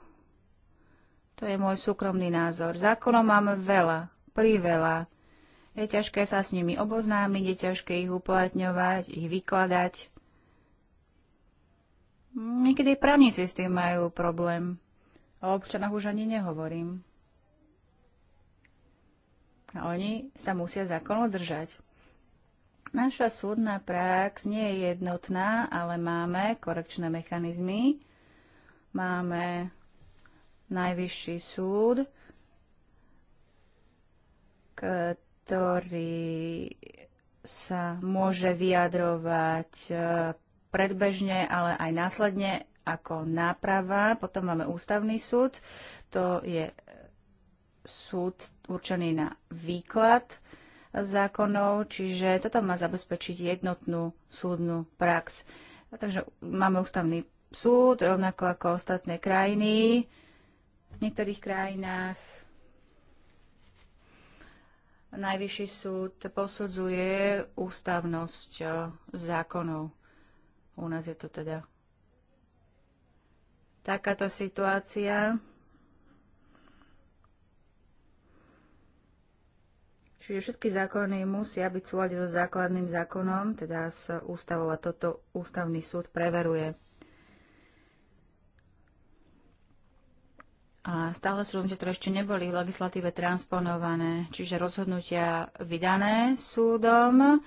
To je môj súkromný názor. Zákonom máme veľa, priveľa. Je ťažké sa s nimi oboznámiť, je ťažké ich uplatňovať, ich vykladať. Niekedy právnici s tým majú problém. O občanoch už ani nehovorím. A oni sa musia zákonu držať. Naša súdna prax nie je jednotná, ale máme korekčné mechanizmy. Máme najvyšší súd, ktorý sa môže vyjadrovať e, predbežne, ale aj následne ako náprava. Potom máme ústavný súd. To je súd určený na výklad zákonov, čiže toto má zabezpečiť jednotnú súdnu prax. Takže máme ústavný súd, rovnako ako ostatné krajiny. V niektorých krajinách Najvyšší súd posudzuje ústavnosť e, zákonov. U nás je to teda takáto situácia. Čiže všetky zákony musia byť v so základným zákonom, teda s ústavou a toto ústavný súd preveruje. A stále sú rozhodnutia, ktoré ešte neboli v legislatíve transponované. Čiže rozhodnutia vydané súdom,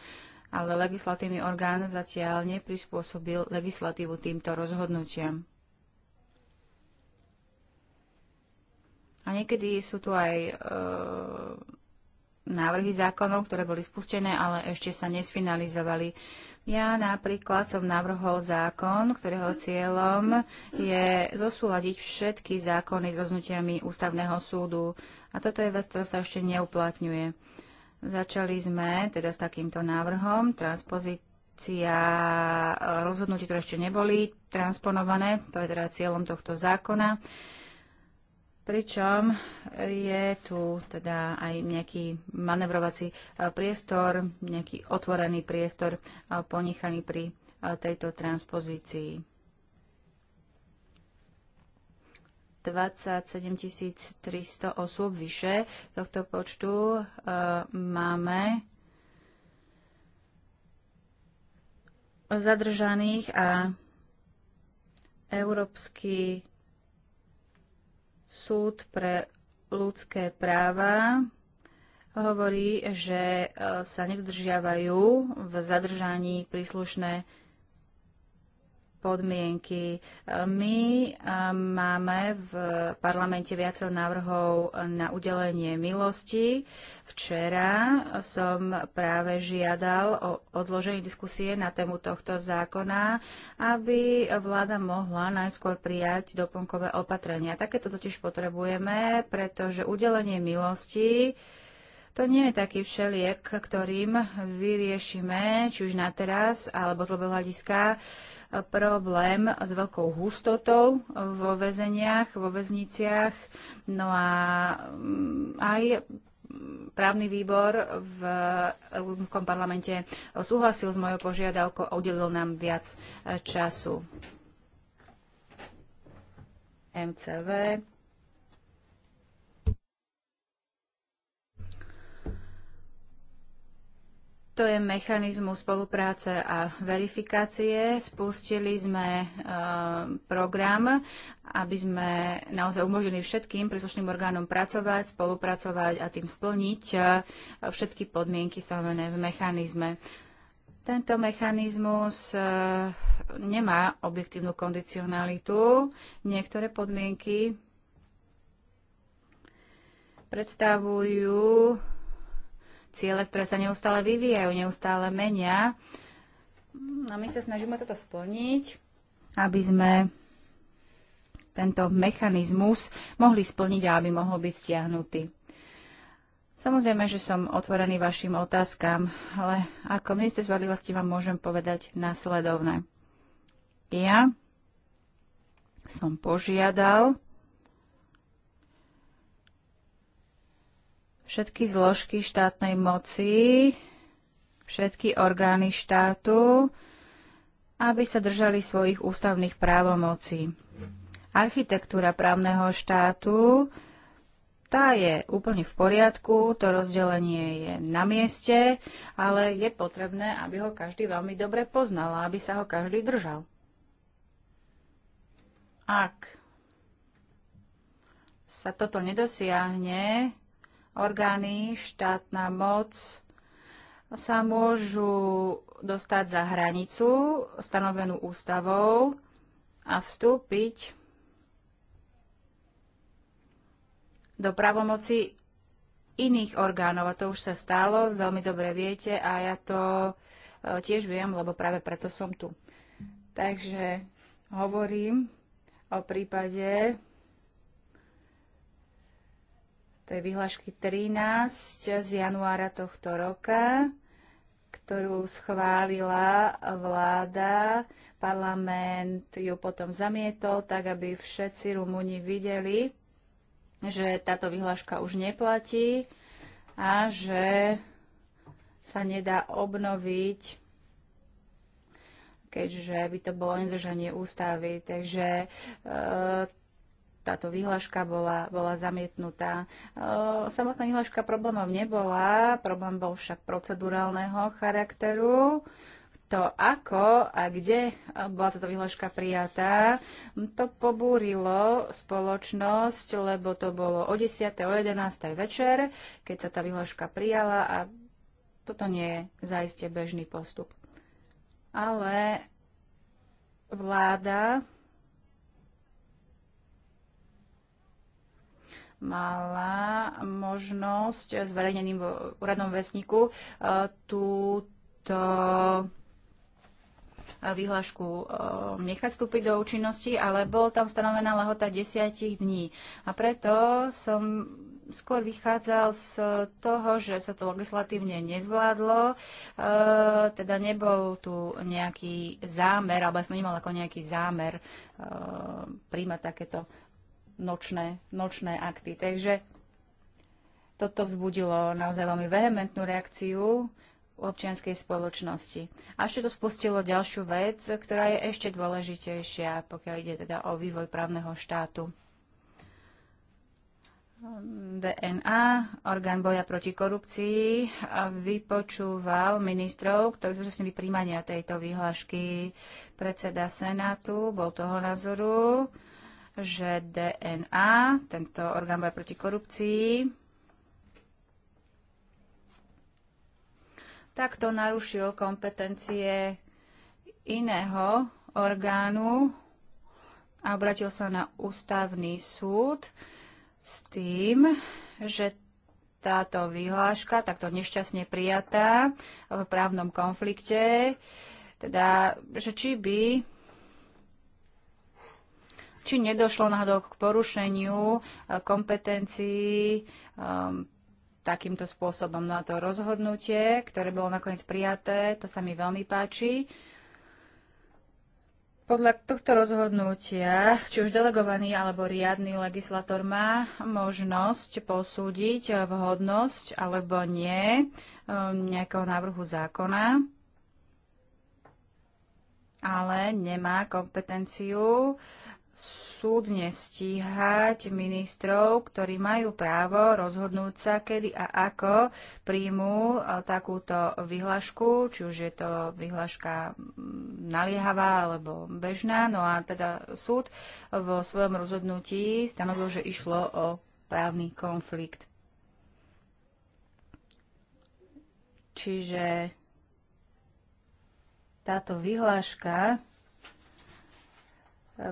ale legislatívny orgán zatiaľ neprispôsobil legislatívu týmto rozhodnutiam. A niekedy sú tu aj e, návrhy zákonov, ktoré boli spustené, ale ešte sa nesfinalizovali. Ja napríklad som navrhol zákon, ktorého cieľom je zosúľadiť všetky zákony s rozhodnutiami ústavného súdu. A toto je vec, ktorá sa ešte neuplatňuje. Začali sme teda s takýmto návrhom transpozícia e, rozhodnutí, ktoré ešte neboli transponované, to je teda cieľom tohto zákona. Pričom je tu teda aj nejaký manevrovací e, priestor, nejaký otvorený priestor e, ponechaný pri e, tejto transpozícii. 27 300 osôb vyše tohto počtu máme zadržaných a Európsky Súd pre ľudské práva hovorí, že e, sa nedodržiavajú v zadržaní príslušné podmienky. My eh, máme v parlamente viacero návrhov na udelenie milosti. Včera som práve žiadal o odloženie diskusie na tému tohto zákona, aby vláda mohla najskôr prijať doplnkové opatrenia. Takéto totiž potrebujeme, pretože udelenie milosti to nie je taký všeliek, ktorým vyriešime, či už na teraz alebo z hľadiska, problém s veľkou hustotou vo väzeniach, vo väzniciach. No a mm, aj právny výbor v Európskom parlamente súhlasil s mojou požiadavkou a udelil nám viac eh, času. MCV, To je mechanizmus spolupráce a verifikácie. Spustili sme e, program, aby sme naozaj umožnili všetkým príslušným orgánom pracovať, spolupracovať a tým splniť e, všetky podmienky stanovené v mechanizme. Tento mechanizmus e, nemá objektívnu kondicionalitu. Niektoré podmienky predstavujú ciele, ktoré sa neustále vyvíjajú, neustále menia. A my sa snažíme toto splniť, aby sme tento mechanizmus mohli splniť a aby mohol byť stiahnutý. Samozrejme, že som otvorený vašim otázkam, ale ako minister spravodlivosti vám môžem povedať následovné. Ja som požiadal všetky zložky štátnej moci, všetky orgány štátu, aby sa držali svojich ústavných právomocí. Architektúra právneho štátu, tá je úplne v poriadku, to rozdelenie je na mieste, ale je potrebné, aby ho každý veľmi dobre poznal aby sa ho každý držal. Ak sa toto nedosiahne, orgány, štátna moc sa môžu dostať za hranicu stanovenú ústavou a vstúpiť do pravomoci iných orgánov. A to už sa stalo, veľmi dobre viete a ja to e, tiež viem, lebo práve preto som tu. Takže hovorím o prípade to je vyhlášky 13 z januára tohto roka, ktorú schválila vláda. Parlament ju potom zamietol, tak aby všetci Rumúni videli, že táto vyhláška už neplatí a že sa nedá obnoviť keďže by to bolo nedržanie ústavy. Takže e, táto výhláška bola, bola zamietnutá. Samotná výhláška problémom nebola, problém bol však procedurálneho charakteru. To ako a kde bola táto vyhláška prijatá, to pobúrilo spoločnosť, lebo to bolo o 10. o 11. večer, keď sa tá vyhláška prijala a toto nie je zaiste bežný postup. Ale vláda mala možnosť zverejneným v úradnom vesniku e, túto vyhlášku e, nechať vstúpiť do účinnosti, ale bolo tam stanovená lehota desiatich dní. A preto som skôr vychádzal z toho, že sa to legislatívne nezvládlo, e, teda nebol tu nejaký zámer, alebo som nemal ako nejaký zámer príjmať takéto nočné, nočné akty. Takže toto vzbudilo naozaj veľmi vehementnú reakciu občianskej spoločnosti. A ešte to spustilo ďalšiu vec, ktorá je ešte dôležitejšia, pokiaľ ide teda o vývoj právneho štátu. DNA, orgán boja proti korupcii, vypočúval ministrov, ktorí zúčastnili príjmania tejto výhlášky. Predseda Senátu bol toho názoru, že DNA, tento orgán boja proti korupcii, takto narušil kompetencie iného orgánu a obratil sa na ústavný súd s tým, že táto vyhláška, takto nešťastne prijatá v právnom konflikte, teda, že či by či nedošlo náhodou k porušeniu eh, kompetencií um, takýmto spôsobom. No a to rozhodnutie, ktoré bolo nakoniec prijaté, to sa mi veľmi páči. Podľa tohto rozhodnutia, či už delegovaný alebo riadny legislator má možnosť posúdiť eh, vhodnosť alebo nie ehm, nejakého návrhu zákona, ale nemá kompetenciu uh, súdne stíhať ministrov, ktorí majú právo rozhodnúť sa, kedy a ako príjmú eh, takúto vyhlašku, či už je to vyhlaška mm, naliehavá alebo bežná. No a teda súd vo svojom rozhodnutí stanovil, že išlo o právny konflikt. Čiže táto vyhláška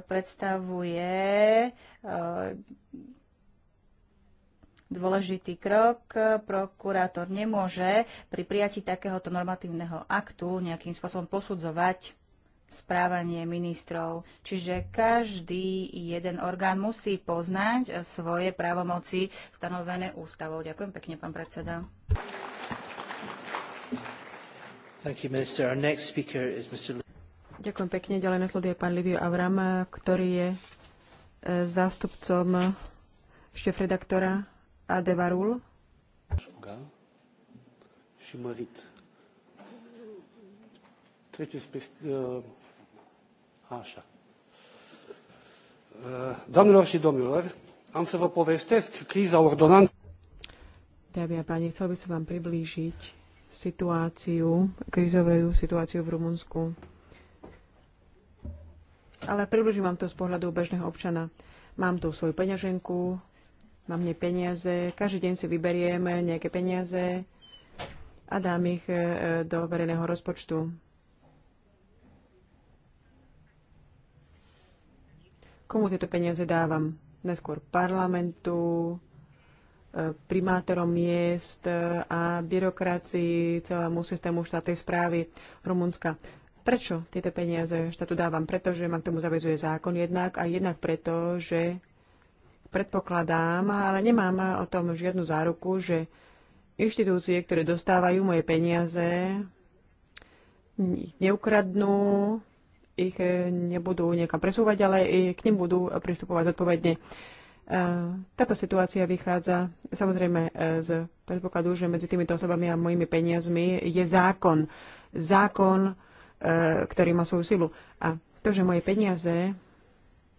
predstavuje e, dôležitý krok. Prokurátor nemôže pri prijatí takéhoto normatívneho aktu nejakým spôsobom posudzovať správanie ministrov. Čiže každý jeden orgán musí poznať svoje právomoci stanovené ústavou. Ďakujem pekne, pán predseda. Thank you, Minister. Our next speaker is Mr. Ďakujem pekne. Ďalej nasleduje pán Livio Avram, ktorý je e, zástupcom šéf-redaktora Adevarul. Și mărit. Treceți e, e, peste... și domnilor, am să vă povestesc criza ordonanței. Dámy a páni, chcel by som vám priblížiť situáciu, krizovú situáciu v Rumunsku ale približím vám to z pohľadu bežného občana. Mám tu svoju peňaženku, mám ne peniaze, každý deň si vyberiem nejaké peniaze a dám ich e, do verejného rozpočtu. Komu tieto peniaze dávam? Neskôr parlamentu, e, primátorom miest e, a byrokracii celému systému štátnej správy Rumunska. Prečo tieto peniaze štátu dávam? Pretože ma k tomu zavezuje zákon jednak a jednak preto, že predpokladám, ale nemám o tom žiadnu záruku, že inštitúcie, ktoré dostávajú moje peniaze, ich neukradnú, ich eh, nebudú niekam presúvať, ale k nim budú pristupovať zodpovedne. Eh, táto situácia vychádza samozrejme eh, z predpokladu, že medzi týmito osobami a mojimi peniazmi je zákon. Zákon E, ktorý má svoju silu. A to, že moje peniaze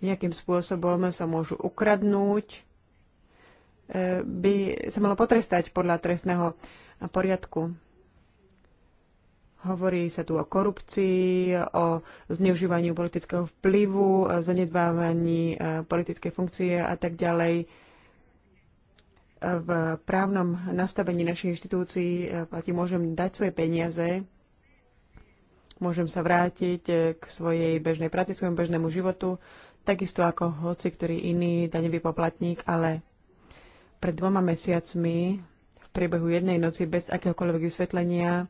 nejakým spôsobom sa môžu ukradnúť, e, by sa malo potrestať podľa trestného poriadku. Hovorí sa tu o korupcii, o zneužívaní politického vplyvu, o zanedbávaní e, politickej funkcie a tak ďalej. V právnom nastavení našich inštitúcií platí, môžem dať svoje peniaze Môžem sa vrátiť eh, k svojej bežnej práci, svojom bežnému životu, takisto ako hoci ktorý iný daňový poplatník, ale pred dvoma mesiacmi v priebehu jednej noci bez akéhokoľvek vysvetlenia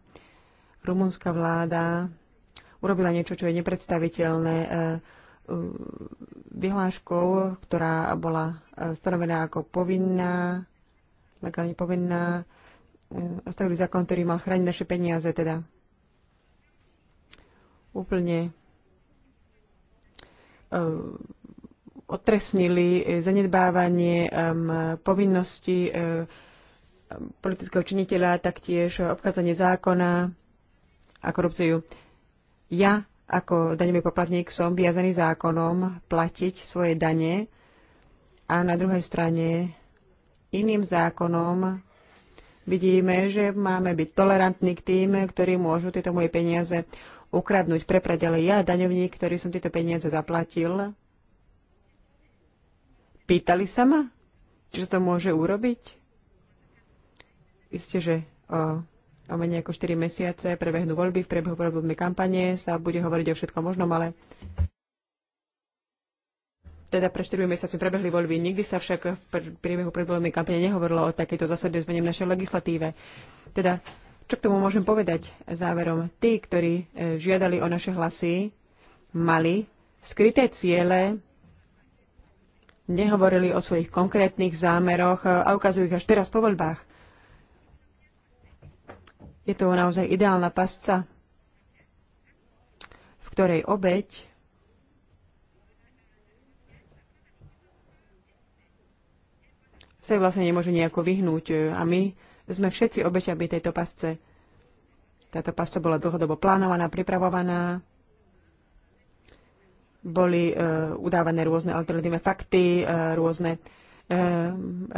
rumunská vláda urobila niečo, čo je nepredstaviteľné eh, vyhláškou, ktorá bola eh, stanovená ako povinná, legálne povinná, stavili zákon, ktorý mal chrániť naše peniaze, teda úplne eh, otresnili zanedbávanie povinností eh, politického činiteľa, taktiež obchádzanie zákona a korupciu. Ja ako daňový poplatník som viazaný zákonom platiť svoje dane a na druhej strane iným zákonom vidíme, že máme byť tolerantní k tým, ktorí môžu tieto moje peniaze ukradnúť, preprať, ale ja, daňovník, ktorý som tieto peniaze zaplatil, pýtali sa ma, sa to môže urobiť? Isté, že o, o menej ako 4 mesiace prebehnú voľby, v priebehu voľbovnej kampanie sa bude hovoriť o všetkom možnom, ale teda pre 4 mesiace prebehli voľby. Nikdy sa však v priebehu predvoľbnej kampane nehovorilo o takejto zásade zmene v našej legislatíve. Teda čo k tomu môžem povedať záverom? Tí, ktorí e, žiadali o naše hlasy, mali skryté ciele, nehovorili o svojich konkrétnych zámeroch e, a ukazujú ich až teraz po voľbách. Je to naozaj ideálna pasca, v ktorej obeď sa vlastne nemôže nejako vyhnúť e, a my sme všetci obeťami tejto pasce. Táto pasca bola dlhodobo plánovaná, pripravovaná. Boli e, udávané rôzne alternatívne fakty, e, rôzne e,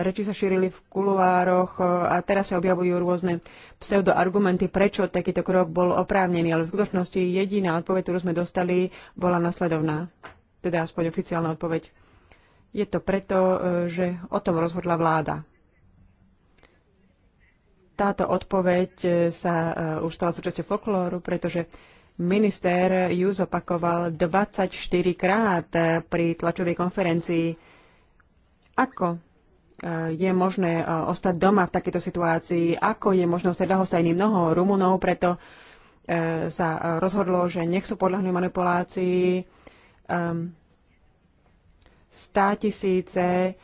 reči sa šírili v kuluároch e, a teraz sa objavujú rôzne pseudoargumenty, prečo takýto krok bol oprávnený, ale v skutočnosti jediná odpoveď, ktorú sme dostali, bola nasledovná. Teda aspoň oficiálna odpoveď. Je to preto, e, že o tom rozhodla vláda. Táto odpoveď e, sa e, už stala súčasťou folklóru, pretože minister ju zopakoval 24 krát e, pri tlačovej konferencii. Ako je možné ostať doma v takejto situácii? Ako je možné ostať ľahostajný mnoho Rumunov? Preto sa rozhodlo, že nech sú podľahnú manipulácii. Ehm, stá tisíce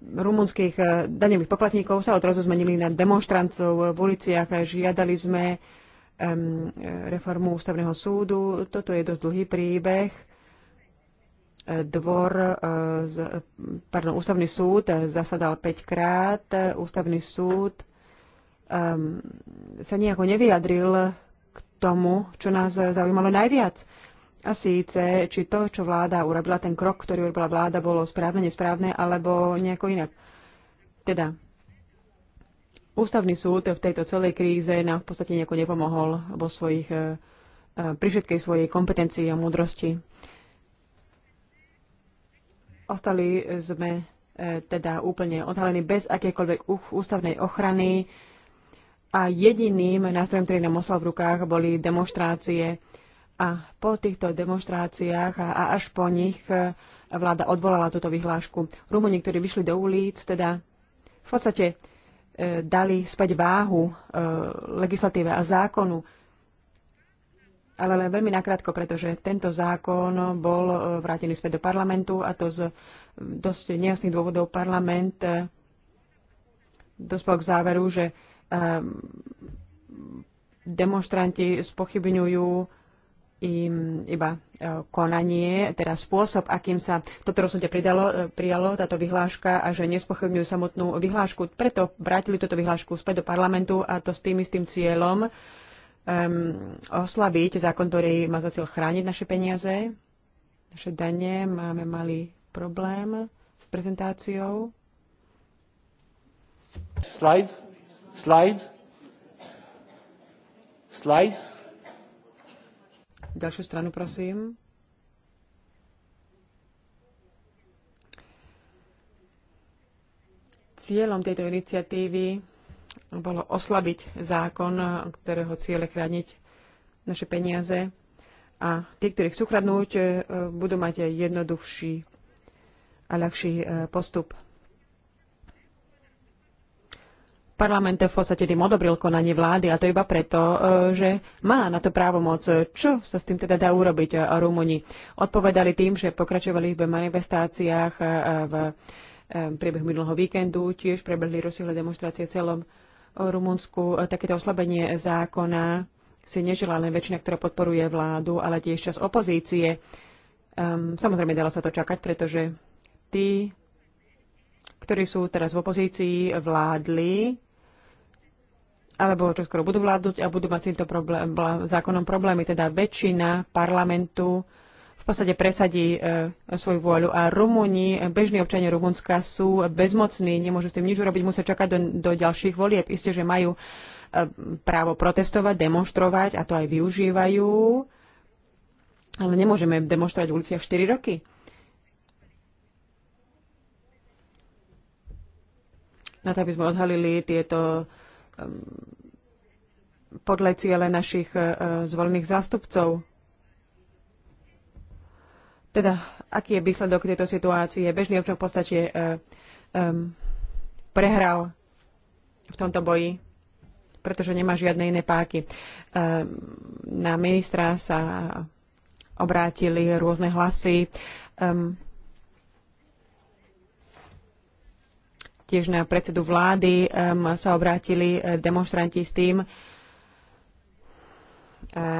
rumunských eh, daňových poplatníkov sa odrazu zmenili na demonstrancov v uliciach. Žiadali sme reformu ústavného súdu. Toto je dosť dlhý príbeh. Eh, dvor, eh, pardon, ústavný súd zasadal 5 krát. Ústavný súd sa nejako nevyjadril k tomu, čo nás zaujímalo najviac a síce, či to, čo vláda urobila, ten krok, ktorý urobila vláda, bolo správne, nesprávne, alebo nejako inak. Teda, ústavný súd v tejto celej kríze nám v podstate nejako nepomohol vo svojich, e, e, pri všetkej svojej kompetencii a múdrosti. Ostali sme e, teda úplne odhalení bez akékoľvek ústavnej ochrany a jediným nástrojom, ktorý nám ostal v rukách, boli demonstrácie a po týchto demonstráciách a, a až po nich e, vláda odvolala túto vyhlášku. Rumúni, ktorí vyšli do ulic, teda v podstate e, dali späť váhu e, legislatíve a zákonu, ale len veľmi nakrátko, pretože tento zákon bol e, vrátený späť do parlamentu a to z dosť nejasných dôvodov parlament e, dospel k záveru, že ehm, demonstranti spochybňujú im iba e, konanie, teda spôsob, akým sa toto rozhodne pridalo, e, prijalo táto vyhláška a že nespochybňujú samotnú vyhlášku. Preto vrátili túto vyhlášku späť do parlamentu a to s tým istým cieľom um, oslabiť zákon, ktorý má za cieľ chrániť naše peniaze, naše dane. Máme malý problém s prezentáciou. Slide. Slide. Slide. Ďalšiu stranu, prosím. Cieľom tejto iniciatívy bolo oslabiť zákon, ktorého cieľe chrániť naše peniaze. A tí, ktorí chcú chradnúť, e, budú mať jednoduchší a ľahší e, postup. Parlament v podstate tým odobril konanie vlády a to iba preto, e, že má na to právomoc. Čo sa s tým teda dá urobiť? A e, Rumúni odpovedali tým, že pokračovali v manifestáciách e, v priebehu minulého víkendu, tiež prebehli rozsiehle demonstrácie v celom Rumunsku. Takéto oslabenie zákona si nežila len väčšina, ktorá podporuje vládu, ale tiež čas opozície. Ehm, samozrejme, dalo sa to čakať, pretože tí, ktorí sú teraz v opozícii, vládli alebo čo skoro budú vládnuť a budú mať s týmto problém, zákonom problémy. Teda väčšina parlamentu v podstate presadí e, svoju vôľu. A Rumúni, bežní občania Rumunska sú bezmocní, nemôžu s tým nič urobiť, musia čakať do, do ďalších volieb. Isté, že majú e, právo protestovať, demonstrovať a to aj využívajú. Ale nemôžeme demonstrovať v uliciach 4 roky. Na to, aby sme odhalili tieto podľa ciele našich e, zvolených zástupcov. Teda, aký je výsledok tejto situácie? Bežný občan v podstate e, prehral v tomto boji, pretože nemá žiadne iné páky. E, na ministra sa obrátili rôzne hlasy. tiež na predsedu vlády um, sa obrátili e, demonstranti s tým, e,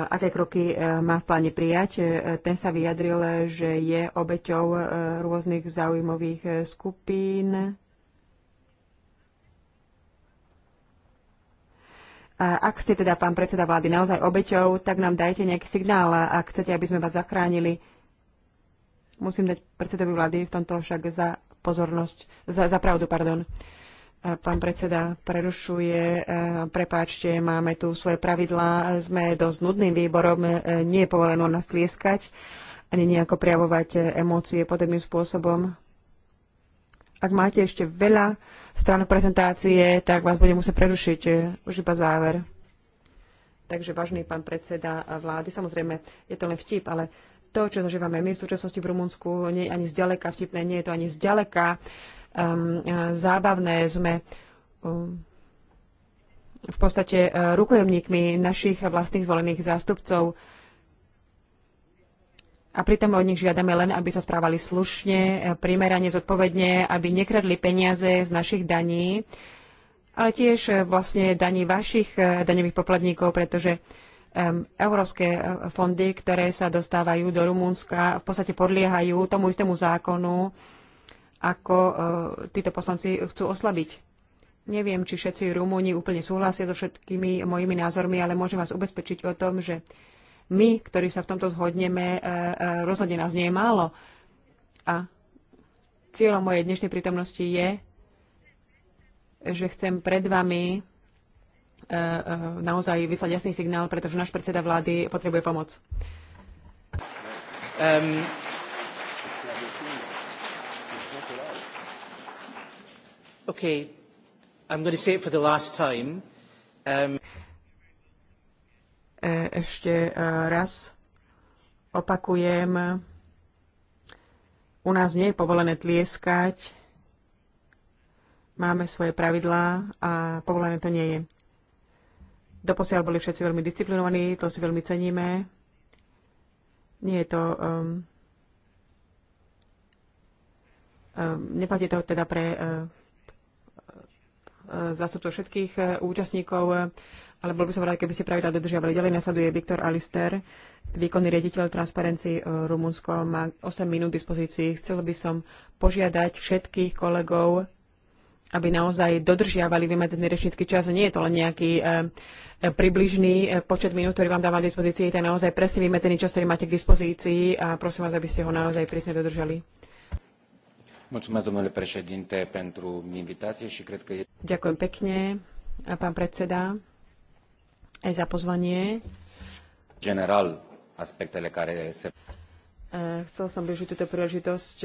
aké kroky e, má v pláne prijať. Ten sa vyjadril, že je obeťou rôznych záujmových skupín. Ak ste teda, pán predseda vlády, naozaj obeťou, tak nám dajte nejaký signál, ak chcete, aby sme vás zachránili. Musím dať predsedovi vlády v tomto však za pozornosť, za, za pravdu, pardon. E, pán predseda prerušuje, e, prepáčte, máme tu svoje pravidlá, sme dosť nudným výborom, e, nie je povoleno nás tlieskať ani nejako prejavovať emócie podobným spôsobom. Ak máte ešte veľa stranok prezentácie, tak vás budem musieť prerušiť. Už iba záver. Takže vážny pán predseda vlády, samozrejme je to len vtip, ale to, čo zažívame my v súčasnosti v Rumunsku, nie je ani zďaleka vtipné, nie je to ani zďaleka um, zábavné. Sme um, v podstate uh, rukojemníkmi našich vlastných zvolených zástupcov a pritom od nich žiadame len, aby sa správali slušne, uh, primerane, zodpovedne, aby nekradli peniaze z našich daní, ale tiež uh, vlastne daní vašich uh, daňových poplatníkov, pretože Európske e, fondy, ktoré sa dostávajú do Rumúnska, v podstate podliehajú tomu istému zákonu, ako e, títo poslanci chcú oslabiť. Neviem, či všetci Rumúni úplne súhlasia so všetkými mojimi názormi, ale môžem vás ubezpečiť o tom, že my, ktorí sa v tomto zhodneme, e, rozhodne nás nie je málo. A cieľom mojej dnešnej prítomnosti je, že chcem pred vami E, e, naozaj vyslať jasný signál, pretože náš predseda vlády potrebuje pomoc. Um, okay. I'm going to say it for the last time. Um, ešte raz opakujem, u nás nie je povolené tlieskať, máme svoje pravidlá a povolené to nie je. Doposiaľ boli všetci veľmi disciplinovaní, to si veľmi ceníme. Nie je to... Um, um, neplatí to teda pre uh, uh, všetkých uh, účastníkov, uh, ale bol by som rád, keby ste pravidla dodržiavali. Ďalej nasleduje Viktor Alister, výkonný riaditeľ Transparency uh, Rumunsko. Má 8 minút dispozícií. Chcel by som požiadať všetkých kolegov, aby naozaj dodržiavali vymedzený rečnícky čas. Nie je to len nejaký e, približný eh, počet minút, ktorý vám dávam k dispozícii. To je naozaj presne vymedzený čas, ktorý máte k dispozícii a prosím vás, aby ste ho naozaj presne dodržali. E- Ďakujem pekne, pán predseda, aj za pozvanie. General, aspektele care se... Chcel som využiť túto príležitosť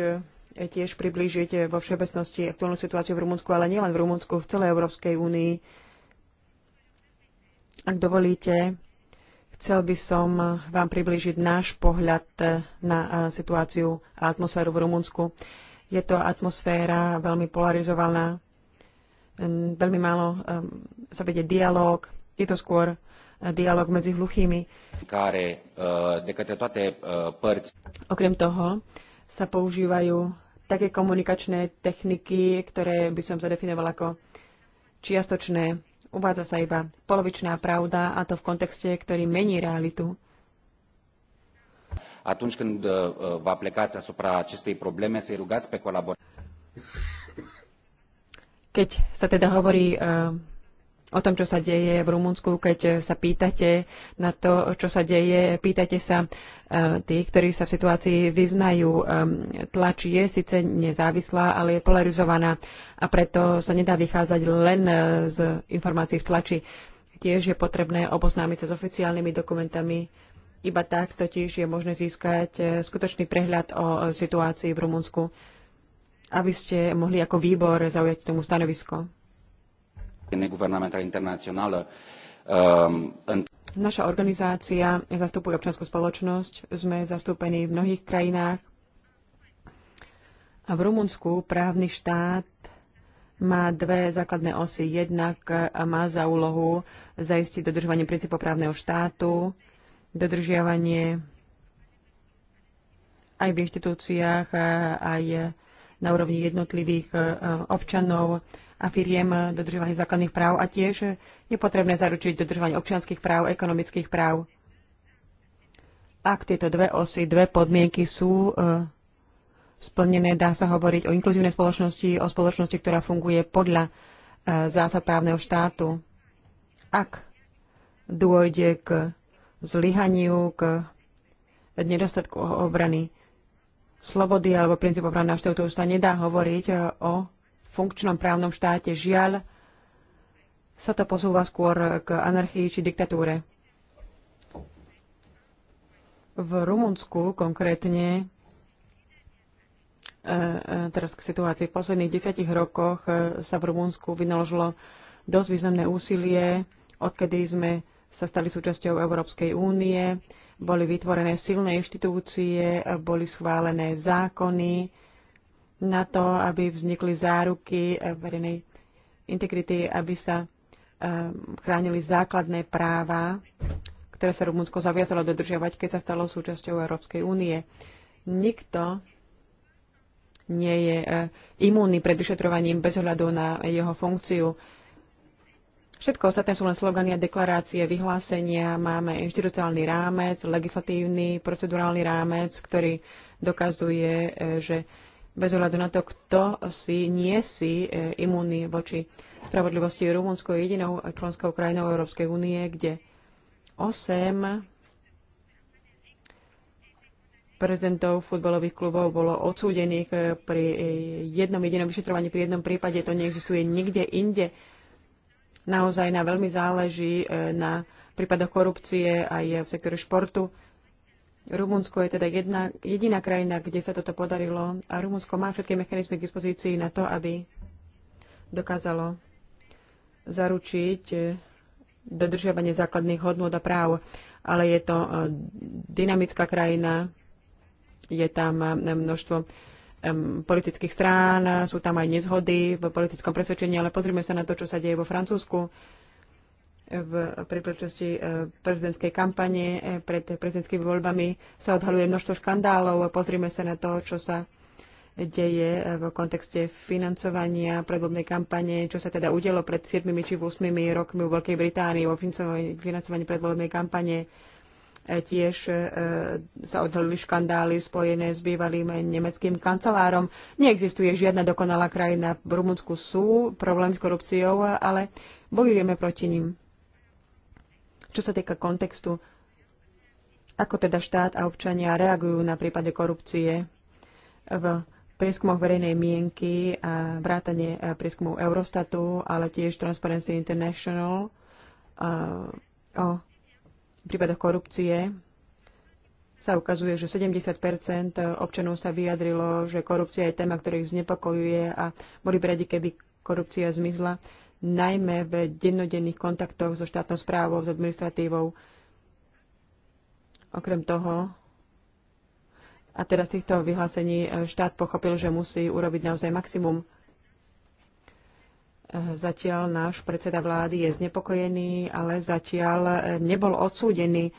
tiež priblížiť vo všeobecnosti aktuálnu situáciu v Rumunsku, ale nielen v Rumunsku, v celej Európskej únii. Ak dovolíte, chcel by som vám priblížiť náš pohľad na situáciu a atmosféru v Rumunsku. Je to atmosféra veľmi polarizovaná, veľmi málo um, sa vedie dialog, je to skôr uh, dialog medzi hluchými. Uh, uh, Okrem toho sa používajú také komunikačné techniky, ktoré by som zadefinovala ako čiastočné. Uvádza sa iba polovičná pravda a to v kontexte, ktorý mení realitu. Atunci când uh, uh, vă plecați asupra acestei probleme, să-i rugați pe colaboratori. Keď sa teda hovorí uh, o tom, čo sa deje v Rumunsku, keď sa pýtate na to, čo sa deje, pýtate sa e, tí, ktorí sa v situácii vyznajú. E, tlač je síce nezávislá, ale je polarizovaná a preto sa nedá vychádzať len e, z informácií v tlači. Tiež je potrebné oboznámiť sa s oficiálnymi dokumentami. Iba tak totiž je možné získať skutočný prehľad o situácii v Rumunsku, aby ste mohli ako výbor zaujať tomu stanovisko. Eh, Naša organizácia zastupuje občanskú spoločnosť. Sme zastúpení v mnohých krajinách. A v Rumunsku právny štát má dve základné osy. Jednak eh, má za úlohu zaistiť dodržovanie princípov právneho štátu, dodržiavanie aj v inštitúciách, eh, aj na úrovni jednotlivých občanov, a firiem dodržovanie základných práv a tiež je potrebné zaručiť dodržovanie občianských práv, ekonomických práv. Ak tieto dve osy, dve podmienky sú eh, splnené, dá sa hovoriť o inkluzívnej spoločnosti, o spoločnosti, ktorá funguje podľa eh, zásad právneho štátu. Ak dôjde k zlyhaniu, k nedostatku obrany slobody alebo princípov právneho štátu, už sa nedá hovoriť eh, o funkčnom právnom štáte. Žiaľ, sa to posúva skôr k anarchii či diktatúre. V Rumunsku konkrétne, e, e, teraz k situácii, v posledných desiatich rokoch e, sa v Rumunsku vynaložilo dosť významné úsilie, odkedy sme sa stali súčasťou Európskej únie, boli vytvorené silné inštitúcie, boli schválené zákony, na to, aby vznikli záruky eh, verejnej integrity, aby sa eh, chránili základné práva, ktoré sa Rumunsko zaviazalo dodržiavať, keď sa stalo súčasťou Európskej únie. Nikto nie je eh, imúnny pred vyšetrovaním bez ohľadu na jeho funkciu. Všetko ostatné sú len slogany a deklarácie, vyhlásenia. Máme inštitucionálny rámec, legislatívny, procedurálny rámec, ktorý dokazuje, že bez ohľadu na to, kto si nie si e, imúnny voči spravodlivosti. Rumunsko je jedinou členskou krajinou Európskej únie, kde 8 prezidentov futbalových klubov bolo odsúdených e, pri jednom jedinom vyšetrovaní, pri jednom prípade. To neexistuje nikde inde. Naozaj na veľmi záleží e, na prípadoch korupcie aj v sektore športu Rumunsko je teda jedna, jediná krajina, kde sa toto podarilo a Rumunsko má všetky mechanizmy k dispozícii na to, aby dokázalo zaručiť eh, dodržiavanie základných hodnôt a práv. Ale je to eh, dynamická krajina, je tam eh, množstvo politických strán, sú tam aj nezhody v politickom presvedčení, ale pozrime sa na to, čo sa deje vo Francúzsku v príležitosti e, prezidentskej kampane e, pred prezidentskými voľbami sa odhaluje množstvo škandálov. Pozrime sa na to, čo sa deje e, v kontexte financovania predobnej kampane, čo sa teda udelo pred 7 či 8 rokmi v Veľkej Británii o financovaní predvolebnej kampane. Tiež sa odhalili škandály spojené s bývalým nemeckým kancelárom. Neexistuje žiadna dokonalá krajina. V Rumunsku sú problém s korupciou, ale bojujeme proti ním čo sa týka kontextu, ako teda štát a občania reagujú na prípade korupcie v prieskumoch verejnej mienky a vrátanie eh, prieskumov Eurostatu, ale tiež Transparency International eh, o prípadoch korupcie sa ukazuje, že 70 občanov sa vyjadrilo, že korupcia je téma, ktorých znepokojuje a boli by radi, keby korupcia zmizla najmä v dennodenných kontaktoch so štátnou správou, s administratívou. Okrem toho, a teraz týchto vyhlásení e, štát pochopil, že musí urobiť naozaj maximum. E, zatiaľ náš predseda vlády je znepokojený, ale zatiaľ e, nebol odsúdený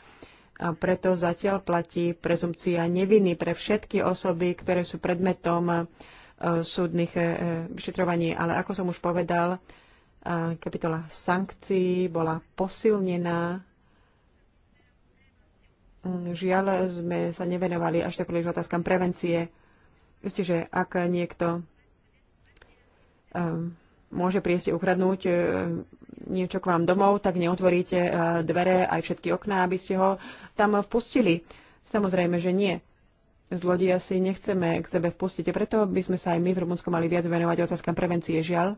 a preto zatiaľ platí prezumcia neviny pre všetky osoby, ktoré sú predmetom súdnych vyšetrovaní. Ale ako som už povedal, kapitola sankcií bola posilnená. Žiaľ, sme sa nevenovali až tak príliš otázkam prevencie. Viete, že ak niekto ehm, môže prísť ukradnúť ehm, niečo k vám domov, tak neotvoríte eh, dvere aj všetky okná, aby ste ho tam vpustili. Samozrejme, že nie. Zlodia si nechceme k sebe vpustiť. Preto by sme sa aj my v Rumunsku mali viac venovať otázkam prevencie. Žiaľ,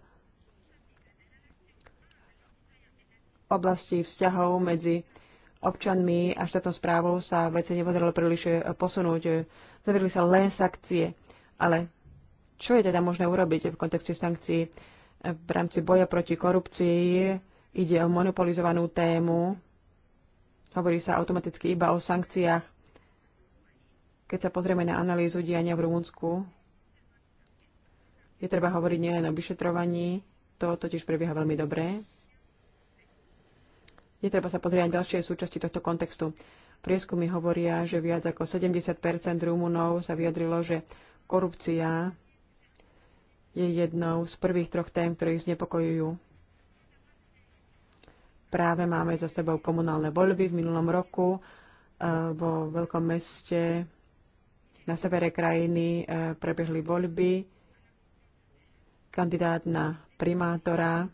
oblasti vzťahov medzi občanmi a štátnou správou sa veci nepodarilo príliš eh, posunúť. Zavedli sa len sankcie. Ale čo je teda možné urobiť v kontexte sankcií? V rámci boja proti korupcii ide o monopolizovanú tému. Hovorí sa automaticky iba o sankciách. Keď sa pozrieme na analýzu diania v Rumunsku, je treba hovoriť nielen o vyšetrovaní, to totiž prebieha veľmi dobre, Netreba sa pozrieť na ďalšie súčasti tohto kontextu. Prieskumy hovoria, že viac ako 70 Rumunov sa vyjadrilo, že korupcia je jednou z prvých troch tém, ktorých znepokojujú. Práve máme za sebou komunálne voľby v minulom roku e, vo veľkom meste na severe krajiny e, prebehli voľby. Kandidát na primátora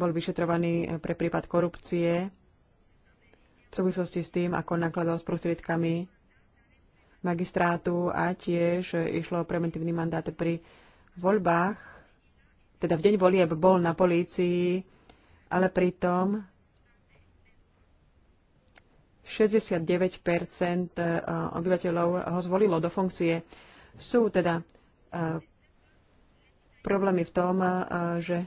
bol vyšetrovaný eh, pre prípad korupcie v súvislosti s tým, ako nakladal s prostriedkami magistrátu a tiež eh, išlo o preventívny mandát pri voľbách. Teda v deň volieb bol na polícii, ale pritom 69 eh, obyvateľov ho zvolilo do funkcie. Sú teda problémy v tom, že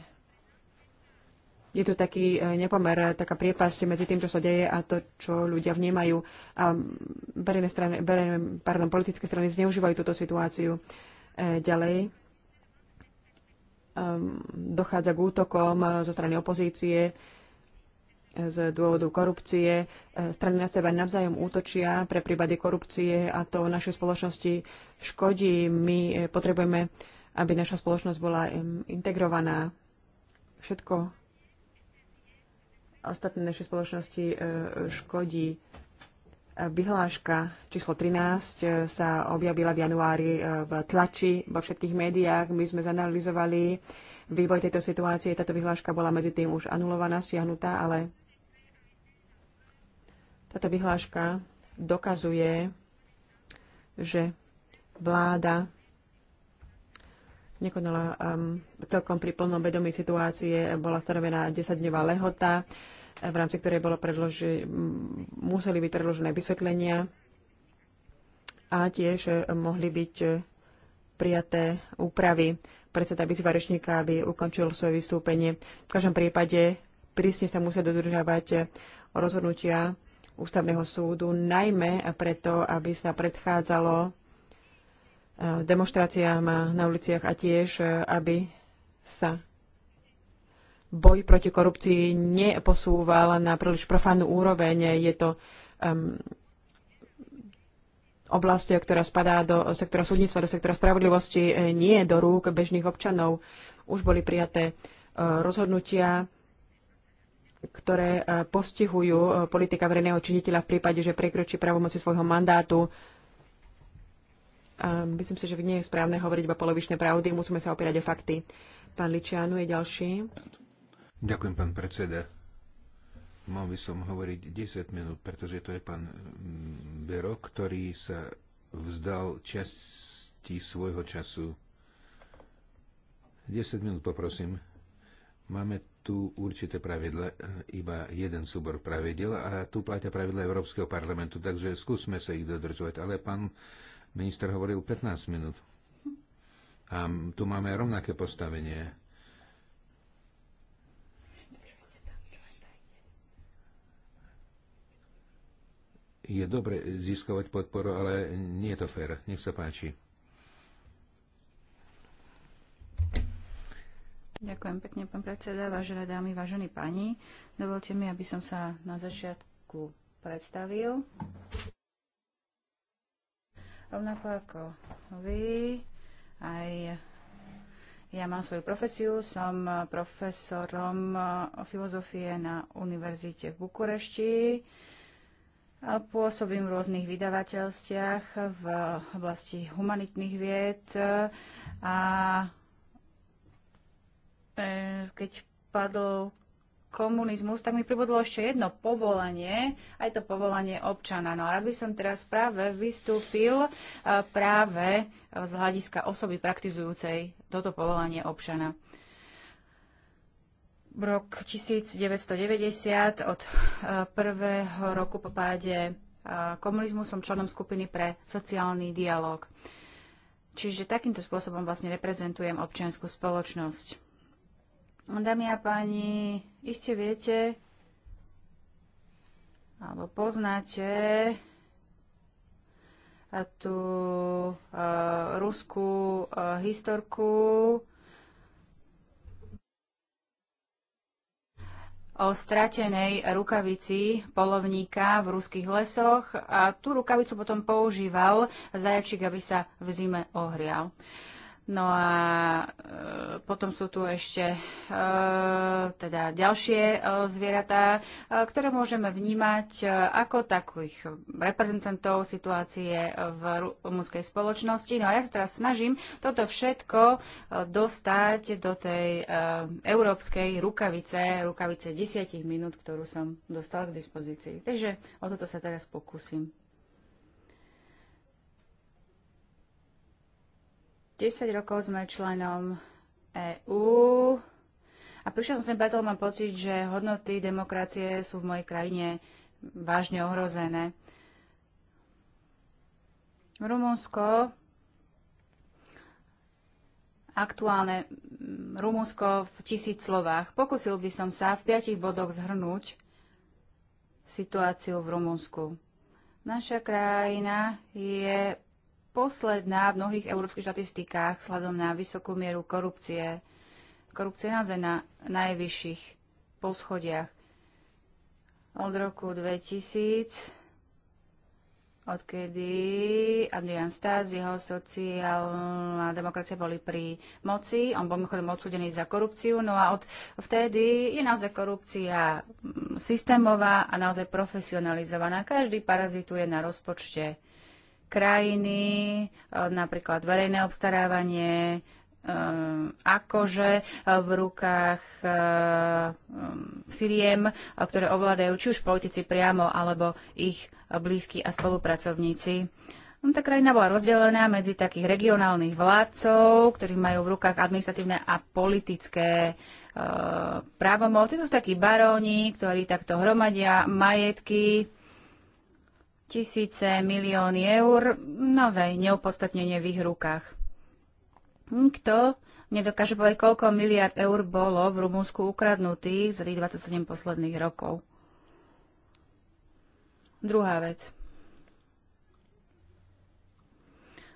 je tu taký e, nepomer, e, taká priepasť medzi tým, čo sa deje a to, čo ľudia vnímajú. A verejné strany, verejné, pardon, politické strany zneužívajú túto situáciu e, ďalej. Ehm, dochádza k útokom zo strany opozície z dôvodu korupcie. Strany na seba navzájom útočia pre prípady korupcie a to našej spoločnosti škodí. My potrebujeme, aby naša spoločnosť bola integrovaná. Všetko ostatné našej spoločnosti e, škodí. E, vyhláška číslo 13 e, sa objavila v januári v tlači vo všetkých médiách. My sme zanalizovali vývoj tejto situácie. Táto vyhláška bola medzi tým už anulovaná, stiahnutá, ale táto vyhláška dokazuje, že vláda nekonala um, celkom pri plnom vedomí situácie. Bola stanovená 10-dňová lehota v rámci ktorej bolo predloži- museli byť predložené vysvetlenia a tiež mohli byť prijaté úpravy. Predseda vyzýva rečníka, aby ukončil svoje vystúpenie. V každom prípade prísne sa musia dodržiavať rozhodnutia ústavného súdu, najmä preto, aby sa predchádzalo eh, demonstráciám na uliciach a tiež, eh, aby sa boj proti korupcii neposúval na príliš profánnu úroveň. Je to um, oblasť, ktorá spadá do sektora súdnictva, do sektora spravodlivosti, eh, nie do rúk bežných občanov. Už boli prijaté eh, rozhodnutia, ktoré eh, postihujú politika verejného činiteľa v prípade, že prekročí pravomoci svojho mandátu. A myslím si, že nie je správne hovoriť iba polovičné pravdy, musíme sa opierať o fakty. Pán Ličianu je ďalší. Ďakujem, pán predseda. Mal by som hovoriť 10 minút, pretože to je pán mm, Bero, ktorý sa vzdal časti svojho času. 10 minút poprosím. Máme tu určité pravidla, iba jeden súbor pravidel a tu platia pravidla Európskeho parlamentu, takže skúsme sa ich dodržovať. Ale pán minister hovoril 15 minút. A tu máme rovnaké postavenie. je dobre získavať podporu, ale nie je to fér. Nech sa páči. Ďakujem pekne, pán predseda, vážené dámy, vážení páni. Dovolte mi, aby som sa na začiatku predstavil. Rovnako ako vy, aj ja mám svoju profesiu, som profesorom filozofie na univerzite v Bukurešti Pôsobím v rôznych vydavateľstiach v oblasti humanitných vied a e, keď padol komunizmus, tak mi pribudlo ešte jedno povolanie, aj to povolanie občana. No a rád by som teraz práve vystúpil e, práve z hľadiska osoby praktizujúcej toto povolanie občana rok 1990 od eh, prvého roku po páde eh, komunizmu som členom skupiny pre sociálny dialog. Čiže takýmto spôsobom vlastne reprezentujem občianskú spoločnosť. Dámy a páni, iste viete, alebo poznáte eh, tú e, ruskú e, historku, o stratenej rukavici polovníka v ruských lesoch a tú rukavicu potom používal zajačik, aby sa v zime ohrial. No a e, potom sú tu ešte e, teda ďalšie e, zvieratá, e, ktoré môžeme vnímať e, ako takých reprezentantov situácie v rumunskej spoločnosti. No a ja sa teraz snažím toto všetko e, dostať do tej e, európskej rukavice, rukavice 10 minút, ktorú som dostal k dispozícii. Takže o toto sa teraz pokúsim. 10 rokov sme členom EÚ a prišiel som sem preto, mám pocit, že hodnoty demokracie sú v mojej krajine vážne ohrozené. Rumunsko, aktuálne mm, Rumunsko v tisíc slovách. Pokusil by som sa v piatich bodoch zhrnúť situáciu v Rumunsku. Naša krajina je posledná v mnohých európskych štatistikách vzhľadom na vysokú mieru korupcie. Korupcie naozaj na najvyšších poschodiach. Od roku 2000, odkedy Adrian Stas, jeho sociálna demokracia boli pri moci, on bol mimochodom odsudený za korupciu, no a od vtedy je naozaj korupcia mm, systémová a naozaj profesionalizovaná. Každý parazituje na rozpočte krajiny, e, napríklad verejné obstarávanie, e, akože e, v rukách firiem, ktoré ovládajú či už politici priamo, alebo ich blízky a spolupracovníci. No, tá krajina bola rozdelená medzi takých regionálnych vládcov, ktorí majú v rukách administratívne a politické právomoci. To sú takí baróni, ktorí takto hromadia majetky tisíce, milióny eur naozaj neopodstatnenie v ich rukách. Nikto nedokáže povedať, koľko miliard eur bolo v Rumunsku ukradnutých za tých 27 posledných rokov. Druhá vec.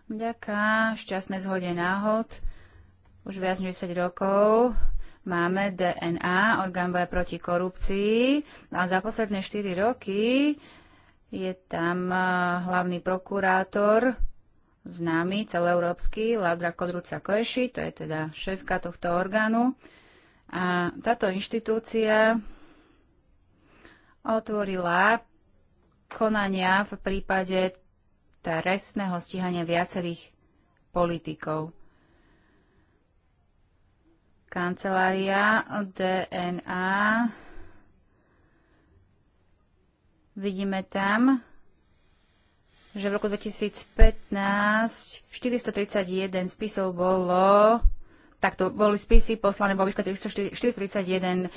Vďaka šťastné zhode náhod už viac než 10 rokov máme DNA, orgán boja proti korupcii a za posledné 4 roky je tam eh, hlavný prokurátor, známy, celoeurópsky, Ladra Kodruca Koeši, to je teda šéfka tohto orgánu. A táto inštitúcia otvorila konania v prípade trestného stíhania viacerých politikov. Kancelária DNA Vidíme tam, že v roku 2015 431 spisov bolo Takto boli spisy poslané vo výške 431 eh,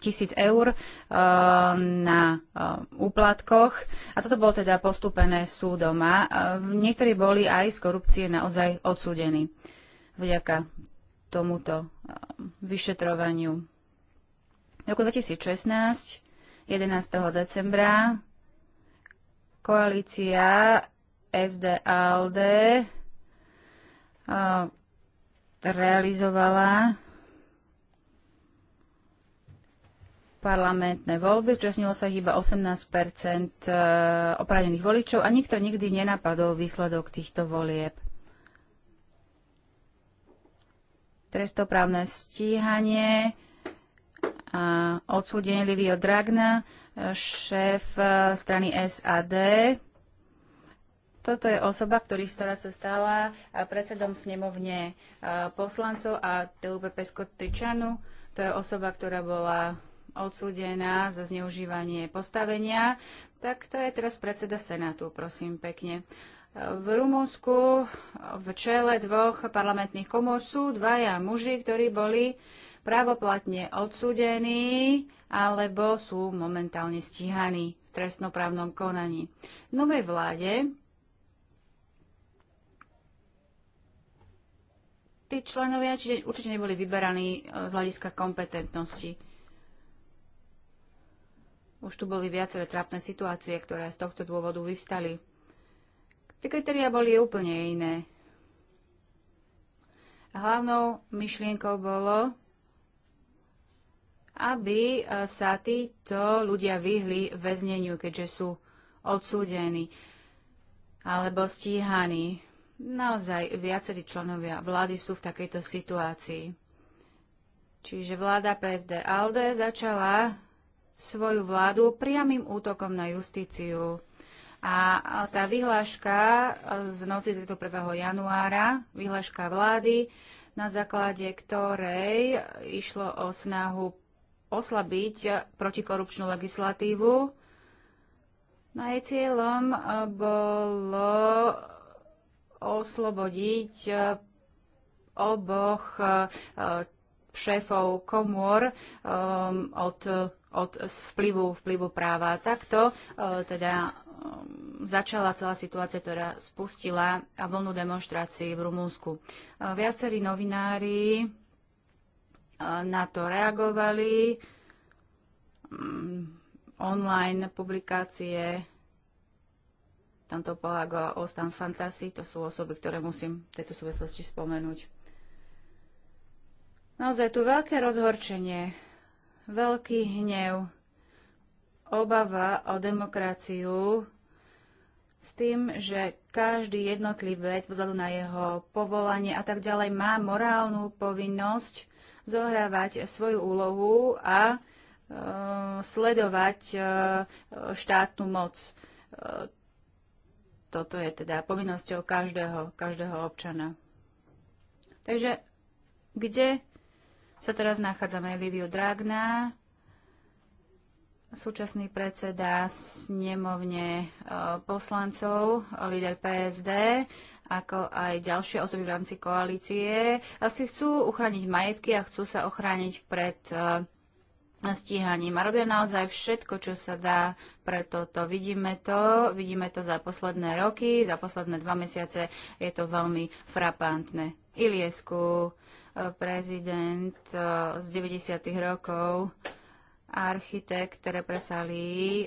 tisíc eur eh, na eh, úplatkoch a toto bolo teda postúpené súdom a niektorí boli aj z korupcie naozaj odsúdení vďaka tomuto vyšetrovaniu. V roku 2016 11. decembra koalícia SDALD realizovala parlamentné voľby. Včasnilo sa iba 18 e, oprávnených voličov a nikto nikdy nenapadol výsledok týchto volieb. Trestoprávne stíhanie a odsúdenie Livio Dragna, šéf eh, strany SAD. Toto je osoba, ktorý teraz sa stala eh, predsedom snemovne eh, poslancov a TUPP Skottyčanu. To je osoba, ktorá bola odsúdená za zneužívanie postavenia. Tak to je teraz predseda Senátu, prosím pekne. V Rumunsku v čele dvoch parlamentných komor sú dvaja muži, ktorí boli uh, právoplatne odsudení alebo sú momentálne stíhaní v trestnoprávnom konaní. V novej vláde tí členovia čiže určite neboli vyberaní e, z hľadiska kompetentnosti. Už tu boli viaceré trápne situácie, ktoré z tohto dôvodu vyvstali. Tie kritéria boli úplne iné. Hlavnou myšlienkou bolo aby e, sa títo ľudia vyhli väzneniu, keďže sú odsúdení alebo stíhaní. Naozaj viacerí členovia vlády sú v takejto situácii. Čiže vláda PSD ALDE začala svoju vládu priamým útokom na justíciu. A tá vyhláška z noci 31. januára, vyhláška vlády, na základe ktorej išlo o snahu oslabiť protikorupčnú legislatívu. No aj cieľom eh, bolo oslobodiť eh, oboch eh, šéfov komôr od, od vplyvu, vplyvu práva. Takto teda začala celá situácia, ktorá spustila vlnu demonstrácií v Rumúnsku. Viacerí novinári na to reagovali. Mm, online publikácie, tamto Polago a Ostan Fantasy, to sú osoby, ktoré musím v tejto súvislosti spomenúť. Naozaj tu veľké rozhorčenie, veľký hnev, obava o demokraciu s tým, že každý jednotlivý vzhľadu na jeho povolanie a tak ďalej má morálnu povinnosť zohrávať svoju úlohu a e, sledovať e, štátnu moc. E, toto je teda povinnosťou každého, každého občana. Takže kde sa teraz nachádzame? Liviu Dragna, súčasný predseda snemovne e, poslancov, líder PSD, ako aj ďalšie osoby v rámci koalície, asi chcú uchrániť majetky a chcú sa ochrániť pred e, stíhaním. A robia naozaj všetko, čo sa dá pre toto. Vidíme to, vidíme to za posledné roky, za posledné dva mesiace je to veľmi frapantné. Iliesku, e, prezident e, z 90. rokov, architekt, ktoré presali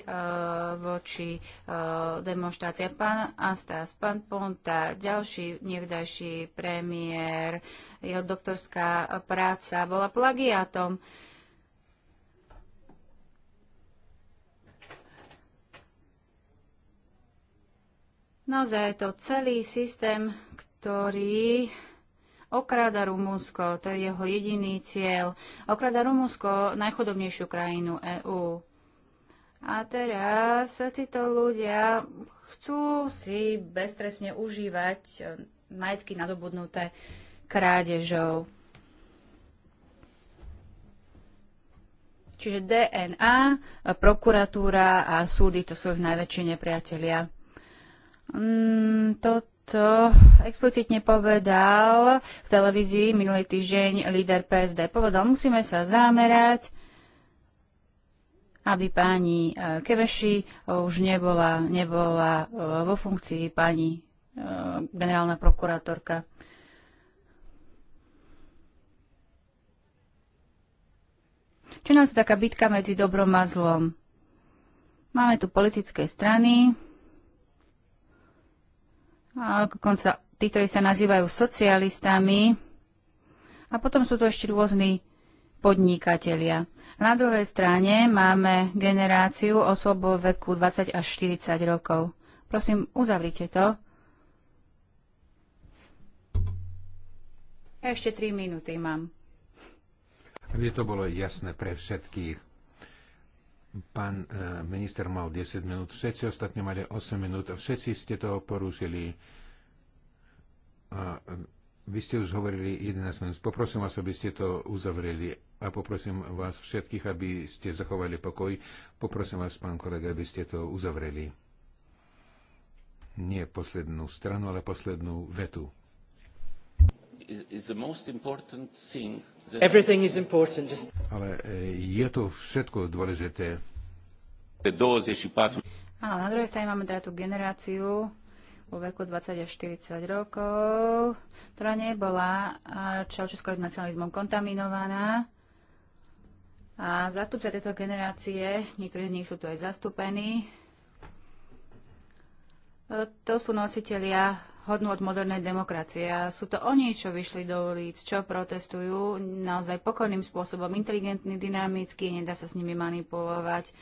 uh, eh, voči uh, demonstrácie. Pán Astas, pán Ponta, ďalší niekdajší premiér, jeho doktorská práca bola plagiátom. Naozaj je to celý systém, ktorý okráda Rumunsko, to je jeho jediný cieľ. Okráda Rumunsko, najchodobnejšiu krajinu EÚ. A teraz títo ľudia chcú si beztresne užívať e, majetky nadobudnuté krádežou. Čiže DNA, prokuratúra a súdy to sú ich najväčšie nepriatelia. Mm, to to explicitne povedal v televízii minulý týždeň líder PSD. Povedal, musíme sa zamerať, aby pani eh, Keveši eh, už nebola, nebola eh, vo funkcii pani generálna prokurátorka. Čo nás taká bitka medzi dobrom a zlom? Máme tu politické strany, a dokonca tí, ktorí sa nazývajú socialistami. A potom sú to ešte rôzni podnikatelia. Na druhej strane máme generáciu osôb vo veku 20 až 40 rokov. Prosím, uzavrite to. Ešte 3 minúty mám. Aby to bolo jasné pre všetkých Pán e, minister mal 10 minút, všetci ostatní mali 8 minút a všetci ste to porušili. A e, vy ste už hovorili 11 minút. Poprosím vás, aby ste to uzavreli a poprosím vás všetkých, aby ste zachovali pokoj. Poprosím vás, pán kolega, aby ste to uzavreli. Nie poslednú stranu, ale poslednú vetu is the most important thing that... Everything is important. Just... Ale e, je to všetko dôležité. 24... Áno, na druhej strane máme teda tú generáciu vo veku 20 až 40 rokov, ktorá nebola čaučeskovým nacionalizmom kontaminovaná. A zastupca tejto generácie, niektorí z nich sú tu aj zastúpení, e, to sú nositeľia hodnú od modernej demokracie. A sú to oni, čo vyšli do ulic, čo protestujú naozaj pokojným spôsobom, inteligentný, dynamický, nedá sa s nimi manipulovať.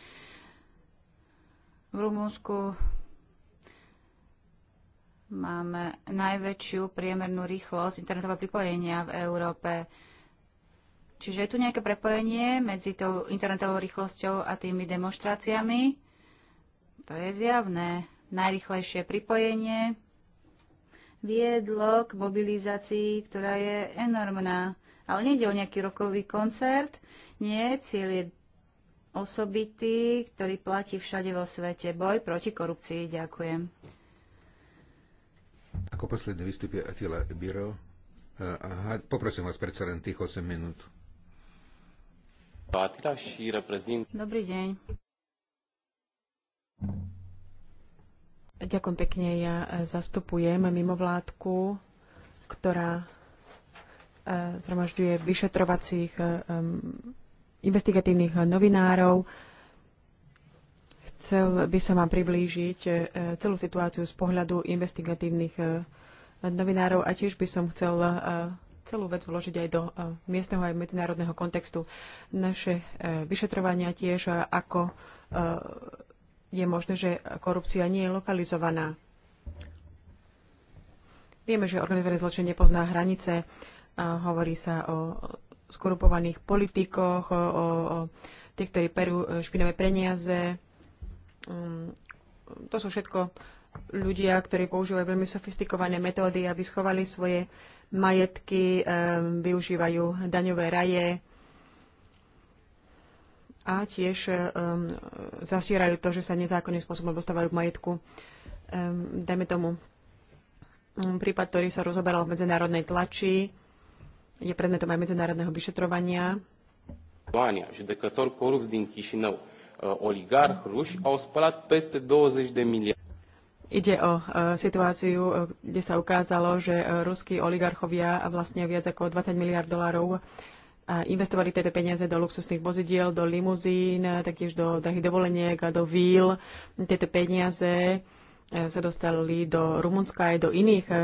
V Rumunsku máme najväčšiu priemernú rýchlosť internetového pripojenia v Európe. Čiže je tu nejaké prepojenie medzi tou internetovou rýchlosťou a tými demonstráciami? To je zjavné. Najrychlejšie pripojenie viedlo k mobilizácii, ktorá je enormná. Ale nejde o nejaký rokový koncert, nie, cieľ je osobitý, ktorý platí všade vo svete. Boj proti korupcii. Ďakujem. Ako posledný vystupí Atila Biro. Aha, poprosím vás predsa len tých 8 minút. Dobrý deň. Ďakujem pekne. Ja e, zastupujem mimovládku, ktorá e, zhromažďuje vyšetrovacích e, investigatívnych novinárov. Chcel by som vám priblížiť celú situáciu z pohľadu investigatívnych novinárov a tiež by som chcel celú vec vložiť aj do miestneho aj medzinárodného kontextu. Naše vyšetrovania tiež ako je možné, že korupcia nie je lokalizovaná. Vieme, že organizovaný zločin nepozná hranice. A hovorí sa o skorupovaných politikoch, o, o, o tých, ktorí perú e, špinavé peniaze. Mm, to sú všetko ľudia, ktorí používajú veľmi sofistikované metódy, aby schovali svoje majetky, e, využívajú daňové raje, a tiež e, um, zasierajú to, že sa nezákonným spôsobom dostávajú k majetku. E, um, dajme tomu um, prípad, ktorý sa rozoberal v medzinárodnej tlači, je predmetom aj medzinárodného vyšetrovania. Judecător corupți din Chișinău, e, oligarh ruși, au spălat peste 20 de miliarde. Ide o situáciu, kde sa ukázalo, že ruskí oligarchovia vlastne viac ako 20 miliard dolárov a investovali tieto peniaze do luxusných vozidiel, do limuzín, eh, taktiež do drahých dovoleniek a do víl. Tieto peniaze eh, sa dostali do Rumunska aj do iných eh,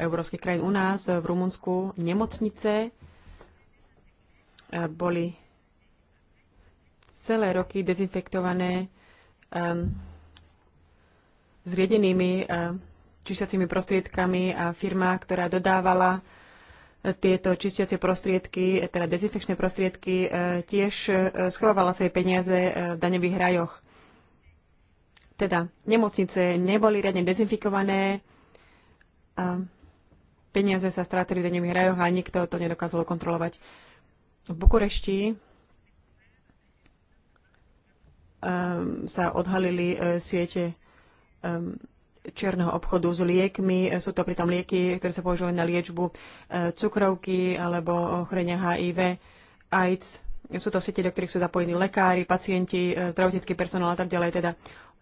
európskych krajín. U nás v Rumunsku nemocnice boli celé roky dezinfektované um, ehm, zriedenými um, prostriedkami a firma, ktorá dodávala tieto čistiace prostriedky, teda dezinfekčné prostriedky, e, tiež e, schovávala svoje peniaze e, v daňových rajoch. Teda nemocnice neboli riadne dezinfikované, a peniaze sa strátili v daňových rajoch a nikto to nedokázal kontrolovať. V Bukurešti sa odhalili siete čierneho obchodu s liekmi. Sú to pritom lieky, ktoré sa používajú na liečbu e, cukrovky alebo ochorenia HIV, AIDS. Sú to siete, do ktorých sú zapojení lekári, pacienti, e, zdravotnícky personál a tak ďalej. Teda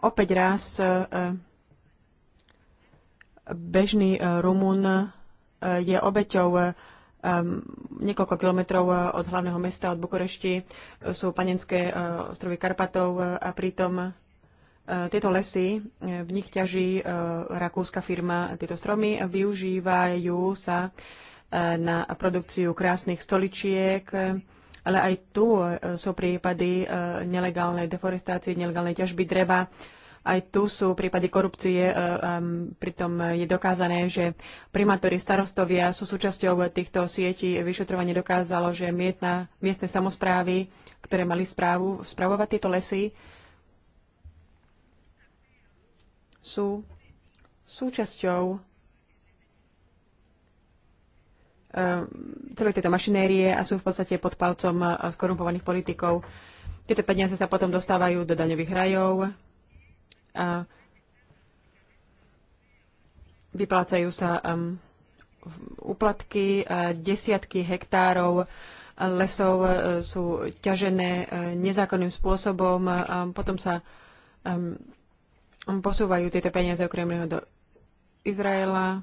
opäť raz e, bežný Rumun je obeťou niekoľko kilometrov od hlavného mesta, od Bukurešti. Sú panenské ostrovy Karpatov a pritom Eh, tieto lesy, eh, v nich ťaží eh, rakúska firma tieto stromy, využívajú sa na produkciu krásnych stoličiek, ale aj tu sú prípady nelegálnej deforestácie, nelegálnej ťažby dreva. Aj tu sú prípady korupcie, pritom je dokázané, že primátori starostovia sú súčasťou týchto sietí. Vyšetrovanie dokázalo, že miestne samozprávy, ktoré mali správu, spravovať tieto lesy, sú súčasťou eh, celé tejto mašinérie a sú v podstate pod palcom eh, skorumpovaných politikov. Tieto peniaze sa potom dostávajú do daňových rajov a vyplácajú sa úplatky, eh, desiatky hektárov lesov sú ťažené nezákonným spôsobom. Potom sa posúvajú tieto peniaze okrem neho do Izraela.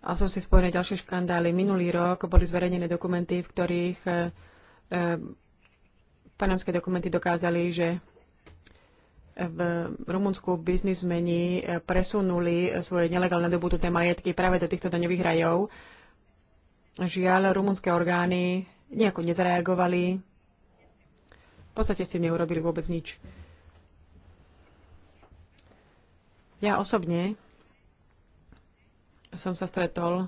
A som si spojené ďalšie škandály. Minulý rok boli zverejnené dokumenty, v ktorých e, panamské dokumenty dokázali, že v Rumunsku biznismeni eh, presunuli svoje nelegálne dobututé majetky práve do týchto daňových rajov. Žiaľ, rumunské orgány nejako nezareagovali v podstate ste neurobili vôbec nič. Ja osobne som sa stretol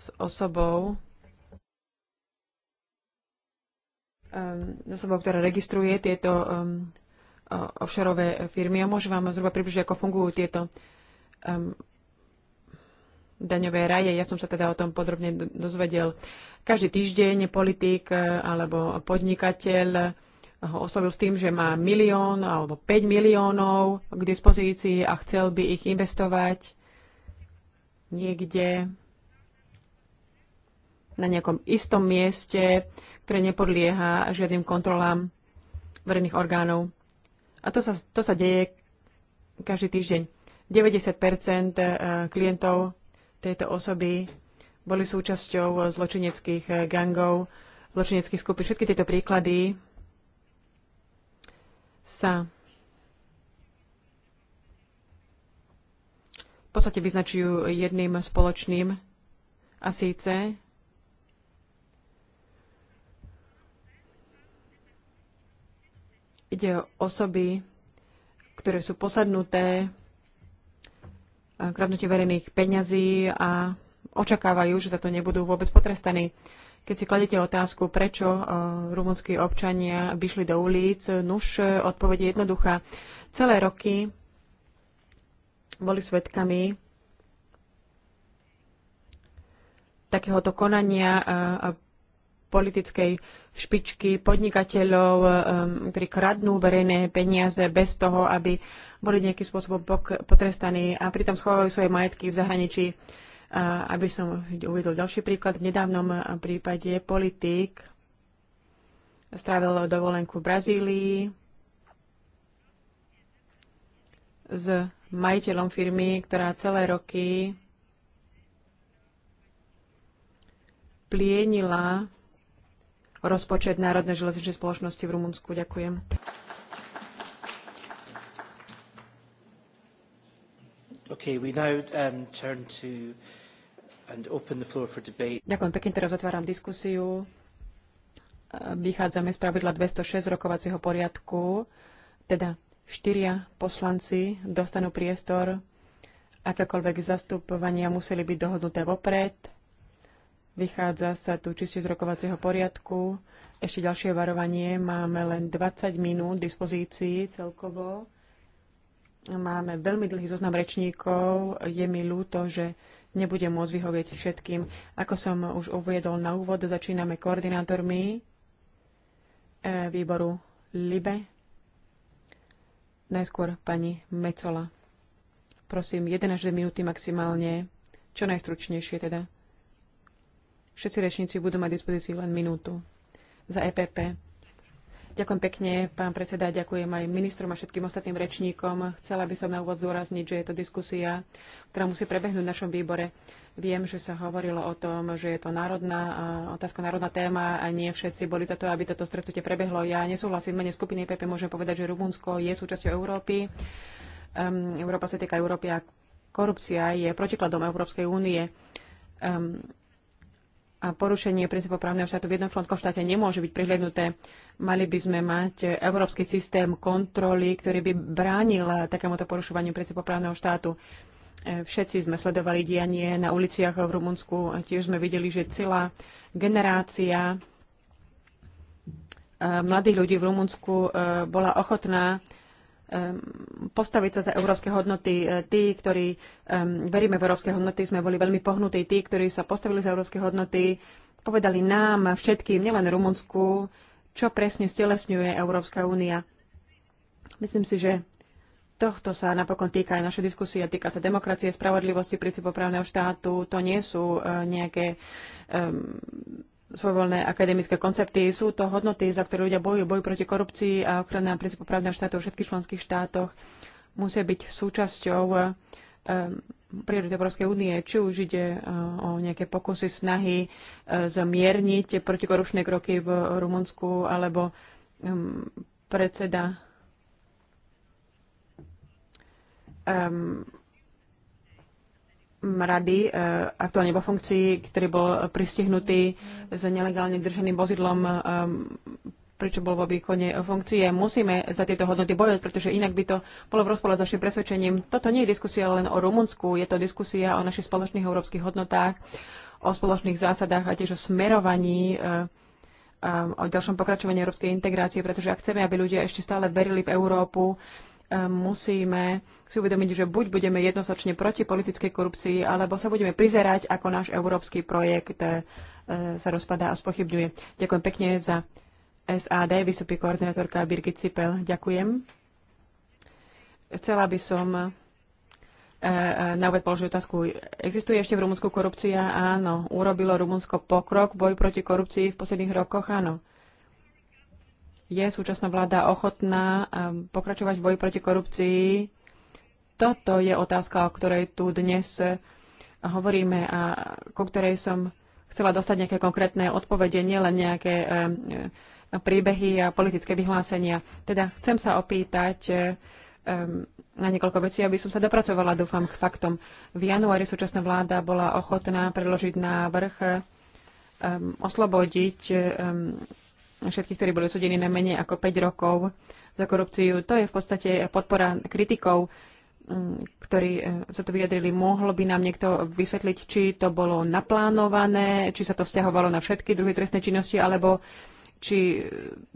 s osobou, um, s osobou, ktorá registruje tieto um, ehm, offshore firmy. A môžem vám zhruba približiť, ako fungujú tieto um, daňové raje. Ja som sa teda o tom podrobne dozvedel. Každý týždeň politik e, alebo podnikateľ ho oslovil s tým, že má milión alebo 5 miliónov k dispozícii a chcel by ich investovať niekde na nejakom istom mieste, ktoré nepodlieha žiadnym kontrolám verejných orgánov. A to sa, to sa deje každý týždeň. 90 e, klientov tejto osoby boli súčasťou eh, zločineckých eh, gangov, zločineckých skupín. Všetky tieto príklady sa v podstate vyznačujú jedným spoločným a síce ide o osoby, ktoré sú posadnuté eh, kradnutie verejných peňazí a očakávajú, že za to nebudú vôbec potrestaní. Keď si kladete otázku, prečo e, rumunskí občania vyšli do ulic, nuž e, odpovede je jednoduchá. Celé roky boli svetkami takéhoto konania e, a politickej špičky podnikateľov, ktorí kradnú verejné peniaze bez toho, aby boli nejakým spôsobom potrestaní a pritom schovávajú svoje majetky v zahraničí aby som uvedol ďalší príklad, v nedávnom prípade politik strávil dovolenku v Brazílii s majiteľom firmy, ktorá celé roky plienila rozpočet Národnej železničnej spoločnosti v Rumunsku. Ďakujem. Okay, we now um, turn to Ďakujem pekne, teraz otváram diskusiu. E, vychádzame z pravidla 206 rokovacieho poriadku, teda štyria poslanci dostanú priestor, akékoľvek zastupovania museli byť dohodnuté vopred. Vychádza sa tu čiste z rokovacieho poriadku. Ešte ďalšie varovanie. Máme len 20 minút dispozícii celkovo. Máme veľmi dlhý zoznam rečníkov. Je mi ľúto, že nebude môcť vyhovieť všetkým. Ako som už uviedol na úvod, začíname koordinátormi eh, výboru LIBE. Najskôr pani Mecola. Prosím, 1 až 2 minúty maximálne, čo najstručnejšie teda. Všetci rečníci budú mať dispozícii len minútu. Za EPP Ďakujem pekne, pán predseda, ďakujem aj ministrom a všetkým ostatným rečníkom. Chcela by som na úvod zúrazniť, že je to diskusia, ktorá musí prebehnúť v našom výbore. Viem, že sa hovorilo o tom, že je to národná otázka, národná téma a nie všetci boli za to, aby toto stretnutie prebehlo. Ja nesúhlasím v mene skupiny PP, môžem povedať, že Rumunsko je súčasťou Európy. Um, Európa sa týka Európy a korupcia je protikladom Európskej únie. Um, a porušenie princípov právneho štátu v jednom členskom štáte nemôže byť prihľadnuté Mali by sme mať európsky systém kontroly, ktorý by bránil takémuto porušovaniu princípov právneho štátu. E, všetci sme sledovali dianie na uliciach v Rumunsku. Tiež sme videli, že celá generácia e, mladých ľudí v Rumunsku e, bola ochotná postaviť sa za európske hodnoty. Tí, ktorí veríme v európske hodnoty, sme boli veľmi pohnutí. Tí, ktorí sa postavili za európske hodnoty, povedali nám všetkým, nielen Rumunsku, čo presne stelesňuje Európska únia. Myslím si, že tohto sa napokon týka aj naša diskusia, týka sa demokracie, spravodlivosti, princípov právneho štátu. To nie sú e, nejaké um, svojvoľné akademické koncepty. Sú to hodnoty, za ktoré ľudia bojujú, bojujú proti korupcii a ochrana princípov právneho štátu v všetkých členských štátoch musia byť súčasťou priority Európskej únie, či už ide eh, o nejaké pokusy, snahy eh, zmierniť protikorupčné kroky v Rumunsku, alebo predseda rady, eh, aktuálne vo funkcii, ktorý bol pristihnutý s nelegálne drženým vozidlom prečo bol vo výkone funkcie. Musíme za tieto hodnoty bojovať, pretože inak by to bolo v rozpore s našim presvedčením. Toto nie je diskusia len o Rumunsku, je to diskusia o našich spoločných európskych hodnotách, o spoločných zásadách a tiež o smerovaní e, e, o ďalšom pokračovaní európskej integrácie, pretože ak chceme, aby ľudia ešte stále verili v Európu, e, musíme si uvedomiť, že buď budeme jednoznačne proti politickej korupcii, alebo sa budeme prizerať, ako náš európsky projekt sa rozpadá a spochybňuje. Ďakujem pekne za SAD, vysoký koordinátorka Birgit Cipel. Ďakujem. Chcela by som e, e, na úved položiť otázku. Existuje ešte v Rumunsku korupcia? Áno. Urobilo Rumunsko pokrok v boji proti korupcii v posledných rokoch? Áno. Je súčasná vláda ochotná e, pokračovať v boji proti korupcii? Toto je otázka, o ktorej tu dnes hovoríme a ku ktorej som chcela dostať nejaké konkrétne odpovede, nielen nejaké príbehy a politické vyhlásenia. Teda chcem sa opýtať eh, na niekoľko vecí, aby som sa dopracovala, dúfam, k faktom. V januári súčasná vláda bola ochotná predložiť návrh oslobodiť všetkých, ktorí boli súdení na menej ako 5 rokov za korupciu. To je v podstate podpora kritikov mm, ktorí eh, sa to vyjadrili, mohol by nám niekto vysvetliť, či to bolo naplánované, či sa to vzťahovalo na všetky druhy trestnej činnosti, alebo či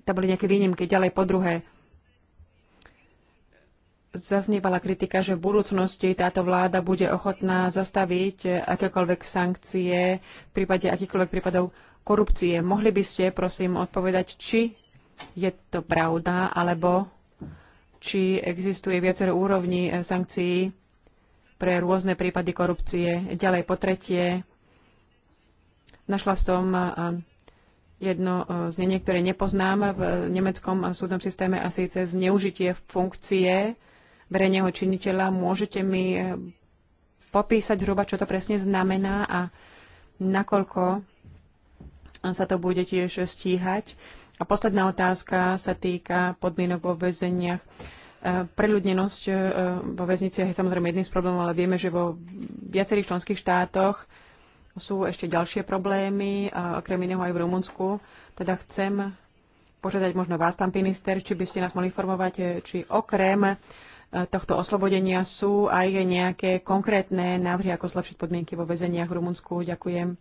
tam boli nejaké výnimky. Ďalej po druhé, zaznievala kritika, že v budúcnosti táto vláda bude ochotná zastaviť akékoľvek sankcie v prípade akýchkoľvek prípadov korupcie. Mohli by ste, prosím, odpovedať, či je to pravda, alebo či existuje viacero úrovní sankcií pre rôzne prípady korupcie. Ďalej po tretie, našla som jedno e, znenie, ktoré nepoznám v nemeckom súdnom systéme a síce zneužitie funkcie verejného činiteľa. Môžete mi e, popísať hruba, čo to presne znamená a nakoľko sa to bude tiež stíhať. A posledná otázka sa týka podmienok vo väzeniach. E, Preľudnenosť vo väzniciach je samozrejme jedným z problémov, ale vieme, že vo viacerých členských štátoch sú ešte ďalšie problémy, okrem iného aj v Rumunsku. Teda chcem požiadať možno vás, pán minister, či by ste nás mohli informovať, e, či okrem e, tohto oslobodenia sú aj nejaké konkrétne návrhy, ako zlepšiť podmienky vo vezeniach v Rumunsku. Ďakujem.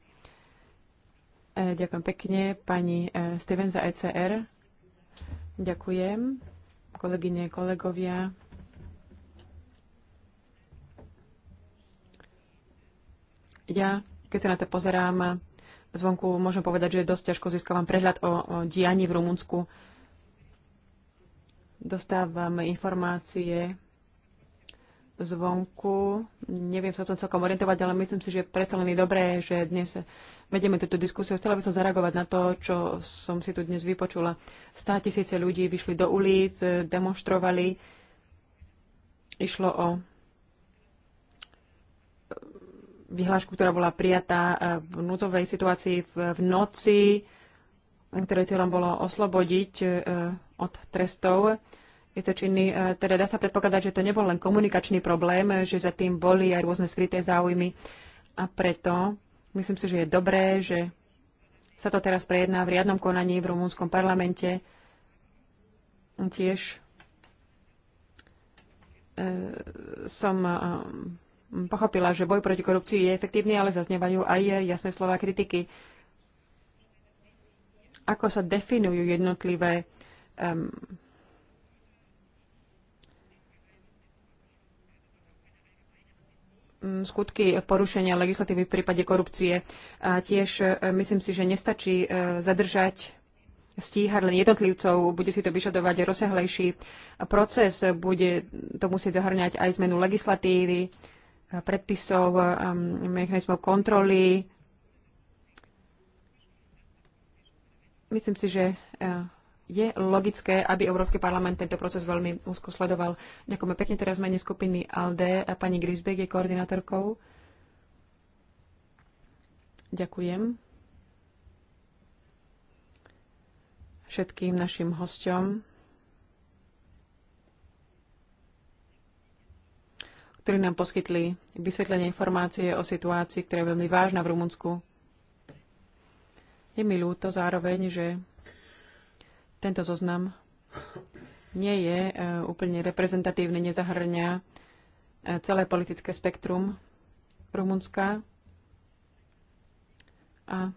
E, ďakujem pekne pani Steven za ECR. Ďakujem. Kolegyne, kolegovia. Ja keď sa na to pozerám zvonku, môžem povedať, že dosť ťažko získavam prehľad o, o dianí v Rumunsku. Dostávam informácie zvonku. Neviem sa o tom celkom orientovať, ale myslím si, že predsa len je dobré, že dnes vedeme túto diskusiu. Chcela by som zareagovať na to, čo som si tu dnes vypočula. Stá tisíce ľudí vyšli do ulic, demonstrovali. Išlo o vyhlášku, ktorá bola prijatá e, v núdzovej situácii v, v noci, ktoré cieľom bolo oslobodiť e, od trestov isté činy. E, teda dá sa predpokladať, že to nebol len komunikačný problém, že za tým boli aj rôzne skryté záujmy. A preto myslím si, že je dobré, že sa to teraz prejedná v riadnom konaní v rumúnskom parlamente. Tiež som pochopila, že boj proti korupcii je efektívny, ale zaznievajú aj jasné slova kritiky. Ako sa definujú jednotlivé um, skutky porušenia legislatívy v prípade korupcie. A tiež e, myslím si, že nestačí e, zadržať stíhať len jednotlivcov, bude si to vyžadovať rozsiahlejší proces, bude to musieť zahrňať aj zmenu legislatívy, predpisov, um, mechanizmov kontroly. Myslím si, že eh, je logické, aby Európsky parlament tento proces veľmi úzko sledoval. Ďakujeme pekne teraz v mene skupiny ALDE. A pani Grisbeck je koordinátorkou. Ďakujem všetkým našim hosťom. ktorí nám poskytli vysvetlenie informácie o situácii, ktorá je veľmi vážna v Rumunsku. Je mi ľúto zároveň, že tento zoznam nie je e, úplne reprezentatívny, nezahrňa e, celé politické spektrum Rumunska. A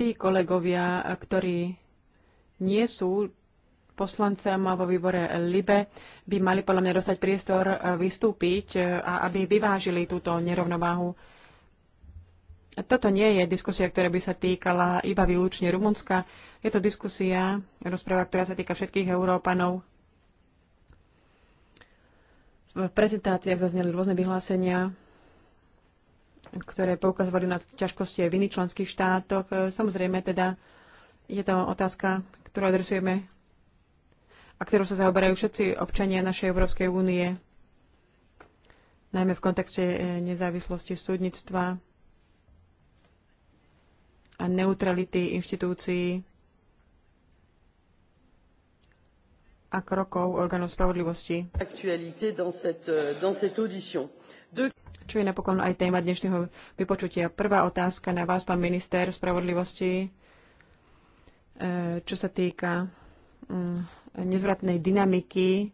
tí kolegovia, ktorí nie sú poslancem vo výbore LIBE by mali podľa mňa dostať priestor e, vystúpiť e, a aby vyvážili túto nerovnováhu. Toto nie je diskusia, ktorá by sa týkala iba výlučne Rumunska. Je to diskusia, rozpráva, ktorá sa týka všetkých Európanov. V prezentáciách zazneli rôzne vyhlásenia, ktoré poukazovali na ťažkosti aj v iných členských štátoch. E, samozrejme teda je to otázka, ktorú adresujeme a ktorou sa zaoberajú všetci občania našej Európskej únie, najmä v kontexte e, nezávislosti súdnictva a neutrality inštitúcií a krokov orgánov spravodlivosti. Čo je napokon aj téma dnešného vypočutia. Prvá otázka na vás, pán minister spravodlivosti, e, čo sa týka mm, nezvratnej dynamiky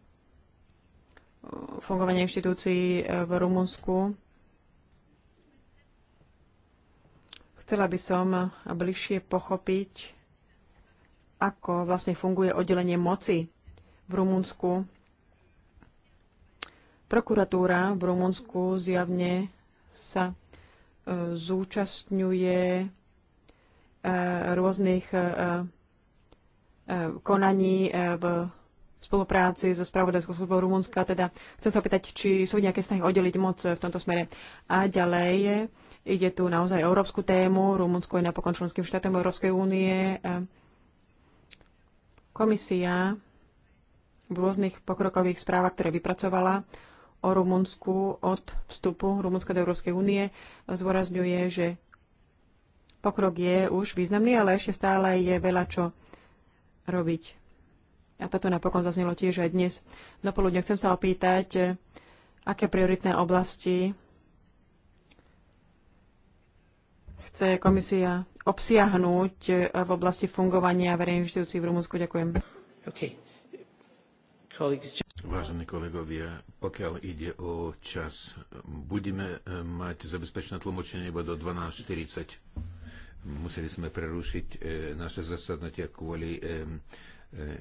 fungovania inštitúcií v Rumunsku. Chcela by som bližšie pochopiť, ako vlastne funguje oddelenie moci v Rumunsku. Prokuratúra v Rumunsku zjavne sa e, zúčastňuje e, rôznych e, E, konaní e, v spolupráci so spravodajskou službou Rumunska. Teda chcem sa opýtať, či sú nejaké snahy oddeliť moc v tomto smere. A ďalej ide tu naozaj európsku tému. Rumunsko je napokon členským štátom Európskej únie. E, komisia v rôznych pokrokových správach, ktoré vypracovala o Rumunsku od vstupu Rumunska do Európskej únie, zvorazňuje, že pokrok je už významný, ale ešte stále je veľa čo robiť. A toto napokon zaznelo tiež aj dnes. No poludne chcem sa opýtať, aké prioritné oblasti chce komisia obsiahnuť v oblasti fungovania verejných inštitúcií v Rumunsku. Ďakujem. Vážení kolegovia, pokiaľ ide o čas, budeme eh, mať zabezpečené tlmočenie iba do 12.40. Museli sme prerušiť e, naše zasadnutie kvôli e, e,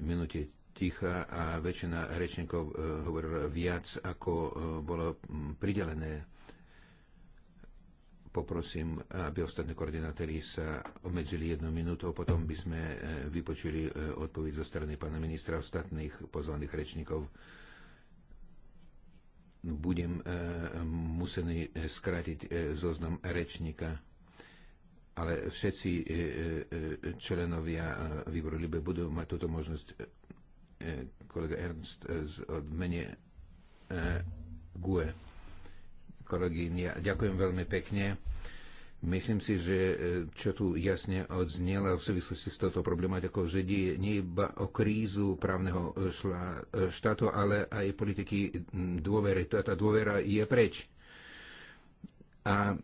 minúte ticha a väčšina rečníkov hovorila viac, ako bolo pridelené. Poprosím, aby ostatní koordinátori sa obmedzili jednu minútu, potom by sme vypočuli odpoveď zo strany pána ministra ostatných pozvaných rečníkov. Budem musený skrátiť zoznam rečníka ale všetci e, e, e, členovia výboru Libe budú mať túto možnosť. Kolega Ernst z odmene GUE. Kolegyňa, ďakujem veľmi pekne. Myslím si, že čo tu jasne odznelo v súvislosti s touto problematikou, že die nie iba o krízu právneho šla, štátu, ale aj politiky dôvery. Tá dôvera je preč. A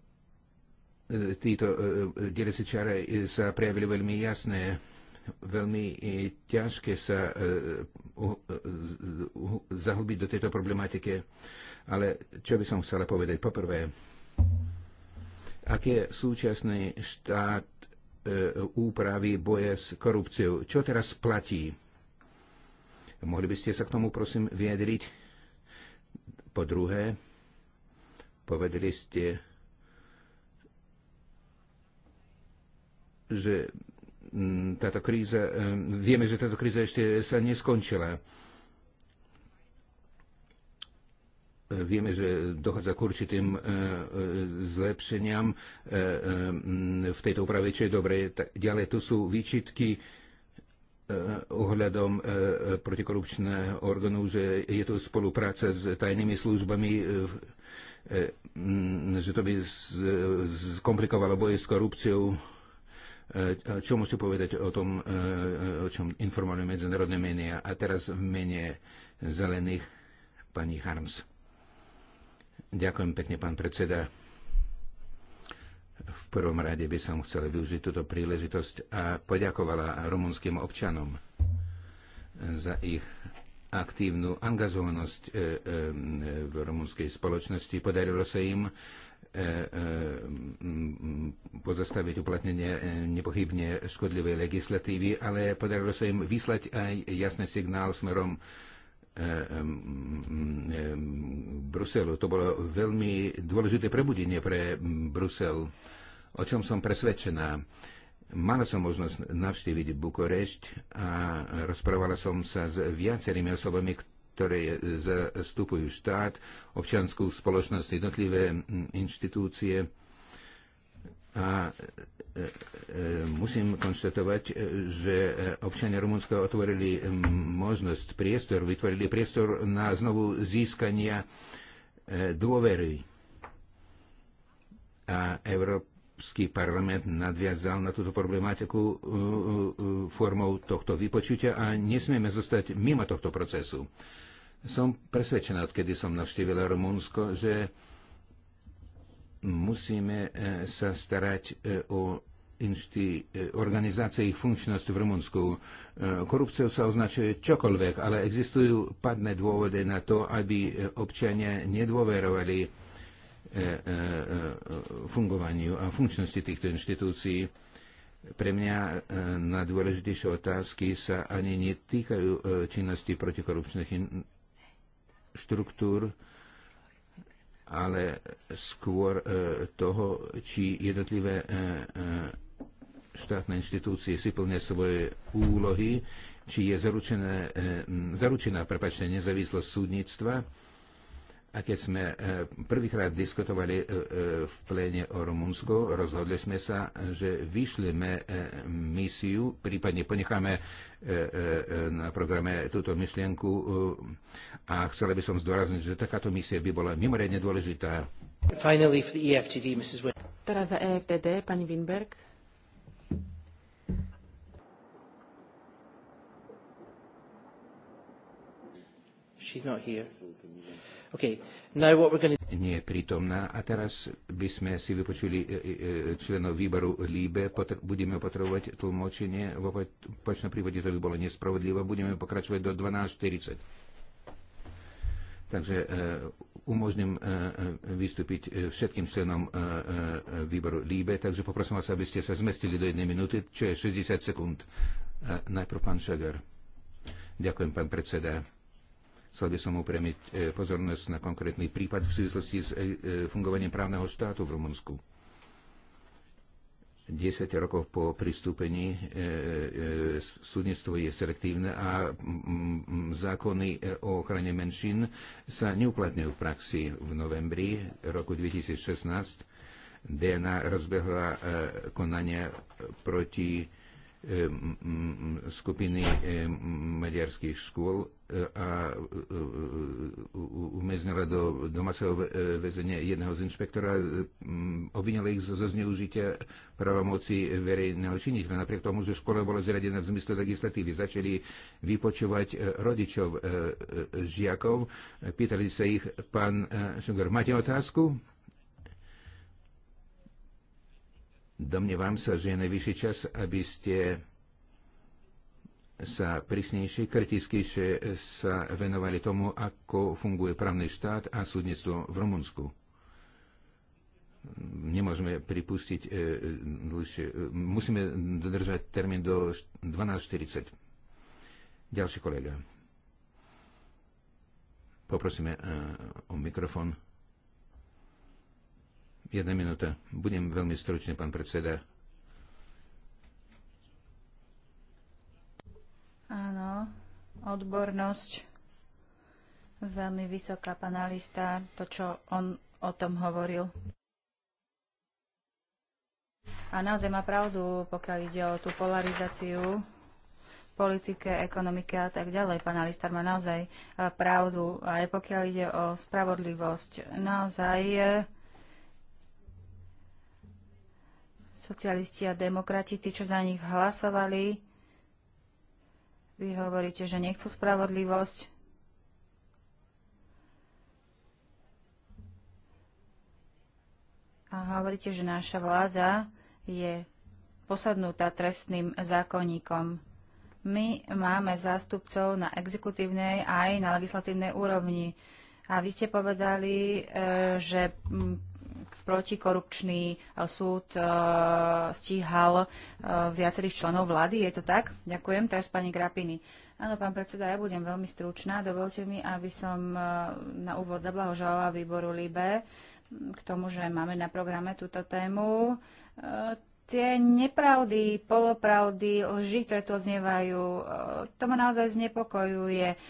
E, títo e, e, deliace čare sa prejavili veľmi jasné. Veľmi ťažké sa zahubiť do tejto problematike. Ale čo by som chcela povedať? Poprvé, aký je súčasný štát úpravy boje s korupciou? Čo teraz platí? Mohli by ste sa k tomu, prosím, vyjadriť? Po druhé, povedali ste, že mm, táto kríza, e, vieme, že táto kríza ešte sa neskončila. E, vieme, že dochádza k určitým e, zlepšeniam v tejto úprave, čo je dobré. Ďalej tu sú výčitky ohľadom protikorupčného orgánu, že je tu spolupráca s tajnými službami, že to by skomplikovalo boje s korupciou E, čo musíte povedať o tom, e, e, o čom informovali medzinárodné menia. A teraz v mene zelených pani Harms. Ďakujem pekne, pán predseda. V prvom rade by som chcel využiť túto príležitosť a poďakovala rumunským občanom za ich aktívnu angažovanosť v rumunskej spoločnosti. Podarilo sa im E, e, pozastaviť uplatnenie e, nepochybne škodlivej legislatívy, ale podarilo sa im vyslať aj jasný signál smerom Bruselu. To bolo veľmi dôležité prebudenie pre Brusel, o čom som presvedčená. Mala som možnosť navštíviť Bukurešť a rozprávala som sa s viacerými osobami, ktoré zastupujú štát, občianskú spoločnosť, jednotlivé inštitúcie. A e, e, musím konštatovať, e, že občania Rumunska otvorili možnosť, priestor, vytvorili priestor na znovu získania dôvery. A Európa Európsky parlament nadviazal na túto problematiku uh, uh, uh, formou tohto vypočutia a nesmieme zostať mimo tohto procesu. Som presvedčená, odkedy som navštívila Rumunsko, že musíme eh, sa starať eh, o inšty, eh, organizácie ich funkčnosť v Rumunsku. Korupciou sa označuje čokoľvek, ale existujú padné dôvody na to, aby občania nedôverovali E, e, e, fungovaniu a funkčnosti týchto inštitúcií. Pre mňa dôležitejšie otázky sa ani netýkajú činnosti protikorupčných štruktúr, ale skôr toho, či jednotlivé štátne inštitúcie si plnia svoje úlohy, či je zaručená, zaručená prepačne, nezávislosť súdnictva a keď sme e, prvýkrát diskutovali e, e, v pléne o Rumunsku, rozhodli sme sa, že vyšlime misiu, prípadne ponecháme na programe túto myšlienku a chcela by som zdôrazniť, že takáto misia by bola mimoriadne dôležitá. Finally, for the EFTD, Mrs. Teraz za EFTD, pani Winberg. She's not here. Okay. Now what we're gonna... Nie je prítomná a teraz by sme si vypočuli e, e, e, členov výboru LIBE. Potr- budeme potrebovať tlmočenie. V opačnom prípade to by bolo nespravodlivé. Budeme pokračovať do 12.40. Takže umožním vystúpiť všetkým členom výboru LIBE. Takže poprosím vás, aby ste sa zmestili do jednej minúty, čo je 60 sekúnd. Najprv pán Šager. Ďakujem, pán predseda Chcel by som upremiť e, pozornosť na konkrétny prípad v súvislosti s e, e, fungovaním právneho štátu v Rumunsku. 10 rokov po pristúpení súdnictvo je selektívne a zákony o ochrane menšín sa neuplatňujú v praxi. V novembri roku 2016 DNA rozbehla konania proti E, skupiny e, maďarských škôl e, a umeznila do domáceho väzenia jedného z inšpektora, obvinila ich zo zneužitia právomoci verejného činiteľa. Napriek tomu, že škola bola zriadená v zmysle legislatívy, začali vypočúvať rodičov žiakov, pýtali sa ich, pán Šungar, máte otázku? Domnievam sa, že je najvyšší čas, aby ste sa prísnejšie, kritickejšie sa venovali tomu, ako funguje právny štát a súdnictvo v Rumunsku. Nemôžeme pripustiť e, e, dlhšie. E, musíme dodržať termín do 12.40. Ďalší kolega. Poprosíme o mikrofón. Jedna minúta. Budem veľmi stručný, pán predseda. Áno, odbornosť veľmi vysoká, panelista, to, čo on o tom hovoril. A naozaj má pravdu, pokiaľ ide o tú polarizáciu politike, ekonomike a tak ďalej. Pán Alistar má naozaj eh, pravdu, aj pokiaľ ide o spravodlivosť. Naozaj eh, socialisti a demokrati, tí, čo za nich hlasovali, vy hovoríte, že nechcú spravodlivosť. A hovoríte, že naša vláda je posadnutá trestným zákonníkom. My máme zástupcov na exekutívnej aj na legislatívnej úrovni. A vy ste povedali, e, že protikorupčný eh, súd eh, stíhal eh, viacerých členov vlády. Je to tak? Ďakujem. Teraz pani Grapiny. Áno, pán predseda, ja budem veľmi stručná. Dovolte mi, aby som na úvod zablahožala výboru LIBE hm, k tomu, že máme na programe túto tému tie nepravdy, polopravdy, lži, ktoré tu odznievajú, to ma naozaj znepokojuje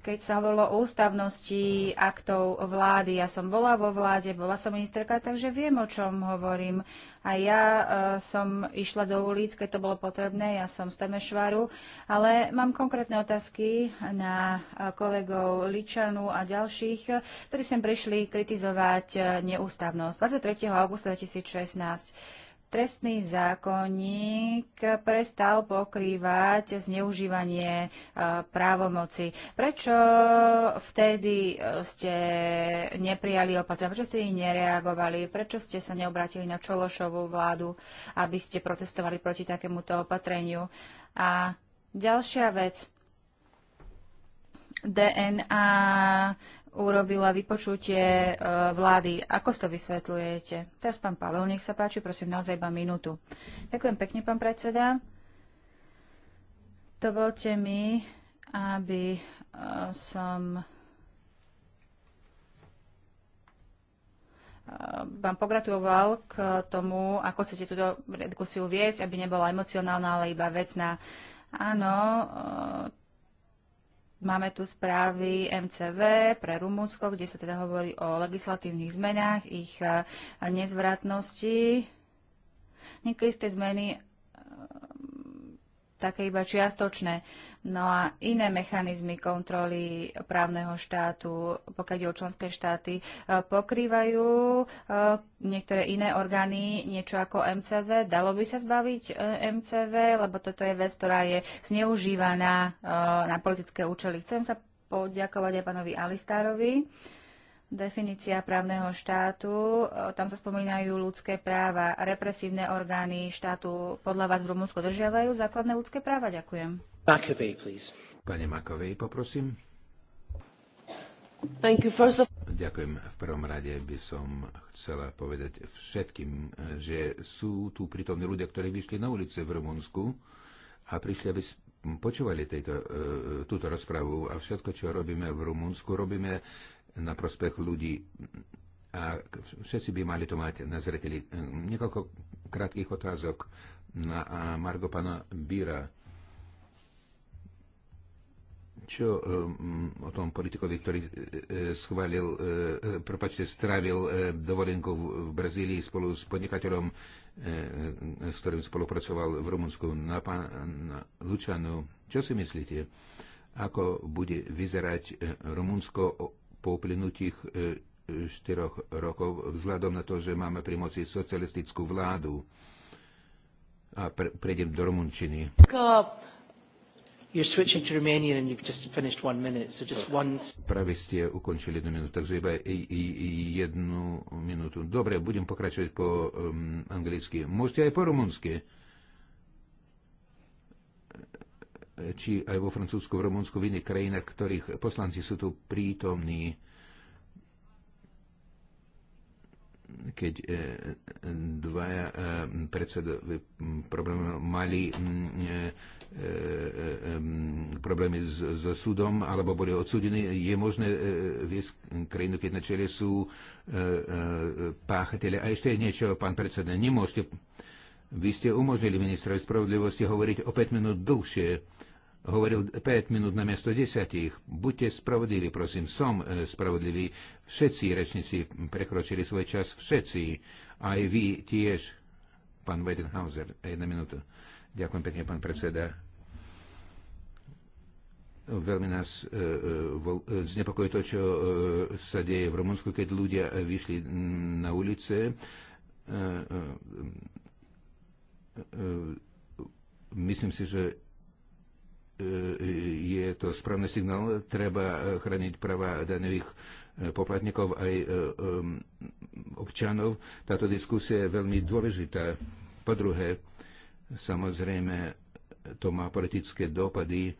keď sa hovorilo o ústavnosti aktov vlády. Ja som bola vo vláde, bola som ministerka, takže viem, o čom hovorím. A ja uh, som išla do ulic, keď to bolo potrebné, ja som z Temešvaru, ale mám konkrétne otázky na e, kolegov Ličanu a ďalších, ktorí sem prišli kritizovať e, neústavnosť 23. augusta 2016 trestný zákonník prestal pokrývať zneužívanie e, právomoci. Prečo vtedy e, ste neprijali opatrenia? Prečo ste ich nereagovali? Prečo ste sa neobrátili na Čološovú vládu, aby ste protestovali proti takémuto opatreniu? A ďalšia vec. DNA urobila vypočutie e, vlády. Ako to vysvetľujete? Teraz pán Pavel, nech sa páči, prosím, naozaj iba minútu. Ďakujem pekne, pán predseda. Dovolte mi, aby e, som e, vám pogratuloval k tomu, ako chcete túto diskusiu viesť, aby nebola emocionálna, ale iba vecná. Áno, Máme tu správy MCV pre Rumunsko, kde sa teda hovorí o legislatívnych zmenách, ich eh, nezvratnosti. Niekedy z tej zmeny také iba čiastočné. No a iné mechanizmy kontroly právneho štátu, pokiaľ ide o členské štáty, e, pokrývajú e, niektoré iné orgány niečo ako MCV. Dalo by sa zbaviť e, MCV, lebo toto je vec, ktorá je zneužívaná na politické účely. Chcem sa poďakovať aj pánovi Alistárovi definícia právneho štátu, e, tam sa spomínajú ľudské práva. Represívne orgány štátu podľa vás v Rumunsku držiavajú základné ľudské práva? Ďakujem. Makovej, please. Pane Makovej, poprosím. Thank you. First of... Ďakujem. V prvom rade by som chcela povedať všetkým, e, že sú tu prítomní ľudia, ktorí vyšli na ulice v Rumunsku a prišli, aby počúvali tejto, e, túto rozpravu a všetko, čo robíme v Rumunsku, robíme na prospech ľudí. A všetci by mali to mať na zreteli. Niekoľko krátkých otázok na Margo pana Bíra. Čo um, o tom politikovi, ktorý e, e schválil, e, e prepačte, strávil e, dovolenku v v Brazílii spolu s podnikateľom, e, e s ktorým spolupracoval v Rumunsku, na pána Lučanu. Čo si myslíte? Ako bude vyzerať Rumunsko po uplynutých e, štyroch rokov, vzhľadom na to, že máme pri moci socialistickú vládu. A pre, prejdem do Rumunčiny. You're switching to Romanian and you've just finished one minute, so just one... Práve ste ukončili jednu minútu, takže iba jednu minútu. Dobre, budem pokračovať po um, anglicky. Môžete aj po rumunsky. či aj vo Francúzsku, v Rumunsku, v iných krajinách, ktorých poslanci sú tu prítomní, keď e, dvaja e, predsedové e, problémy mali problémy so súdom alebo boli odsúdení, je možné viesť krajinu, keď na čele sú páchatelia. A ešte niečo, pán predseda, nemôžete vy ste umožnili ministrovi spravodlivosti hovoriť o 5 minút dlhšie hovoril 5 minút na miesto 10. Buďte spravodliví, prosím, som e, spravodlivý. Všetci rečníci prekročili svoj čas, všetci. Aj vy tiež, pán Weidenhauser, jedna minúta. Ďakujem pekne, pán predseda. Veľmi nás e, e, znepokojí to, čo sa deje v Rumunsku, keď ľudia vyšli na ulice myslím si, že E, je to správny signál, treba e, chrániť práva daňových e, poplatníkov aj občanov. Táto diskusia je veľmi dôležitá. Po druhé, samozrejme, to má politické dopady,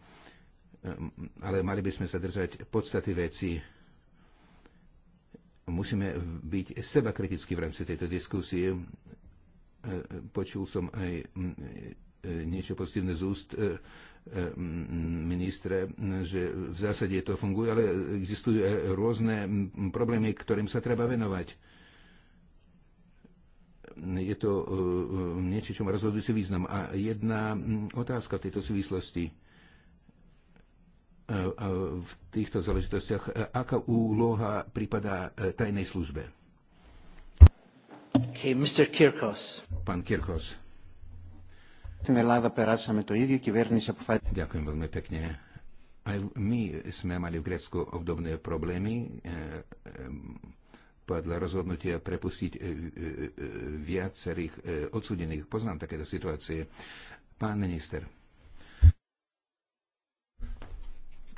ale mali by sme sa držať podstaty veci. Musíme byť seba kriticky v rámci tejto diskusie. Počul som aj niečo pozitívne z úst Eh, ministre, že v zásade to funguje, ale existujú eh, rôzne problémy, ktorým sa treba venovať. Je to eh, niečo, čo má rozhodujúci význam. A jedna mm, otázka v tejto súvislosti v týchto záležitostiach. Aká úloha prípada tajnej službe? Okay, Mr. Kirkos. Pán Kirkos. Ďakujem veľmi pekne. Aj my sme mali v Grécku obdobné problémy. Podľa rozhodnutia prepustiť viacerých odsudených. Poznám takéto situácie. Pán minister,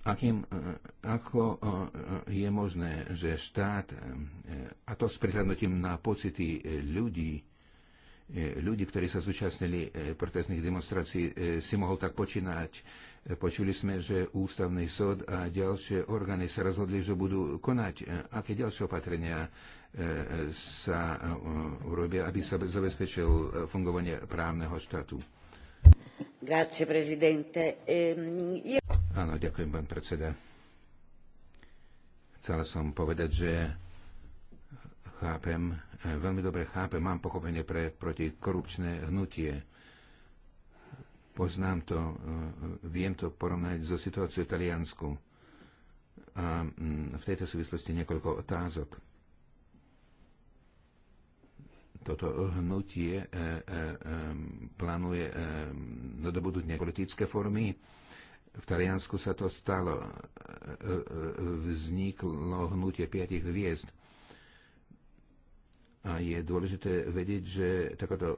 akým, ako je možné, že štát, a to s prihľadnutím na pocity ľudí, E, ľudí, ktorí sa zúčastnili e, protestných demonstrácií, e, si mohol tak počínať. Počuli sme, že ústavný súd a ďalšie orgány sa rozhodli, že budú konať. Aké ďalšie opatrenia sa urobia, aby sa zabezpečil fungovanie právneho štátu? Grazie, prezidente. Ehm, Áno, ďakujem, pán predseda. Chcela som povedať, že chápem, e, veľmi dobre chápem, mám pochopenie pre protikorupčné hnutie. Poznám to, e, viem to porovnať so situáciou v Taliansku. A mm, v tejto súvislosti niekoľko otázok. Toto hnutie e, plánuje nadobudnúť politické formy. V Taliansku sa to stalo. Vzniklo hnutie piatich hviezd a je dôležité vedieť, že takáto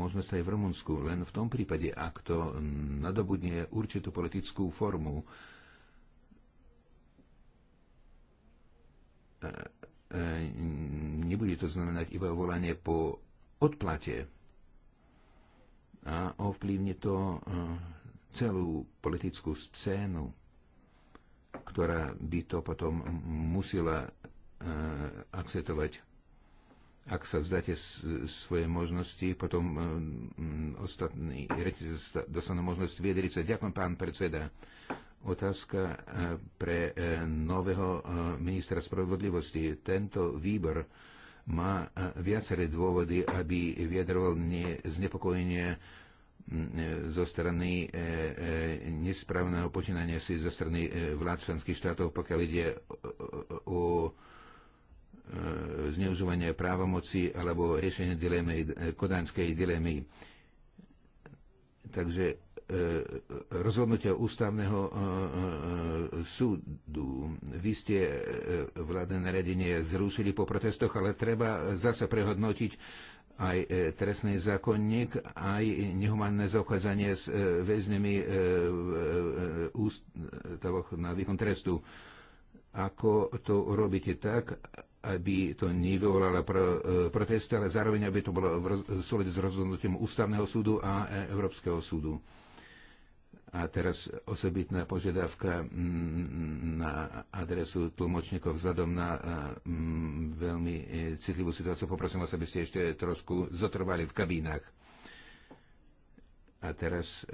možnosť aj v Rumunsku, len v tom prípade, ak to nadobudne určitú politickú formu, e, e, nebude to znamenať iba volanie po odplate a ovplyvne to e, celú politickú scénu, ktorá by to potom musela akceptovať ak sa vzdáte svoje možnosti, potom eh, mm, ostatní dostanú možnosť vyjadriť sa. Ďakujem, pán predseda. Otázka eh, pre eh, nového ministra spravodlivosti. Tento výbor má viaceré dôvody, aby vyjadroval znepokojenie mm, zo strany nesprávneho počínania si zo strany vlád členských štátov, pokiaľ ide o E, zneužívania právomoci alebo riešenie dilemy, e, kodanskej dilemy. Takže e, rozhodnutia ústavného súdu. Vy ste vládne naredenie zrušili po protestoch, ale treba zase prehodnotiť aj trestný zákonník, aj nehumanné zaobchádzanie s väzňami ústavoch na výkon trestu. Ako to robíte tak, aby to nevyvolalo e, protesty, ale zároveň, aby to bolo v súlede s rozhodnutím Ústavného súdu a e, Európskeho súdu. A teraz osobitná požiadavka mm, na adresu tlmočníkov vzhľadom na e, mm, veľmi citlivú situáciu. Poprosím vás, aby ste ešte trošku zotrvali v kabínach. A teraz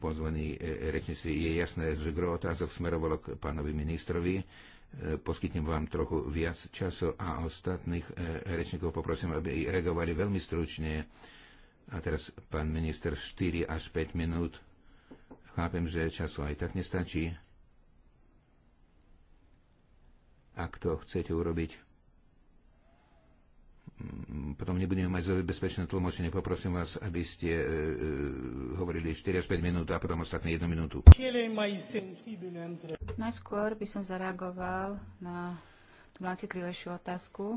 pozvaní rečníci, je jasné, že gro otázok smerovalo k pánovi ministrovi E, poskytnem vám trochu viac času a ostatných e, rečníkov poprosím, aby reagovali veľmi stručne. A teraz pán minister 4 až 5 minút. Chápem, že času aj tak nestačí. Ak to chcete urobiť, potom nebudeme mať bezpečné tlmočenie. Poprosím vás, aby ste e, e hovorili 4 až 5 minút a potom ostatné 1 minútu. Najskôr by som zareagoval na tú najcitlivejšiu otázku.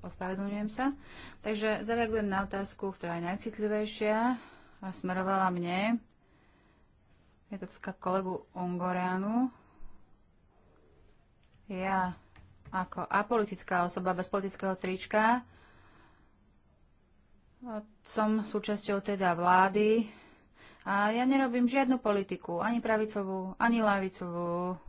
ospravedlňujem sa. Takže zareagujem na otázku, ktorá je najcitlivejšia a smerovala mne. Je to kolegu Ongoreanu. Ja ako apolitická osoba bez politického trička som súčasťou teda vlády a ja nerobím žiadnu politiku, ani pravicovú, ani lavicovú.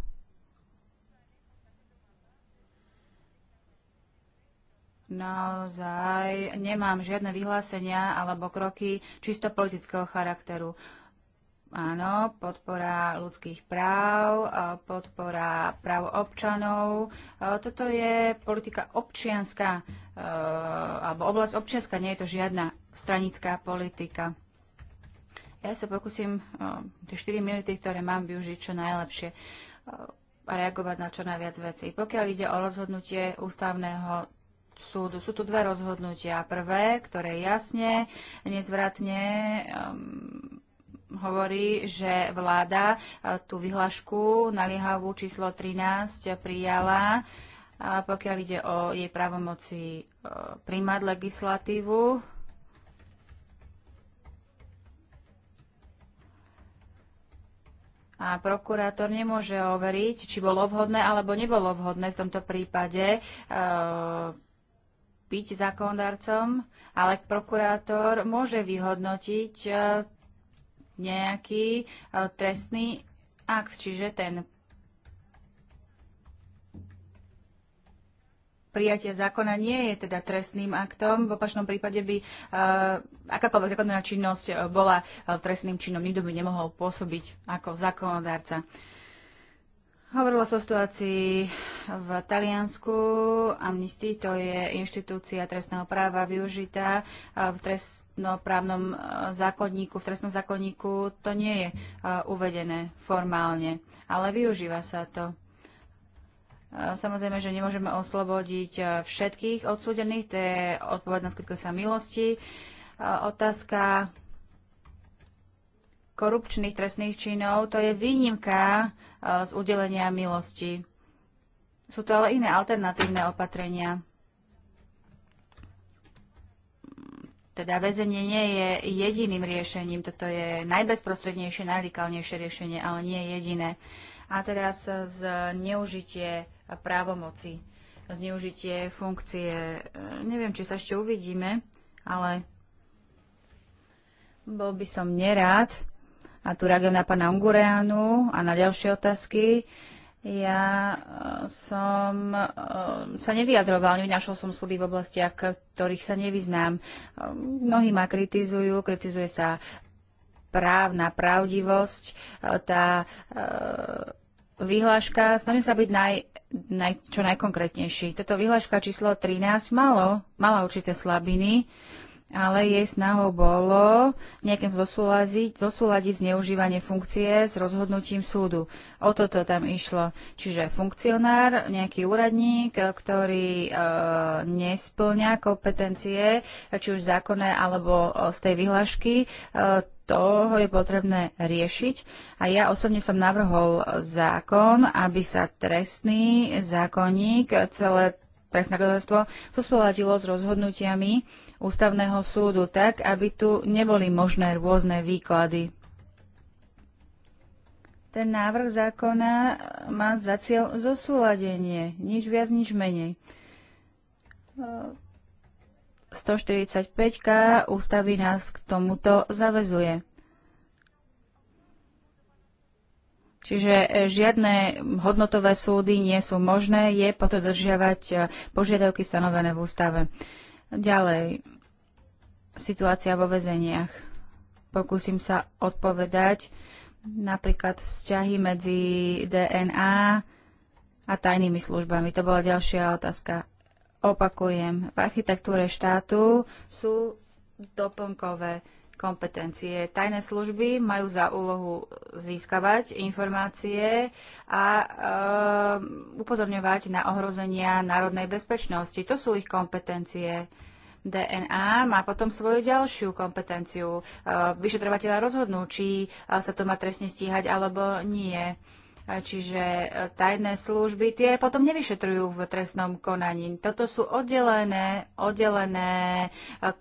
Naozaj nemám žiadne vyhlásenia alebo kroky čisto politického charakteru. Áno, podpora ľudských práv, podpora práv občanov. Toto je politika občianská, alebo oblasť občianská, nie je to žiadna stranická politika. Ja sa pokúsim tie 4 minúty, ktoré mám, využiť čo najlepšie a reagovať na čo najviac vecí. Pokiaľ ide o rozhodnutie ústavného súdu. Sú tu dve rozhodnutia. Prvé, ktoré jasne, nezvratne um, hovorí, že vláda e, tú vyhlašku naliehavú číslo 13 prijala, a pokiaľ ide o jej právomoci e, príjmať legislatívu. A prokurátor nemôže overiť, či bolo vhodné alebo nebolo vhodné v tomto prípade e, byť zákonodárcom, ale prokurátor môže vyhodnotiť nejaký e, trestný akt, čiže ten prijatie zákona nie je teda trestným aktom. V opačnom prípade by uh, akákoľvek zákonná činnosť e, bola trestným činom. Nikto by nemohol pôsobiť ako zákonodárca. Uh, Hovorila sa o situácii v Taliansku. Amnesty to je inštitúcia trestného práva využitá v trestnoprávnom e, zákonníku. V trestnom zákonníku to nie je e, uvedené formálne, ale využíva sa to. E, samozrejme, že nemôžeme oslobodiť všetkých odsúdených, to je odpovedná skutka sa milosti. Otázka korupčných trestných činov, to je výnimka e, z udelenia milosti. Sú to ale iné alternatívne opatrenia. Teda väzenie nie je jediným riešením, toto je najbezprostrednejšie, najradikálnejšie riešenie, ale nie je jediné. A teraz zneužitie právomoci, zneužitie funkcie. E, neviem, či sa ešte uvidíme, ale bol by som nerád, a tu reagujem na pána Ungureanu a na ďalšie otázky. Ja e, som e, sa nevyjadroval, nevynašol som súdy v oblastiach, ktorých sa nevyznám. E, mnohí ma kritizujú, kritizuje sa právna pravdivosť, tá vyhláška, snažím sa byť naj, naj, čo najkonkrétnejší. Toto vyhláška číslo 13 malo, mala určité slabiny ale jej snahou bolo nejakým zosúľadiť, zosúľadiť zneužívanie funkcie s rozhodnutím súdu. O toto tam išlo. Čiže funkcionár, nejaký úradník, ktorý e, nesplňa kompetencie, či už zákonné alebo e, z tej vyhlášky, e, toho je potrebné riešiť. A ja osobne som navrhol zákon, aby sa trestný zákonník celé presné obyvateľstvo zosúladilo s rozhodnutiami ústavného súdu tak, aby tu neboli možné rôzne výklady. Ten návrh zákona má za cieľ zosúladenie, nič viac, nič menej. 145 ústavy nás k tomuto zavezuje. Čiže e, žiadne hodnotové súdy nie sú možné, je dodržiavať e, požiadavky stanovené v ústave. Ďalej, situácia vo väzeniach. Pokúsim sa odpovedať napríklad vzťahy medzi DNA a tajnými službami. To bola ďalšia otázka. Opakujem, v architektúre štátu sú doplnkové kompetencie. Tajné služby majú za úlohu získavať informácie a e, upozorňovať na ohrozenia národnej bezpečnosti. To sú ich kompetencie. DNA má potom svoju ďalšiu kompetenciu. E, vyšetrovateľa rozhodnú, či e, sa to má trestne stíhať alebo nie. Čiže e, tajné služby tie potom nevyšetrujú v trestnom konaní. Toto sú oddelené, oddelené e,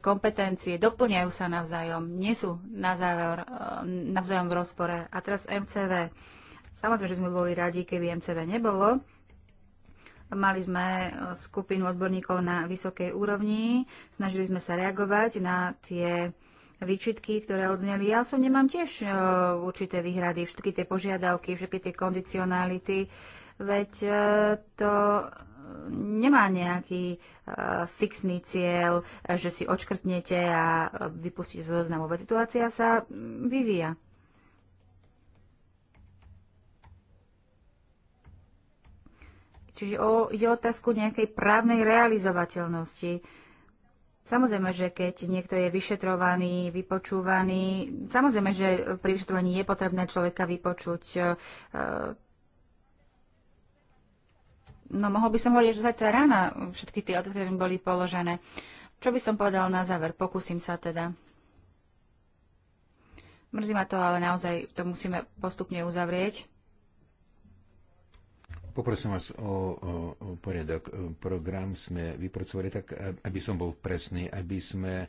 kompetencie, doplňajú sa navzájom, nie sú navzájom, e, navzájom v rozpore. A teraz MCV. Samozrejme, že sme boli radi, keby MCV nebolo. Mali sme skupinu odborníkov na vysokej úrovni, snažili sme sa reagovať na tie výčitky, ktoré odzneli. Ja som nemám tiež uh, určité výhrady, všetky tie požiadavky, všetky tie kondicionality, veď uh, to nemá nejaký uh, fixný cieľ, že si odškrtnete a vypustíte zo zoznamu. Veď situácia sa vyvíja. Čiže o, je otázku nejakej právnej realizovateľnosti. Samozrejme, že keď niekto je vyšetrovaný, vypočúvaný, samozrejme, že pri vyšetrovaní je potrebné človeka vypočuť. E, no, mohol by som hovoriť, že zajtra rána všetky tie otázky mi boli položené. Čo by som povedal na záver? Pokúsim sa teda. Mrzí ma to, ale naozaj to musíme postupne uzavrieť. Poprosím vás o, o poriadok. Program sme vypracovali tak, aby som bol presný, aby sme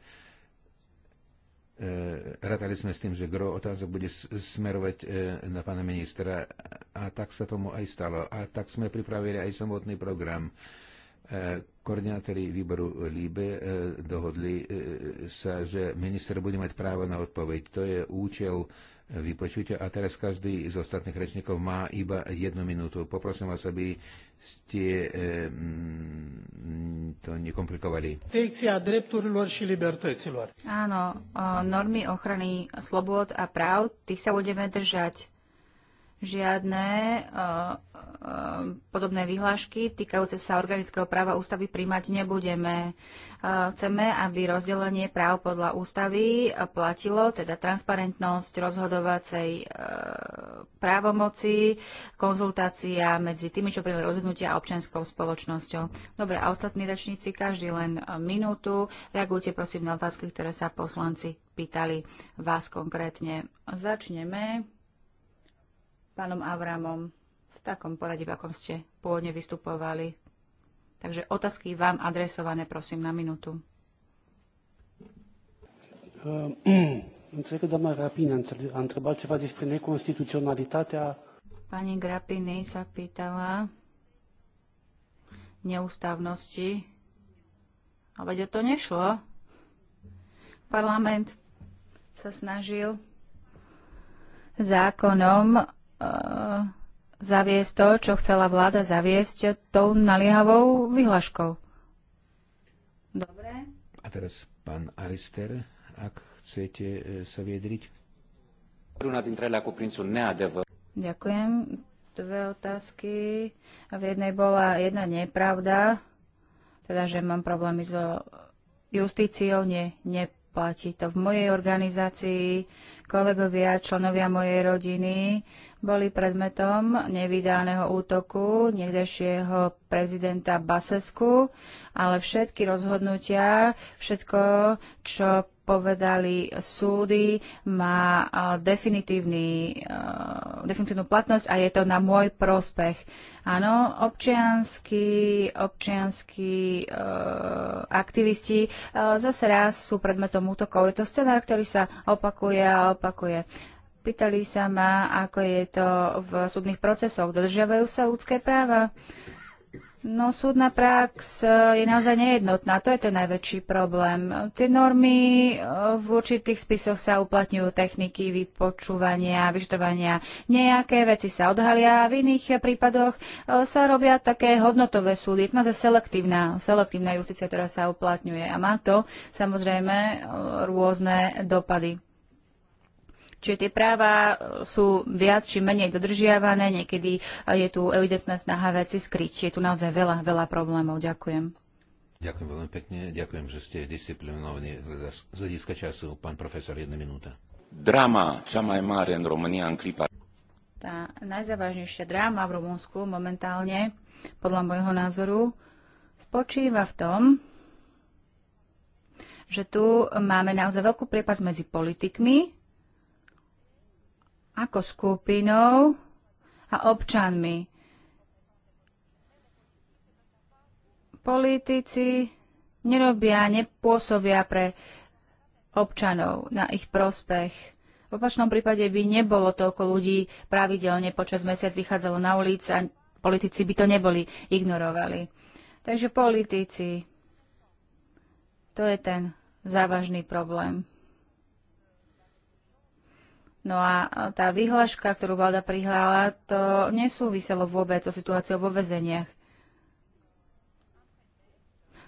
e, ratali sme s tým, že gro otázok bude smerovať e, na pána ministra a tak sa tomu aj stalo. A tak sme pripravili aj samotný program. E, koordinátori výboru LIBE dohodli sa, že minister bude mať právo na odpoveď. To je účel vypočutia. A teraz každý z ostatných rečníkov má iba jednu minútu. Poprosím vás, aby ste ehm, to nekomplikovali. Áno, normy ochrany slobod a práv, tých sa budeme držať žiadne uh, uh, podobné vyhlášky týkajúce sa organického práva ústavy príjmať nebudeme. Uh, chceme, aby rozdelenie práv podľa ústavy platilo, teda transparentnosť rozhodovacej právomoci, konzultácia medzi tými, čo príjme rozhodnutia a občianskou spoločnosťou. Dobre, a ostatní rečníci, každý len minútu. Reagujte prosím na otázky, ktoré sa poslanci pýtali vás konkrétne. Začneme pánom Avramom v takom poradí, v akom ste pôvodne vystupovali. Takže otázky vám adresované, prosím, na minútu. Ehm, înțeleg că doamna a întrebat ceva despre neconstituționalitatea... Pani Grapini sa pýtala neústavnosti. A veď to nešlo. Parlament sa snažil zákonom E, zaviesť to, čo chcela vláda zaviesť tou naliehavou vyhlaškou. Dobre. A teraz pán Arister, ak chcete e, sa viedriť. Ďakujem. Dve otázky. V jednej bola jedna nepravda, teda, že mám problémy so justíciou, nie, neplatí to. V mojej organizácii kolegovia, členovia mojej rodiny boli predmetom nevydaného útoku niekdejšieho prezidenta Basesku, ale všetky rozhodnutia, všetko, čo povedali súdy, má definitívny, definitívnu platnosť a je to na môj prospech. Áno, občianskí, občiansky, e, aktivisti e, zase raz sú predmetom útokov. Je to scenár, ktorý sa opakuje a opakuje. Pýtali sa ma, ako je to v súdnych procesoch. Dodržiavajú sa ľudské práva? No, súdna prax e, je naozaj nejednotná. To je ten najväčší problém. Tie normy e, v určitých spisoch sa uplatňujú techniky vypočúvania, vyšetrovania. Nejaké veci sa odhalia. V iných e, prípadoch sa robia také hodnotové súdy. Je to naozaj selektívna, selektívna justícia, ktorá sa uplatňuje. A má to samozrejme rôzne dopady. Čiže tie práva e, sú viac či menej dodržiavané, niekedy je tu evidentná snaha veci skryť. Je tu naozaj veľa, veľa problémov. Ďakujem. Ďakujem veľmi pekne. Ďakujem, že ste disciplinovaní z hľadiska času. Pán profesor, jedna minúta. Drama, čo má Marian în România Tá najzávažnejšia dráma v Rumunsku momentálne, podľa môjho názoru, spočíva v tom, že tu máme naozaj veľkú priepas medzi politikmi ako skupinou a občanmi. Politici nerobia, nepôsobia pre občanov na ich prospech. V opačnom prípade by nebolo toľko ľudí pravidelne počas mesiac vychádzalo na ulic a politici by to neboli, ignorovali. Takže politici, to je ten závažný problém. No a tá vyhláška, ktorú vláda prihlála, to nesúviselo vôbec so situáciou vo vezeniach.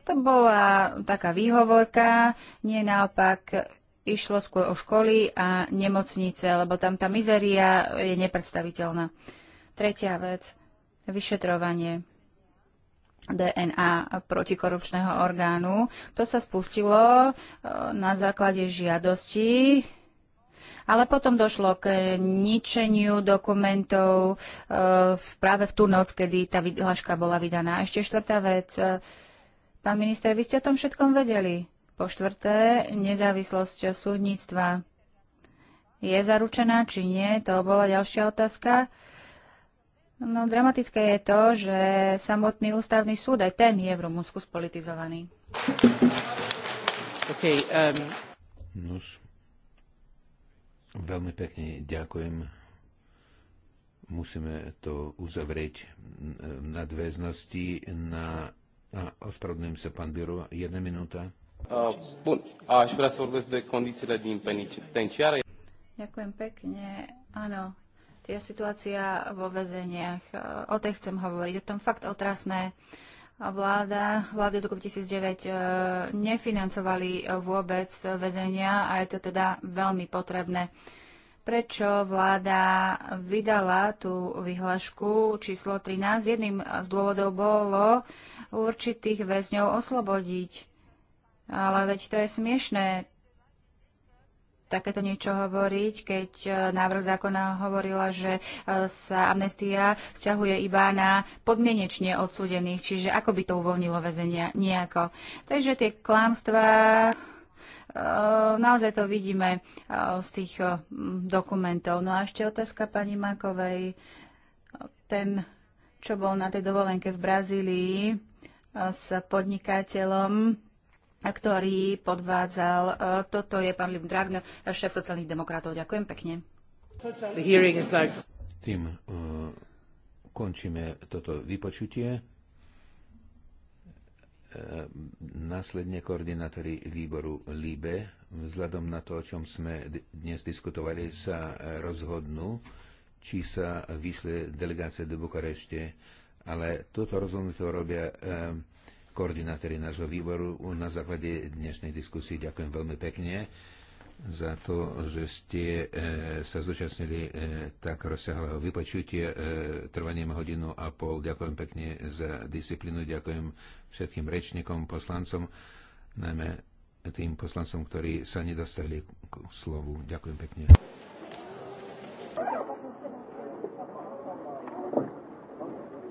To bola taká výhovorka, nie naopak išlo skôr o školy a nemocnice, lebo tam tá mizeria je nepredstaviteľná. Tretia vec, vyšetrovanie DNA protikorupčného orgánu. To sa spustilo e, na základe žiadosti ale potom došlo k ničeniu dokumentov e, práve v tú noc, kedy tá vyhláška bola vydaná. Ešte štvrtá vec. E, pán minister, vy ste o tom všetkom vedeli. Po štvrté, nezávislosť súdnictva. Je zaručená či nie? To bola ďalšia otázka. No, dramatické je to, že samotný ústavný súd, aj ten je v Rumunsku spolitizovaný. Okay, um... Nož. Veľmi pekne ďakujem. Musíme to uzavrieť v nadväznosti na... ospravedlňujem sa, pán Biro, jedna minúta. Ďakujem pekne. Áno, tá situácia vo väzeniach, e, o tej chcem hovoriť. Je tam fakt otrasné. Uh, vláda, vlády od roku 2009 e, nefinancovali e, vôbec väzenia a je to teda veľmi potrebné. Prečo vláda vydala tú vyhlašku číslo 13? Jedným z dôvodov bolo určitých väzňov oslobodiť. Ale veď to je smiešné takéto niečo hovoriť, keď e, návrh zákona hovorila, že e, sa amnestia vzťahuje iba na podmienečne odsúdených, čiže ako by to uvoľnilo väzenia? Nejako. Takže tie klamstvá e, naozaj to vidíme z tých dokumentov. No a ešte otázka pani Makovej. Ten, čo bol na tej dovolenke v Brazílii s podnikateľom, ktorý podvádzal. E, toto je pán Liv Dragner, šéf sociálnych demokratov. Ďakujem pekne. Tým uh, končíme toto vypočutie. E, následne koordinátori výboru LIBE, vzhľadom na to, o čom sme dnes diskutovali, sa rozhodnú, či sa vyšle delegácia do Bukarešte, ale toto rozhodnutie robia koordinátori nášho výboru na základe dnešnej diskusie. Ďakujem veľmi pekne za to, že ste e, sa zúčastnili e, tak rozsiahleho vypočutie e, trvaním hodinu a pol. Ďakujem pekne za disciplínu, ďakujem všetkým rečníkom, poslancom, najmä tým poslancom, ktorí sa nedostali k slovu. Ďakujem pekne.